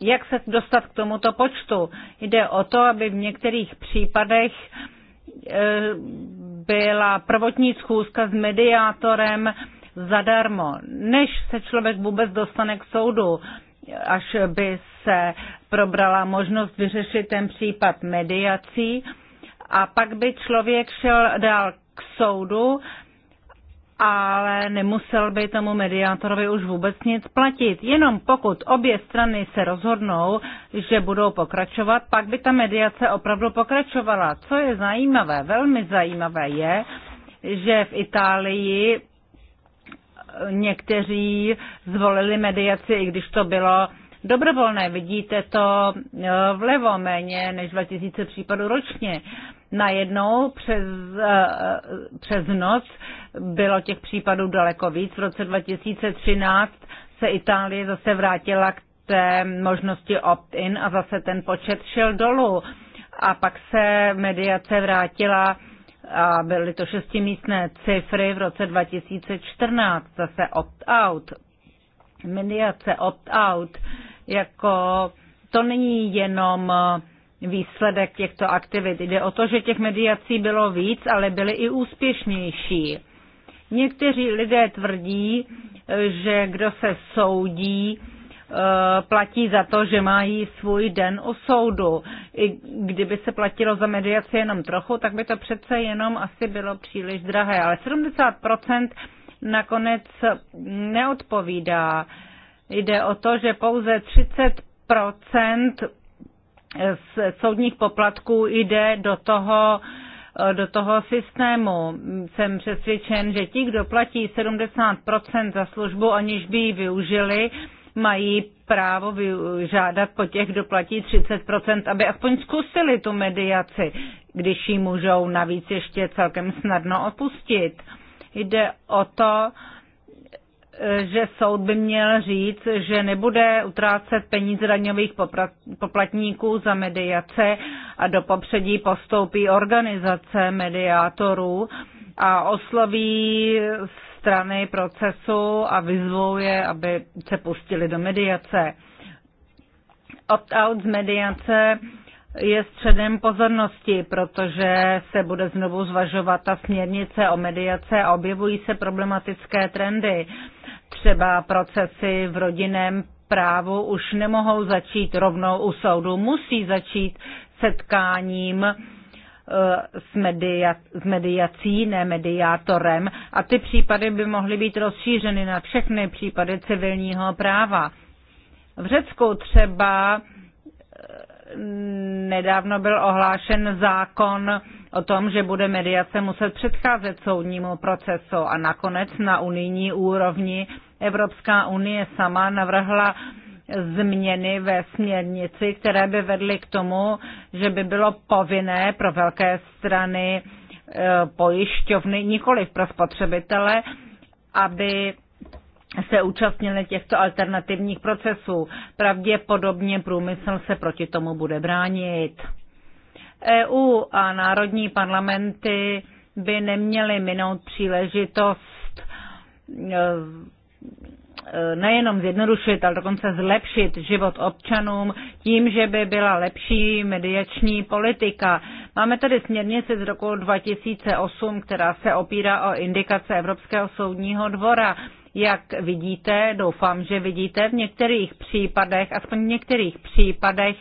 jak se dostat k tomuto počtu. Jde o to, aby v některých případech eh, byla prvotní schůzka s mediátorem zadarmo, než se člověk vůbec dostane k soudu, až by se probrala možnost vyřešit ten případ mediací. A pak by člověk šel dál k soudu, ale nemusel by tomu mediátorovi už vůbec nic platit. Jenom pokud obě strany se rozhodnou, že budou pokračovat, pak by ta mediace opravdu pokračovala. Co je zajímavé, velmi zajímavé je, že v Itálii někteří zvolili mediaci, i když to bylo dobrovolné. Vidíte to eh, vlevo méně než 2000 případů ročně najednou přes, eh, eh, přes noc bylo těch případů daleko víc. V roce 2013 se Itálie zase vrátila k té možnosti opt-in a zase ten počet šel dolů. A pak se mediace vrátila a byly to šestimístné cifry v roce 2014, zase opt-out. Mediace opt-out jako to není jenom uh, výsledek těchto aktivit. Jde o to, že těch mediací bylo víc, ale byly i úspěšnější. Někteří lidé tvrdí, že kdo se soudí, eh, platí za to, že mají svůj den u soudu. I kdyby se platilo za mediaci jenom trochu, tak by to přece jenom asi bylo příliš drahé. Ale 70% nakonec neodpovídá. Jde o to, že pouze 30% z soudních poplatků jde do toho, do toho systému. Jsem přesvědčen, že ti, kdo platí 70% za službu, aniž by ji využili, mají právo žádat po těch, kdo platí 30%, aby aspoň zkusili tu mediaci, když ji můžou navíc ještě celkem snadno opustit. Jde o to, že soud by měl říct, že nebude utrácet peníze daňových poplatníků za mediace a do popředí postoupí organizace mediátorů a osloví strany procesu a vyzvouje, je, aby se pustili do mediace. Opt-out z mediace je středem pozornosti, protože se bude znovu zvažovat ta směrnice o mediace a objevují se problematické trendy. Uh, Třeba procesy v rodinném právu už nemohou začít rovnou u soudu, musí začít setkáním eh, s, media, s mediací, ne mediátorem, a ty případy by mohly být rozšířeny na všechny případy civilního práva. V Řecku třeba nedávno byl ohlášen zákon o tom, že bude mediace muset předcházet soudnímu procesu a nakonec na unijní úrovni Evropská unie sama navrhla změny ve směrnici, které by vedly k tomu, že by bylo povinné pro velké strany e, pojišťovny, nikoli pro spotřebitele, aby se účastnili těchto alternativních procesů. Pravděpodobně průmysl se proti tomu bude bránit. EU a národní parlamenty by neměly minout příležitost e, e, nejenom zjednodušit, ale dokonce zlepšit život občanům tím, že by byla lepší mediační politika. Máme tady směrnici z roku 2008, která se opírá o indikace Evropského soudního dvora. Jak vidíte, doufám, že vidíte, v některých případech, aspoň v některých případech,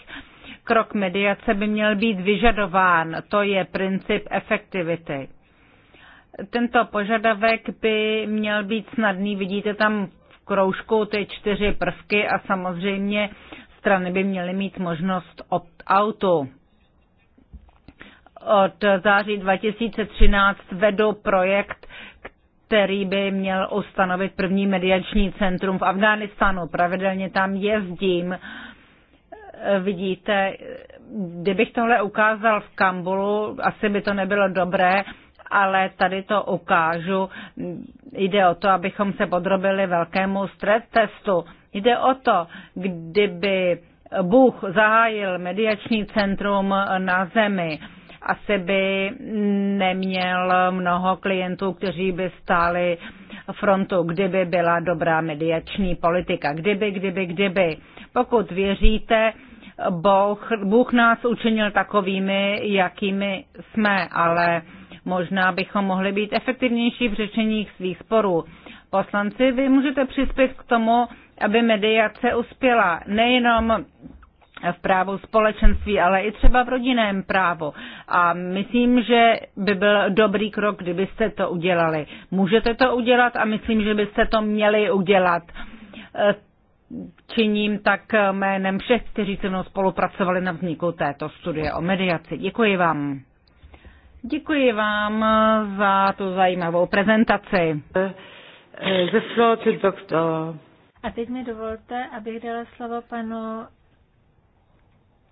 krok mediace by měl být vyžadován. To je princip efektivity. Tento požadavek by měl být snadný. Vidíte tam v kroužku ty čtyři prvky a samozřejmě strany by měly mít možnost opt-outu. Od září 2013 vedu projekt který by měl ustanovit první mediační centrum v Afghánistánu. Pravidelně tam jezdím. Vidíte, kdybych tohle ukázal v Kambulu, asi by to nebylo dobré, ale tady to ukážu. Jde o to, abychom se podrobili velkému stres testu. Jde o to, kdyby Bůh zahájil mediační centrum na zemi, asi by neměl mnoho klientů, kteří by stáli frontu, kdyby byla dobrá mediační politika. Kdyby, kdyby, kdyby. Pokud věříte, Bůh, Bůh nás učinil takovými, jakými jsme, ale možná bychom mohli být efektivnější v řešení svých sporů. Poslanci, vy můžete přispět k tomu, aby mediace uspěla. Nejenom v právu společenství, ale i třeba v rodinném právu. A myslím, že by byl dobrý krok, kdybyste to udělali. Můžete to udělat a myslím, že byste to měli udělat. E, činím tak jménem všech, kteří se mnou spolupracovali na vzniku této studie o mediaci. Děkuji vám. Děkuji vám za tu zajímavou prezentaci. Ze slovo doktor.
A teď mi dovolte, abych dala slovo panu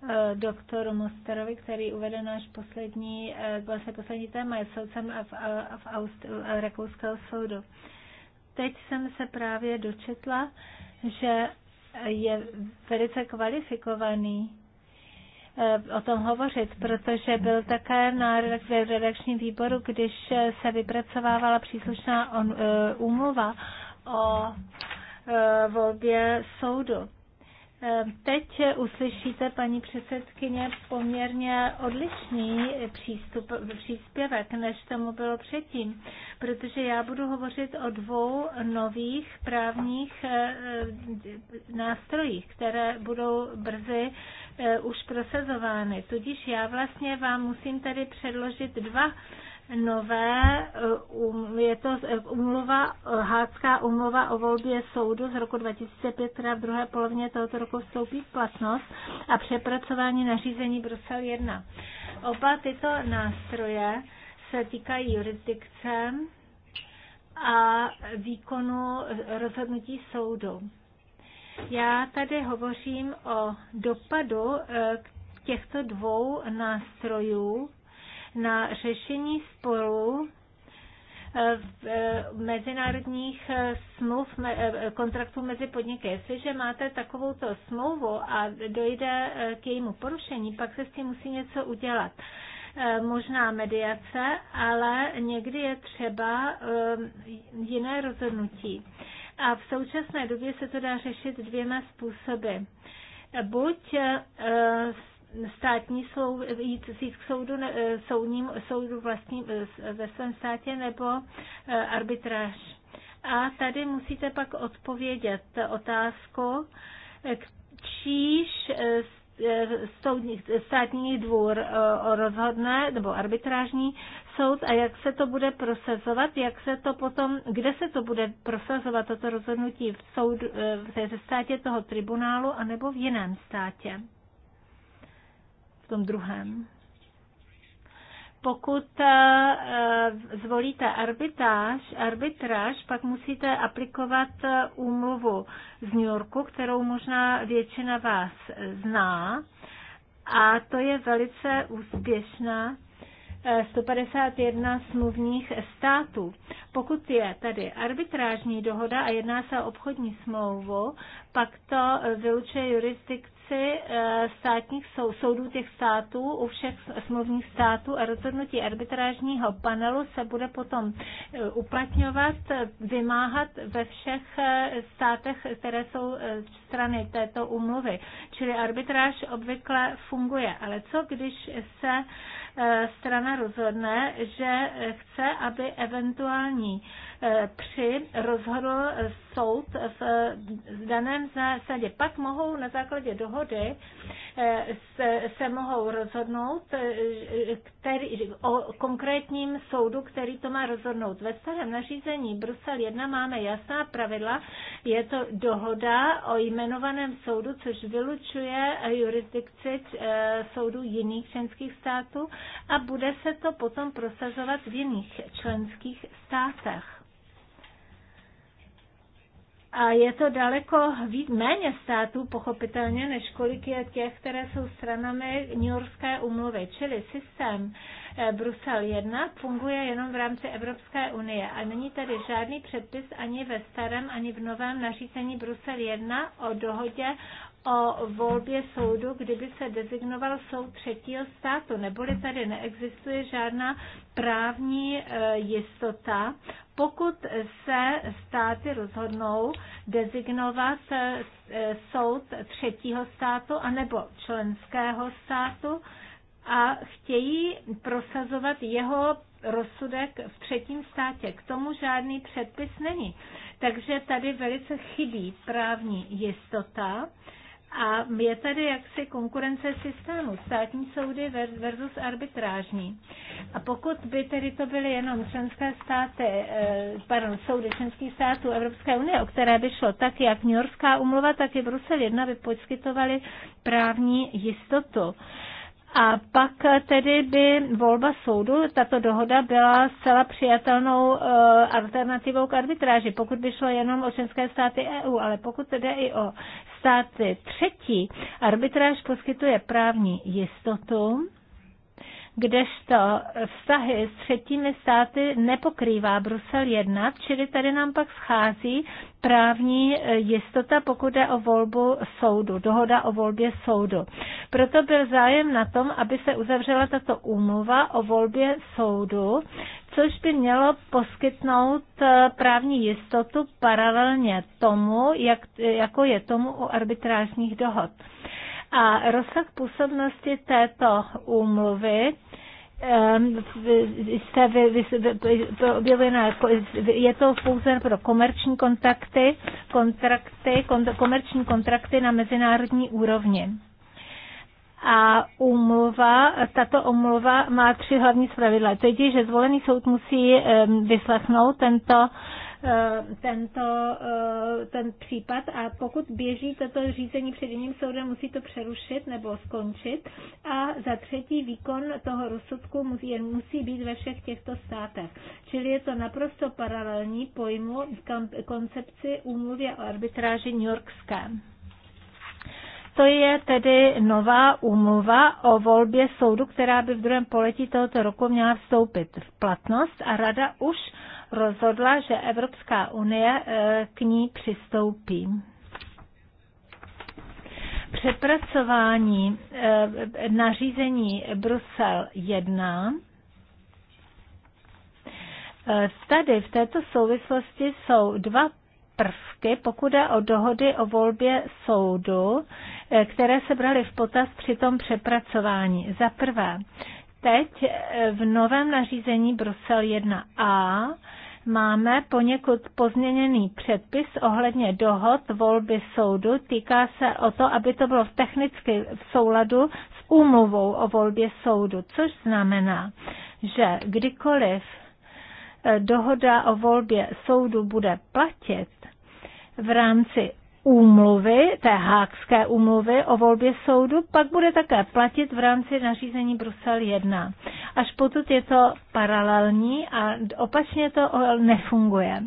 Eh, doktoru Mosterovi, který uvede náš poslední, eh, vlastně poslední téma, je soudcem v, eh, v Aust, Rakouského soudu. Teď jsem se právě dočetla, že je velice kvalifikovaný o tom hovořit, protože byl také na redakčním výboru, když se vypracovávala příslušná on, úmluva o volbě soudu. Teď uslyšíte, paní předsedkyně, poměrně odlišný přístup, příspěvek, než tomu bylo předtím, protože já budu hovořit o dvou nových právních eh, eh, nástrojích, které budou brzy eh, už prosazovány. Tudíž já vlastně vám musím tady předložit dva nové, eh, um, je to eh, umluva, eh, hádská umluva o volbě soudu z roku 2005, která v druhé polovině tohoto roku vstoupí v platnost a přepracování nařízení Brusel 1. Oba tyto nástroje se týkají jurisdikce a výkonu rozhodnutí soudu. Já tady hovořím o dopadu těchto dvou nástrojů na řešení sporů eh, eh, mezinárodních eh, smluv, kontraktů mezi podniky. Jestliže máte takovouto smlouvu a dojde k jejímu porušení, pak se s tím musí něco udělat. Možná mediace, ale někdy je třeba jiné rozhodnutí. A v současné době se to dá řešit dvěma způsoby. Buď státní slou, jít, jít k soudu, eh, soudním, soudu vlastní, eh, ve svém státě nebo eh, arbitráž. A tady musíte pak odpovědět otázku, číž soudní, státní dvůr rozhodne, nebo arbitrážní soud a jak se to bude prosazovat, jak se to potom, kde se to bude prosazovat, toto rozhodnutí v, soud, v státě toho tribunálu anebo v jiném státě v tom druhém. Pokud eh, eh, zvolíte arbitráž, arbitráž, pak musíte aplikovat eh, úmluvu z New Yorku, kterou možná většina vás zná. A to je velice úspěšná 151 smluvních států. Pokud je tady arbitrážní dohoda a jedná se o obchodní smlouvu, pak to vylučuje jurisdik, rozhodci eh, státních soudů těch států, u všech smluvních států a rozhodnutí arbitrážního panelu se bude potom eh, uplatňovat, vymáhat ve všech eh, státech, které jsou strany této úmluvy. Čili arbitráž obvykle funguje. Ale co když se strana rozhodne, že chce, aby eventuální 3 eh, rozhodl soud v daném zásadě. Pak mohou na základě dohody eh, se, se mohou rozhodnout eh, který, o konkrétním soudu, který to má rozhodnout. Ve starém nařízení Brusel 1 máme jasná pravidla, je to dohoda o jmenovaném soudu, což vylučuje jurisdikci soudů jiných členských států a bude se to potom prosazovat v jiných členských státech. A je to daleko víc, méně států, pochopitelně, než kolik je těch, které jsou stranami New Yorkské umluvy. Čili systém eh, Brusel 1 funguje jenom v rámci Evropské unie a není tady žádný předpis ani ve starém, ani v novém nařízení Brusel 1 o dohodě o volbě soudu, kdyby se designoval soud třetího státu, neboli tady neexistuje žádná právní e, jistota, pokud se státy rozhodnou designovat e, e, soud třetího státu anebo členského státu a chtějí prosazovat jeho rozsudek v třetím státě. K tomu žádný předpis není. Takže tady velice chybí právní jistota a je tady jaksi konkurence systému, státní soudy versus arbitrážní. A pokud by tedy to byly jenom členské státy, eh, pardon, soudy členských států Evropské unie, o které by šlo tak, jak New Yorkská umluva, tak i Brusel 1 by poskytovaly právní jistotu. A pak tedy by volba soudu, tato dohoda byla zcela přijatelnou eh, alternativou k arbitráži, pokud by šlo jenom o členské státy EU, ale pokud jde i o státy třetí, arbitráž poskytuje právní jistotu kdežto vztahy s třetími státy nepokrývá Brusel 1, čili tady nám pak schází právní eh, jistota, pokud jde o volbu soudu, dohoda o volbě soudu. Proto byl zájem na tom, aby se uzavřela tato úmluva o volbě soudu, což by mělo poskytnout eh, právní jistotu paralelně tomu, jak, jako je tomu u arbitrážních dohod. A rozsah působnosti této úmluvy je to pouze pro komerční kontakty, kontrakty, komerční kontrakty na mezinárodní úrovni. A umluva, tato umluva má tři hlavní pravidla. To je, že zvolený soud musí ehm, vyslechnout tento Eh, tento eh, ten případ a pokud běží toto řízení před jiným soudem, musí to přerušit nebo skončit a za třetí výkon toho rozsudku musí, musí být ve všech těchto státech. Čili je to naprosto paralelní pojmu koncepci úmluvy o arbitráži New Yorkské. To je tedy nová úmluva o volbě soudu, která by v druhém poletí tohoto roku měla vstoupit v platnost a rada už rozhodla, že Evropská unie e, k ní přistoupí přepracování e, nařízení Brusel 1. E, tady v této souvislosti jsou dva prvky, pokud je o dohody o volbě soudu, které se braly v potaz při tom přepracování. Za prvé, teď v novém nařízení Brusel 1a máme poněkud pozměněný předpis ohledně dohod volby soudu. Týká se o to, aby to bylo technicky v souladu s úmluvou o volbě soudu, což znamená, že kdykoliv eh, dohoda o volbě soudu bude platit v rámci úmluvy, té hákské úmluvy o volbě soudu, pak bude také platit v rámci nařízení Brusel 1. Až potud je to paralelní a opačně to nefunguje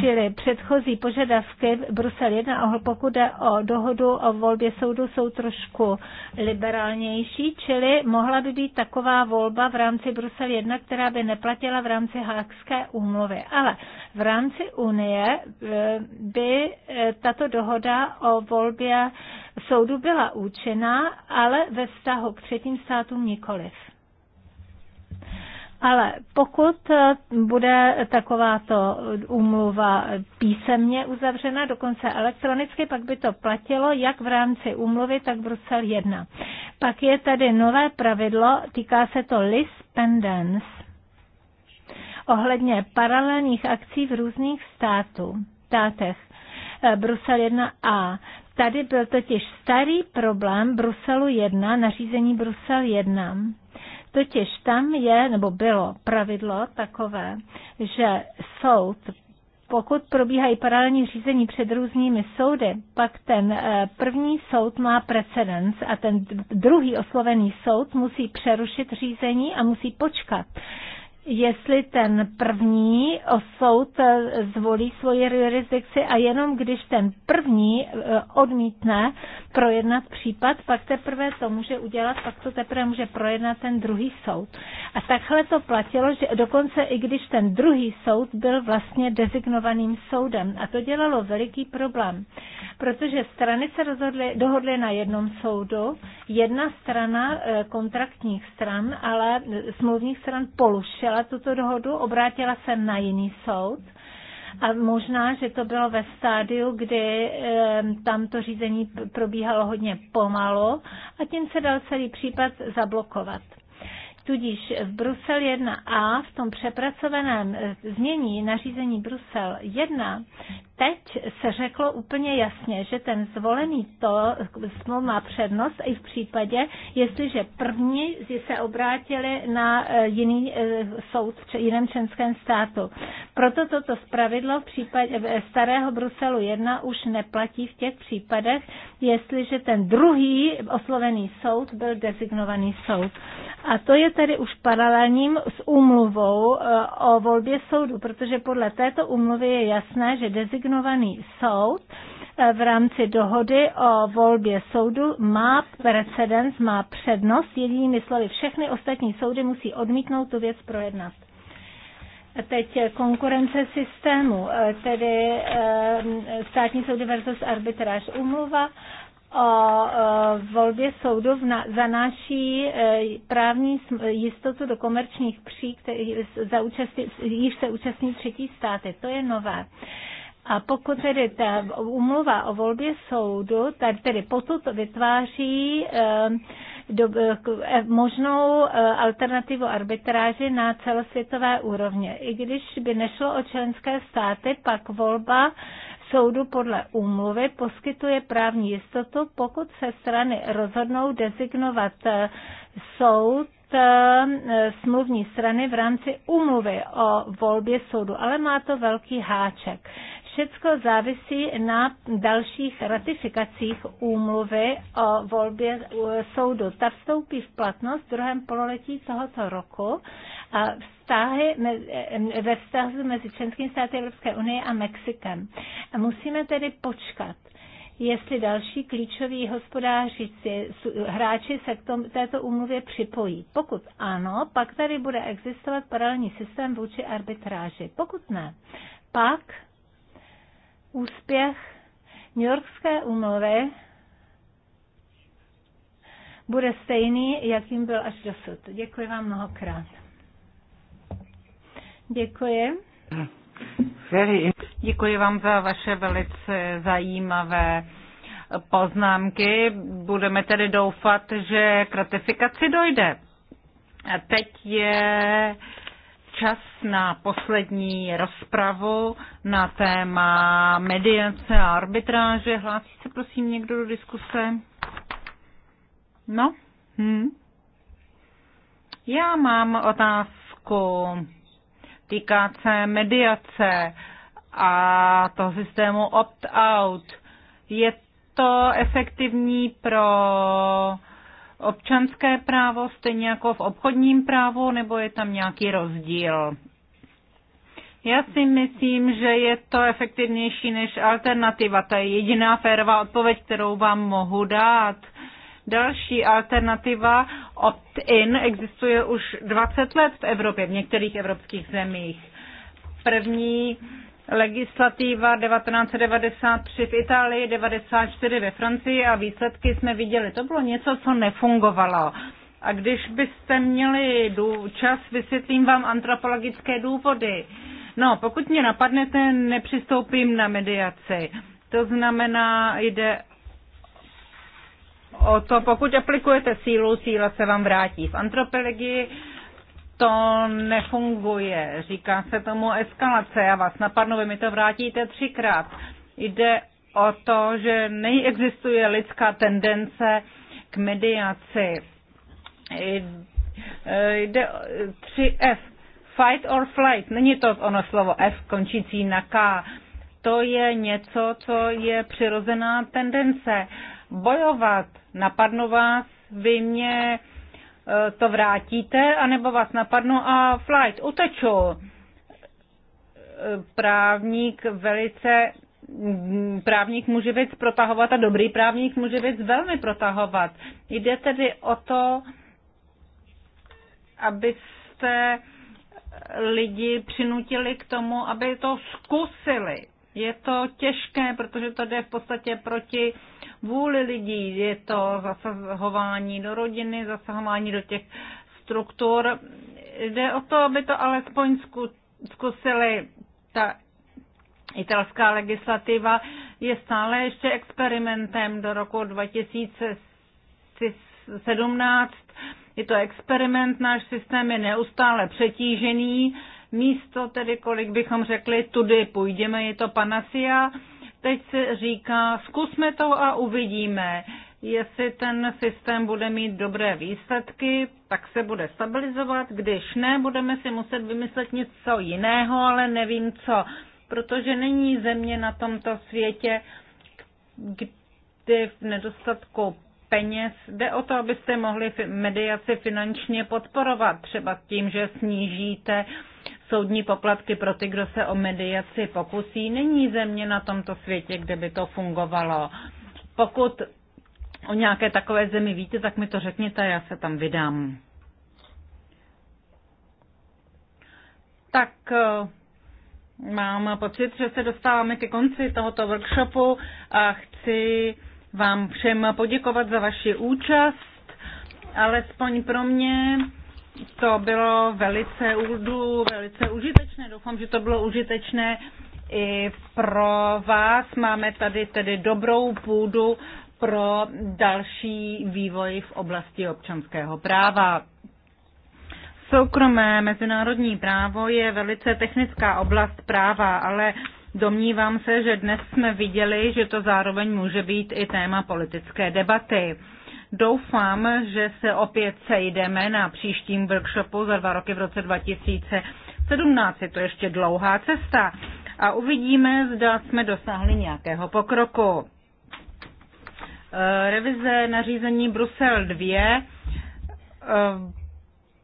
Čili předchozí požadavky Brusel 1, pokud jde o dohodu o volbě soudu, jsou trošku liberálnější, čili mohla by být taková volba v rámci Brusel 1, která by neplatila v rámci Hákské úmluvy. Ale v rámci Unie eh, by eh, tato dohoda o volbě soudu byla účinná, ale ve vztahu k třetím státům nikoliv. Ale pokud eh, bude takováto úmluva písemně uzavřena, dokonce elektronicky, pak by to platilo jak v rámci úmluvy, tak v Brusel 1. Pak je tady nové pravidlo, týká se to lispendence. pendens, ohledně paralelních akcí v různých států, státech. Eh, Brusel 1a. Tady byl totiž starý problém Bruselu 1, nařízení Brusel 1 Totiž tam je, nebo bylo pravidlo takové, že soud pokud probíhají paralelní řízení před různými soudy, pak ten eh, první soud má precedens a ten druhý oslovený soud musí přerušit řízení a musí počkat jestli ten první soud eh, zvolí svoji jurisdikci a jenom když ten první eh, odmítne projednat případ, pak teprve to může udělat, pak to teprve může projednat ten druhý soud. A takhle to platilo, že dokonce i když ten druhý soud byl vlastně dezignovaným soudem. A to dělalo veliký problém, protože strany se rozhodly, dohodly na jednom soudu, jedna strana eh, kontraktních stran, ale smluvních stran polušila zrušila tuto dohodu, obrátila se na jiný soud. A možná, že to bylo ve stádiu, kdy tam to řízení probíhalo hodně pomalu a tím se dal celý případ zablokovat. Tudíž v Brusel 1a v tom přepracovaném eh, změní nařízení Brusel 1 teď se řeklo úplně jasně, že ten zvolený to smlouv má přednost i v případě, jestliže první se obrátili na eh, jiný eh, soud v jiném členském státu. Proto toto zpravidlo v případě starého Bruselu 1 už neplatí v těch případech, jestliže ten druhý oslovený soud byl designovaný soud. A to je tedy už paralelním s úmluvou eh, o volbě soudu, protože podle této úmluvy je jasné, že designovaný soud eh, v rámci dohody o volbě soudu má precedens, má přednost. Jedinými slovy, všechny ostatní soudy musí odmítnout tu věc projednat. Teď konkurence systému, eh, tedy eh, státní soudy versus arbitráž umluva o eh, volbě soudu zanáší právní jistotu do komerčních pří, za účastí, již se účastní třetí státy. To je nové. A pokud tedy ta umluva o volbě soudu, tady tedy potud vytváří do, e, možnou e, alternativu arbitráži na celosvětové úrovně. I když by nešlo o členské státy, pak volba soudu podle úmluvy poskytuje právní jistotu, pokud se strany rozhodnou designovat e, soud smluvní strany v rámci umluvy o volbě soudu, ale má to velký háček. Všecko závisí na dalších ratifikacích úmluvy o volbě soudu. Ta vstoupí v platnost v druhém pololetí tohoto roku a vztahy ve vztahu mezi českým státy Evropské unie a Mexikem. A musíme tedy počkat jestli další klíčoví hospodáři, hráči se k tom, této úmluvě připojí. Pokud ano, pak tady bude existovat paralelní systém vůči arbitráži. Pokud ne, pak úspěch New Yorkské úmluvy bude stejný, jakým byl až dosud. Děkuji vám mnohokrát.
Děkuji. Děkuji vám za vaše velice zajímavé poznámky. Budeme tedy doufat, že k ratifikaci dojde. A teď je čas na poslední rozpravu na téma mediace a arbitráže. Hlásí se prosím někdo do diskuse? No? Hm? Já mám otázku. Týká se mediace a toho systému opt-out. Je to efektivní pro občanské právo, stejně jako v obchodním právu, nebo je tam nějaký rozdíl? Já si myslím, že je to efektivnější než alternativa. To je jediná férová odpověď, kterou vám mohu dát. Další alternativa opt-in existuje už 20 let v Evropě, v některých evropských zemích. První legislativa 1993 v Itálii, 94 ve Francii a výsledky jsme viděli. To bylo něco, co nefungovalo. A když byste měli čas, vysvětlím vám antropologické důvody. No, pokud mě napadnete, nepřistoupím na mediaci. To znamená, jde o to, pokud aplikujete sílu, síla se vám vrátí. V antropologii to nefunguje. Říká se tomu eskalace. Já vás napadnu, vy mi to vrátíte třikrát. Jde o to, že neexistuje lidská tendence k mediaci. Jde 3F. Fight or flight. Není to ono slovo F končící na K. To je něco, co je přirozená tendence. Bojovat, napadnu vás, vy mě Eh, to vrátíte, anebo vás napadnou a flight, uteču. Eh, právník velice mm, právník může věc protahovat a dobrý právník může věc velmi protahovat. Jde tedy o to, abyste lidi přinutili k tomu, aby to zkusili. Je to těžké, protože to jde v podstatě proti vůli lidí. Je to zasahování do rodiny, zasahování do těch struktur. Jde o to, aby to alespoň zkusili. Ta italská legislativa je stále ještě experimentem do roku 2017. Je to experiment, náš systém je neustále přetížený místo tedy, kolik bychom řekli, tudy půjdeme, je to panacea. teď se říká, zkusme to a uvidíme. Jestli ten systém bude mít dobré výsledky, tak se bude stabilizovat, když ne, budeme si muset vymyslet něco jiného, ale nevím co, protože není země na tomto světě, kdy v nedostatku peněz. Jde o to, abyste mohli mediaci finančně podporovat, třeba tím, že snížíte soudní poplatky pro ty, kdo se o mediaci pokusí. Není země na tomto světě, kde by to fungovalo. Pokud o nějaké takové zemi víte, tak mi to řekněte, já se tam vydám. Tak eh, mám pocit, že se dostáváme ke konci tohoto workshopu a chci vám všem poděkovat za vaši účast. Alespoň pro mě to bylo velice, údu, velice užitečné. Doufám, že to bylo užitečné i pro vás. Máme tady tedy dobrou půdu pro další vývoj v oblasti občanského práva. Soukromé mezinárodní právo je velice technická oblast práva, ale Domnívám se, že dnes jsme viděli, že to zároveň může být i téma politické debaty. Doufám, že se opět sejdeme na příštím workshopu za dva roky v roce 2017. Je to ještě dlouhá cesta a uvidíme, zda jsme dosáhli nějakého pokroku. E, revize nařízení Brusel 2 e,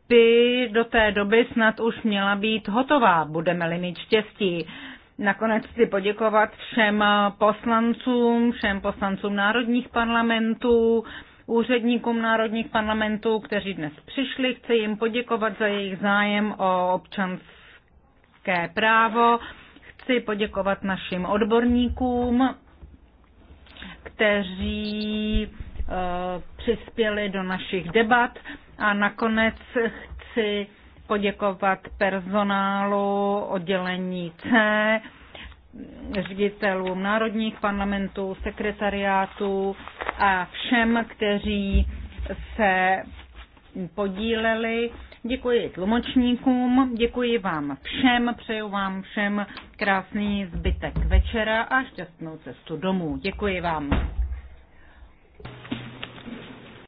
by do té doby snad už měla být hotová, budeme-li mít štěstí. Nakonec chci poděkovat všem poslancům, všem poslancům národních parlamentů, úředníkům národních parlamentů, kteří dnes přišli. Chci jim poděkovat za jejich zájem o občanské právo. Chci poděkovat našim odborníkům, kteří eh, přispěli do našich debat. A nakonec chci poděkovat personálu oddělení C, ředitelům národních parlamentů, sekretariátů a všem, kteří se podíleli. Děkuji tlumočníkům, děkuji vám všem, přeju vám všem krásný zbytek večera a šťastnou cestu domů. Děkuji vám.